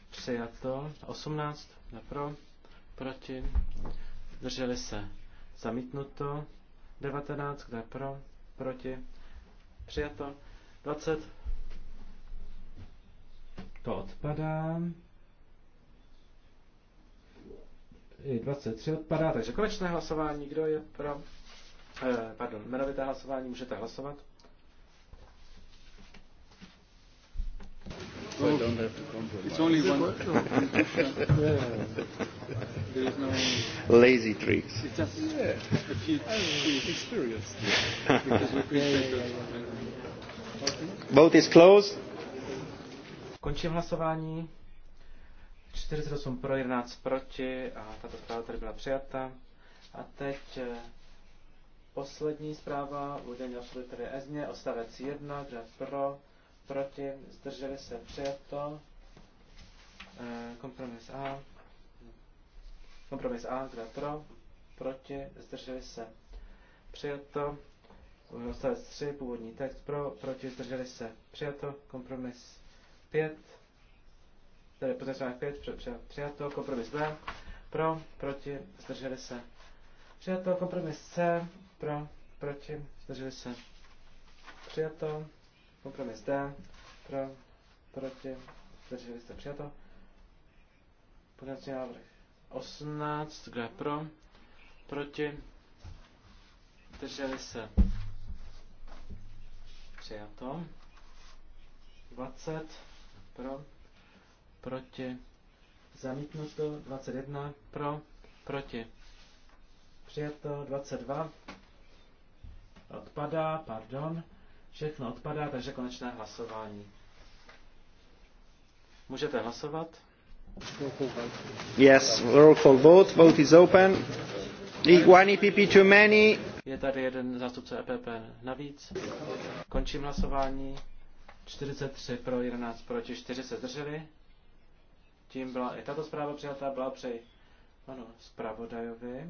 Přijato. Osmnáct? Kdo pro? Proti? Zdrželi se. Zamítnuto. Devatenáct? Kde pro? Proti? Přijato. Dvacet? To odpadá. I 23 odpadá, takže konečné hlasování, kdo je pro? Eh, pardon, jmenovité hlasování, můžete hlasovat. Oh, no Lazy tricks. Oh, Vote is closed. Končím hlasování. 48 pro, 11 proti a tato zpráva tady byla přijata. A teď eh, poslední zpráva, údajně osoby tedy Ezně, ostavec 1, kde pro, proti, zdrželi se přijato, eh, kompromis A, kompromis A, kde pro, proti, zdrželi se přijato, ostavec 3, původní text pro, proti, zdrželi se přijato, kompromis 5, tedy pozměňovací 5, přijato, kompromis B, pro, proti, zdrželi se. Přijato, kompromis C, pro, proti, zdrželi se. Přijato, kompromis D, pro, proti, zdrželi se. Přijato, pozměňovací návrh 18, kdo pro, proti, zdrželi se. Přijato, 20, pro, proti, zamítnuto, 21 pro, proti, přijato, 22 odpadá, pardon, všechno odpadá, takže konečné hlasování. Můžete hlasovat. Yes, roll call vote. Vote is open. One EPP too many. Je tady jeden zástupce EPP navíc. Končím hlasování. 43 pro, 11 proti, 4 se drželi tím byla i tato zpráva přijatá, byla při panu zpravodajovi.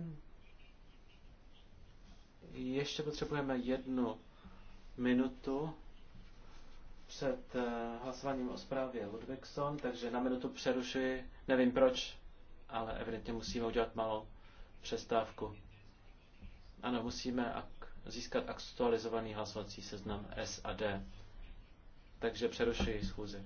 Ještě potřebujeme jednu minutu před eh, hlasováním o zprávě Ludvigson, takže na minutu přerušuji, nevím proč, ale evidentně musíme udělat malou přestávku. Ano, musíme ak- získat aktualizovaný hlasovací seznam S a D. Takže přerušuji schůzi.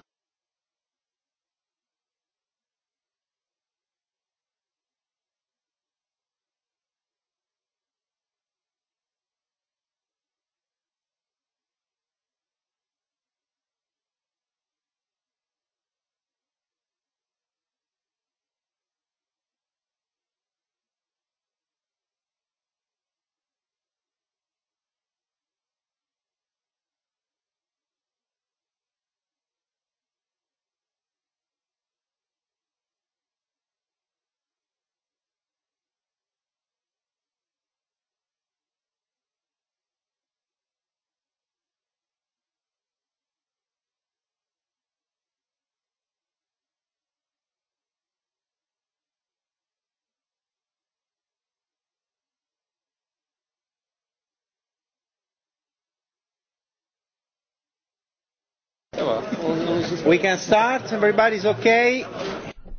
We can start, everybody's okay.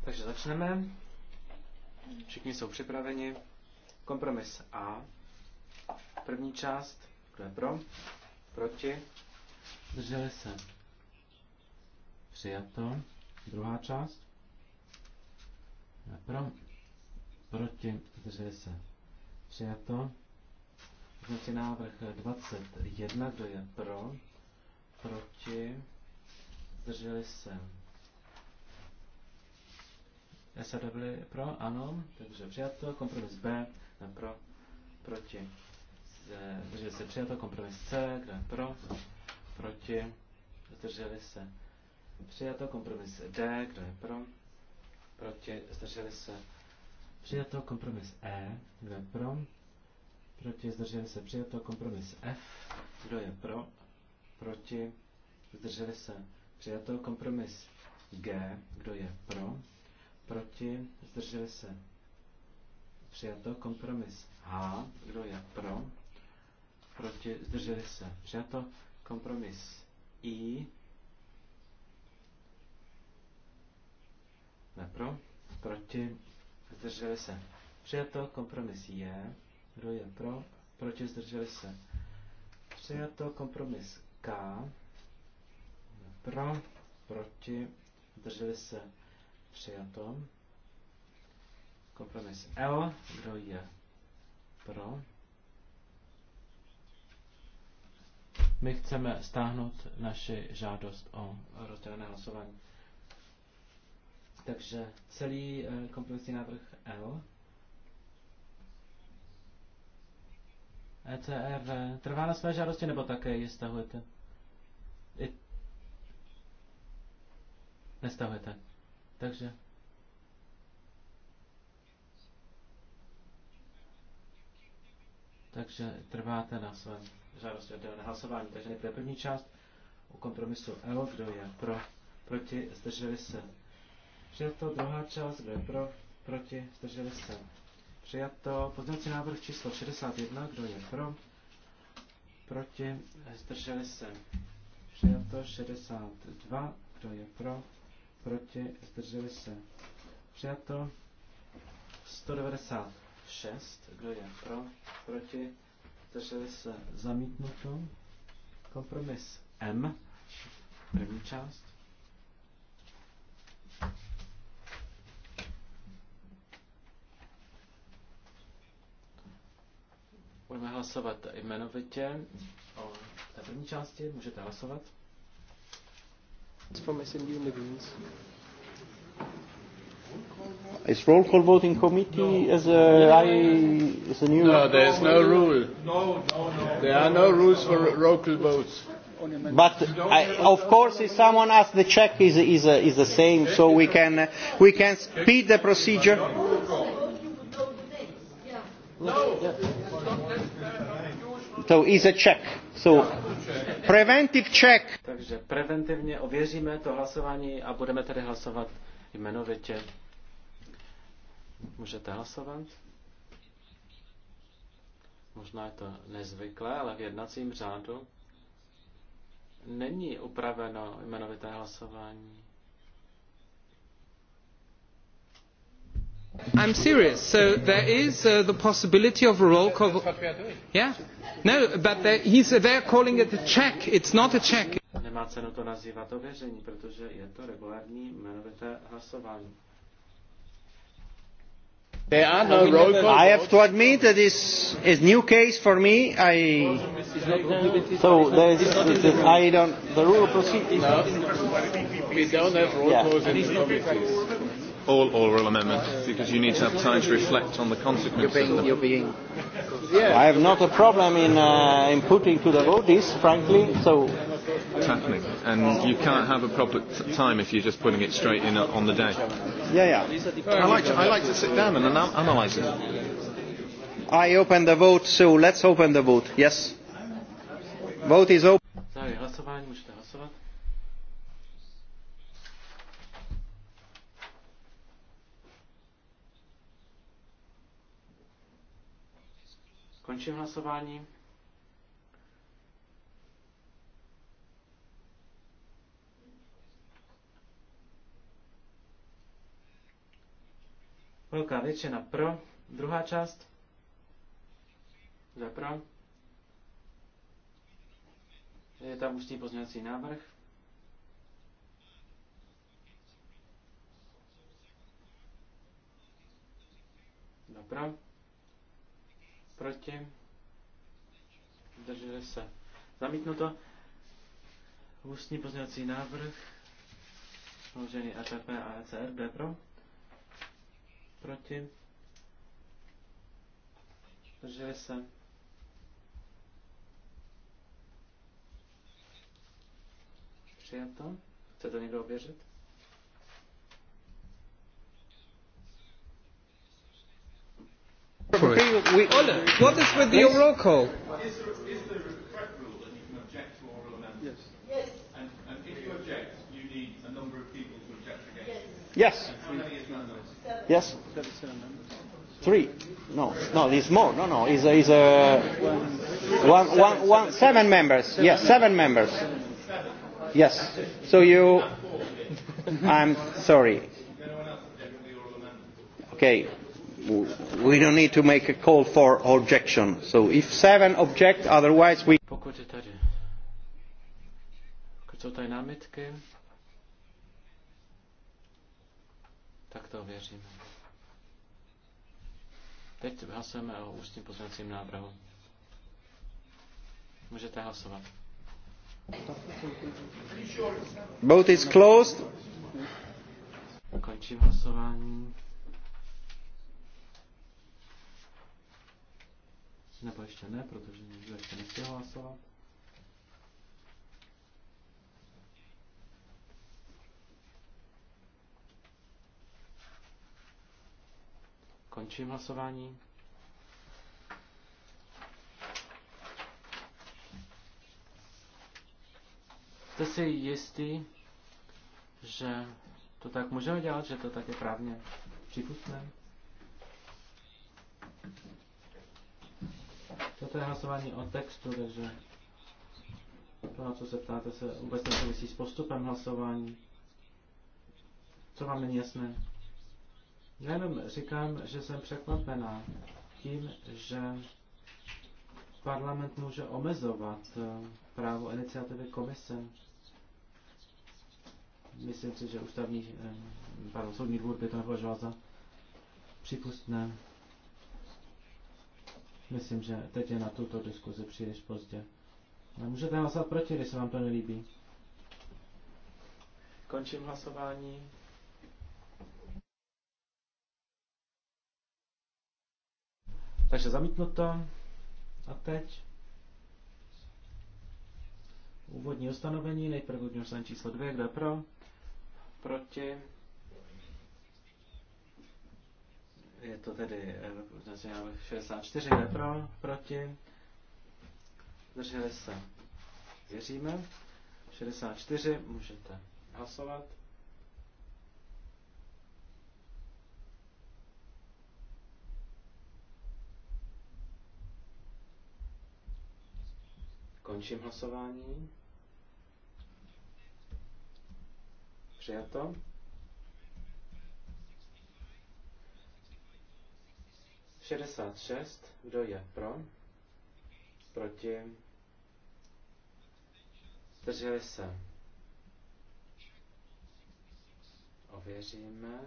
Takže začneme. Všichni jsou připraveni. Kompromis A. První část. Kdo je pro? Proti? Drželi se. Přijato. Druhá část. Kdo je pro? Proti? Drželi se. Přijato. Znáte návrh 21, kdo je pro, proti, zdrželi se. SAD pro, ano, takže přijato, kompromis B, ne pro, proti, zdrželi se přijato, kompromis C, kde pro, proti, zdrželi se přijato, kompromis D, kdo je pro, proti, zdrželi se přijato, kompromis E, kdo je pro, proti, zdrželi se přijato, kompromis F, kdo je pro, proti, zdrželi se Přijato kompromis G. Kdo je pro? Proti? Zdrželi se. Přijato kompromis H. Kdo je pro? Proti? Zdrželi se. Přijato kompromis I. Ne pro? Proti? Zdrželi se. Přijato kompromis J. Kdo je pro? Proti? Zdrželi se. Přijato kompromis K pro, proti, drželi se přijato. Kompromis L, kdo je pro. My chceme stáhnout naši žádost o rozdělené hlasování. Takže celý eh, kompromisní návrh L. ECR eh, trvá na své žádosti nebo také ji stahujete? tak. Takže Takže trváte na svém žádosti o hlasování. Takže nejprve první část o kompromisu L, kdo je pro, proti, zdrželi se. Přijato druhá část, kdo je pro, proti, zdrželi se. Přijato pozměňovací návrh číslo 61, kdo je pro, proti, zdrželi se. Přijato 62, kdo je pro, proti, zdrželi se. Přijato 196, kdo je pro, proti, zdrželi se. Zamítnuto. Kompromis M, první část. Budeme hlasovat jmenovitě o té první části, můžete hlasovat. It's from in the Greens. Is roll call vote in committee no. as a, I, as a new? No, there is no rule. No, no, no. There are no rules for roll call votes. But I, of course, if someone asks, the check is is is the same, so we can we can speed the procedure. No. So is a check. So. Preventive check. Takže preventivně ověříme to hlasování a budeme tedy hlasovat jmenovitě. Můžete hlasovat. Možná je to nezvyklé, ale v jednacím řádu není upraveno jmenovité hlasování. I'm serious. So there is uh, the possibility of a roll call. That's Yeah. No, but they, he's, uh, they're calling it a check. It's not a check. Nemá cenu to nazývat ověření, protože je to regulární jmenovité hlasování. There are no, no roll calls. I have to admit that this is new case for me. I so there is I don't the rule of procedure. No, we don't have roll calls yeah. in committees all oral amendment because you need to have time to reflect on the consequences. You're being, of them. You're being yeah. I have not a problem in, uh, in putting to the vote this, frankly. So it's happening, and you can't have a proper t- time if you're just putting it straight in on the day. Yeah, yeah. I like to, I like to sit down and anal- analyse it. I open the vote, so let's open the vote. Yes. Vote is open. Sorry, hlasování, můžete hlasovat. Končím hlasování. Velká většina pro. Druhá část. Za pro. Je tam ústní pozměňovací návrh. Za pro. Proti? Zdrželi se. Zamítnuto. Ústní pozměňovací návrh. Vložený ATP e a ECR. Kdo pro? Proti? Zdrželi se. Přijato. Chce to někdo ověřit? agree with we all, what is with your roll call? Yes. yes. Three. No, no, there's more. No, no, is is a one, one, one, seven members. Yes, seven members. Yes. So you, I'm sorry. Okay we don't need to make a call for objection. So if seven object, otherwise we... Pokud je tady, pokud jsou tady námitky, tak to věříme. Teď hlasujeme o ústním pozměňovacím návrhu. Můžete hlasovat. Vote is closed. Končím hlasování. Nebo ještě ne, protože nikdo ještě nechtěl hlasovat. Končím hlasování. Jste si jistý, že to tak můžeme dělat, že to tak je právně přípustné? Toto je hlasování o textu, takže to, na co se ptáte, se vůbec nesouvisí s postupem hlasování. Co vám není jasné? Já jenom říkám, že jsem překvapená tím, že parlament může omezovat eh, právo iniciativy komise. Myslím si, že ústavní, eh, pardon, soudní dvůr by to nepovažoval za přípustné. Myslím, že teď je na tuto diskuzi příliš pozdě. Ale můžete hlasovat proti, když se vám to nelíbí. Končím hlasování. Takže zamítnuto. A teď úvodní ustanovení, nejprve úvodní číslo dvě. kdo je pro, proti, Je to tedy pozměňovací návrh 64 je pro, proti. Zdrželi se. Věříme. 64 můžete hlasovat. Končím hlasování. Přijato. 66. Kdo je pro? Proti? Zdrželi se. Ověříme.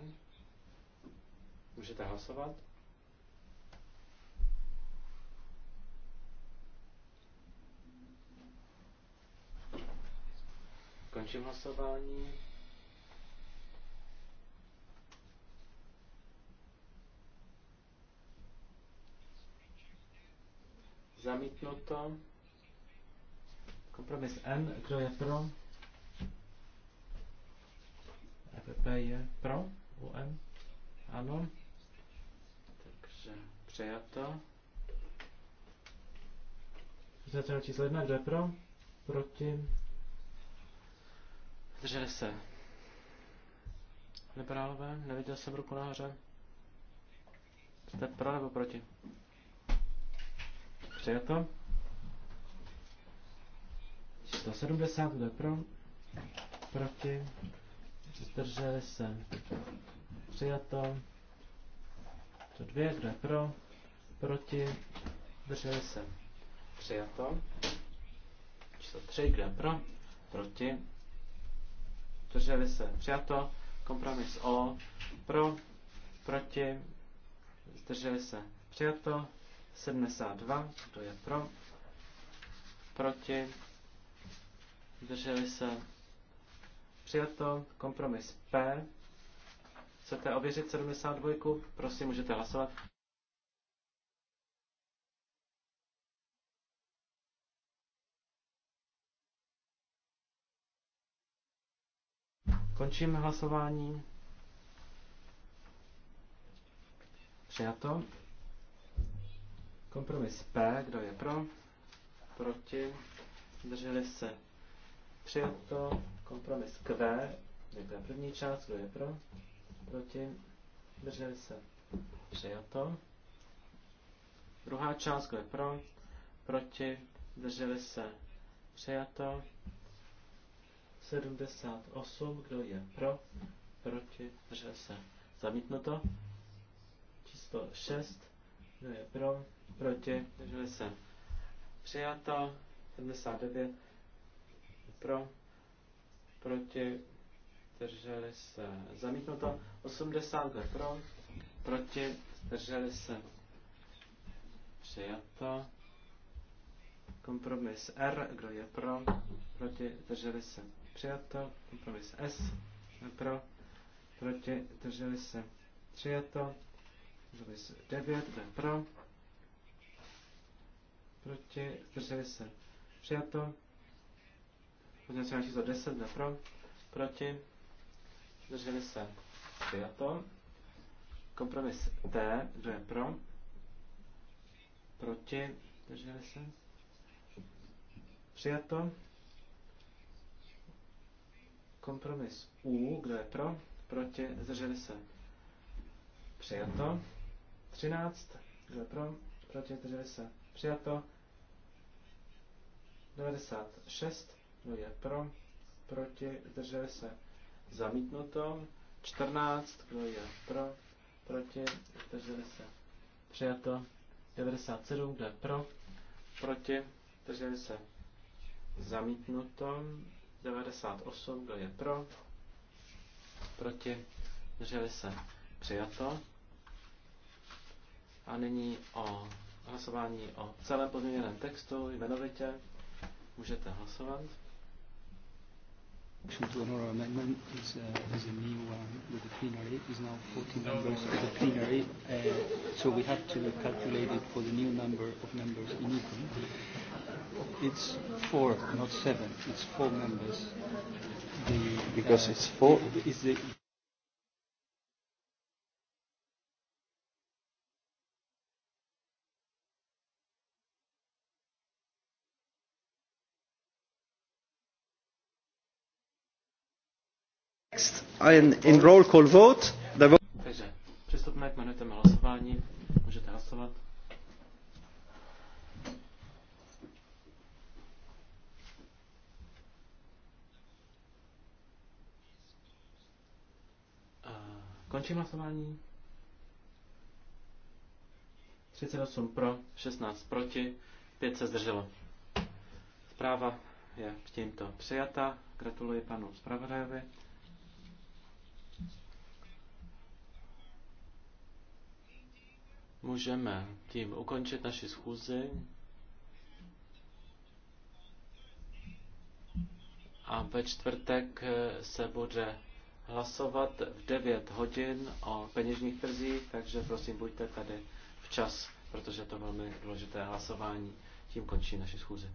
Můžete hlasovat. Končím hlasování. Zamítnuto. Kompromis N, kdo je pro? EPP je pro u N. Ano. Takže přijato. Začal číslo jedna, kdo je pro? Proti. Zdrželi se. Liberálové, neviděl jsem ruku nahoře. Jste pro nebo proti? přijato. 170, kdo pro? Proti? Zdrželi se. Přijato. To dvě, kdo je pro? Proti? Zdrželi se. Přijato. Číslo 3, kdo je pro? Proti? Zdrželi se. Přijato. Kompromis O. Pro? Proti? Zdrželi se. Přijato. 72, kdo je pro, proti, zdrželi se, přijato, kompromis P, chcete ověřit 72, prosím, můžete hlasovat. Končím hlasování. Přijato. Kompromis P, kdo je pro? Proti? Drželi se. Přijato. Kompromis Q, nejprve jako první část, kdo je pro? Proti? Drželi se. Přijato. Druhá část, kdo je pro? Proti? Drželi se. Přijato. 78, kdo je pro? Proti? Drželi se. Zamítnuto. Číslo 6, kdo je pro? proti, drželi se přijato, 79 pro, proti, drželi se zamítnuto, 80 pro, proti, drželi se přijato, kompromis R, kdo je pro, proti, drželi se přijato, kompromis S, pro, proti, drželi se přijato, kompromis 9, kdo je pro, proti, zdrželi se, přijato. Pozměňovací na číslo 10, ne pro, proti, zdrželi se, přijato. Kompromis T, kdo je pro, proti, zdrželi se, přijato. Kompromis U, kdo je pro, proti, zdrželi se, přijato. 13, kdo je pro, proti, zdrželi se, přijato. 96, kdo je pro, proti, zdrželi se, zamítnuto. 14, kdo je pro, proti, zdrželi se, přijato. 97, kdo je pro, proti, zdrželi se, zamítnuto. 98, kdo je pro, proti, zdrželi se, přijato. A nyní o hlasování o celém pozměněném textu jmenovitě. Můžete hlasovat. To honor amendment is, uh, is a new one uh, with the plenary is now 40 members of the plenary, uh, so we have to calculate it for the new number of members in ECON. It's four, not seven. It's four members. The, Because uh, it's four. Is the Takže přistupme k minutem hlasování. Můžete hlasovat. Končím hlasování. 38 pro, 16 proti, 5 se zdrželo. Zpráva je tímto přijata. Gratuluji panu zpravodajovi. Můžeme tím ukončit naši schůzi. A ve čtvrtek se bude hlasovat v 9 hodin o peněžních trzích, takže prosím buďte tady včas, protože to je velmi důležité hlasování. Tím končí naše schůze.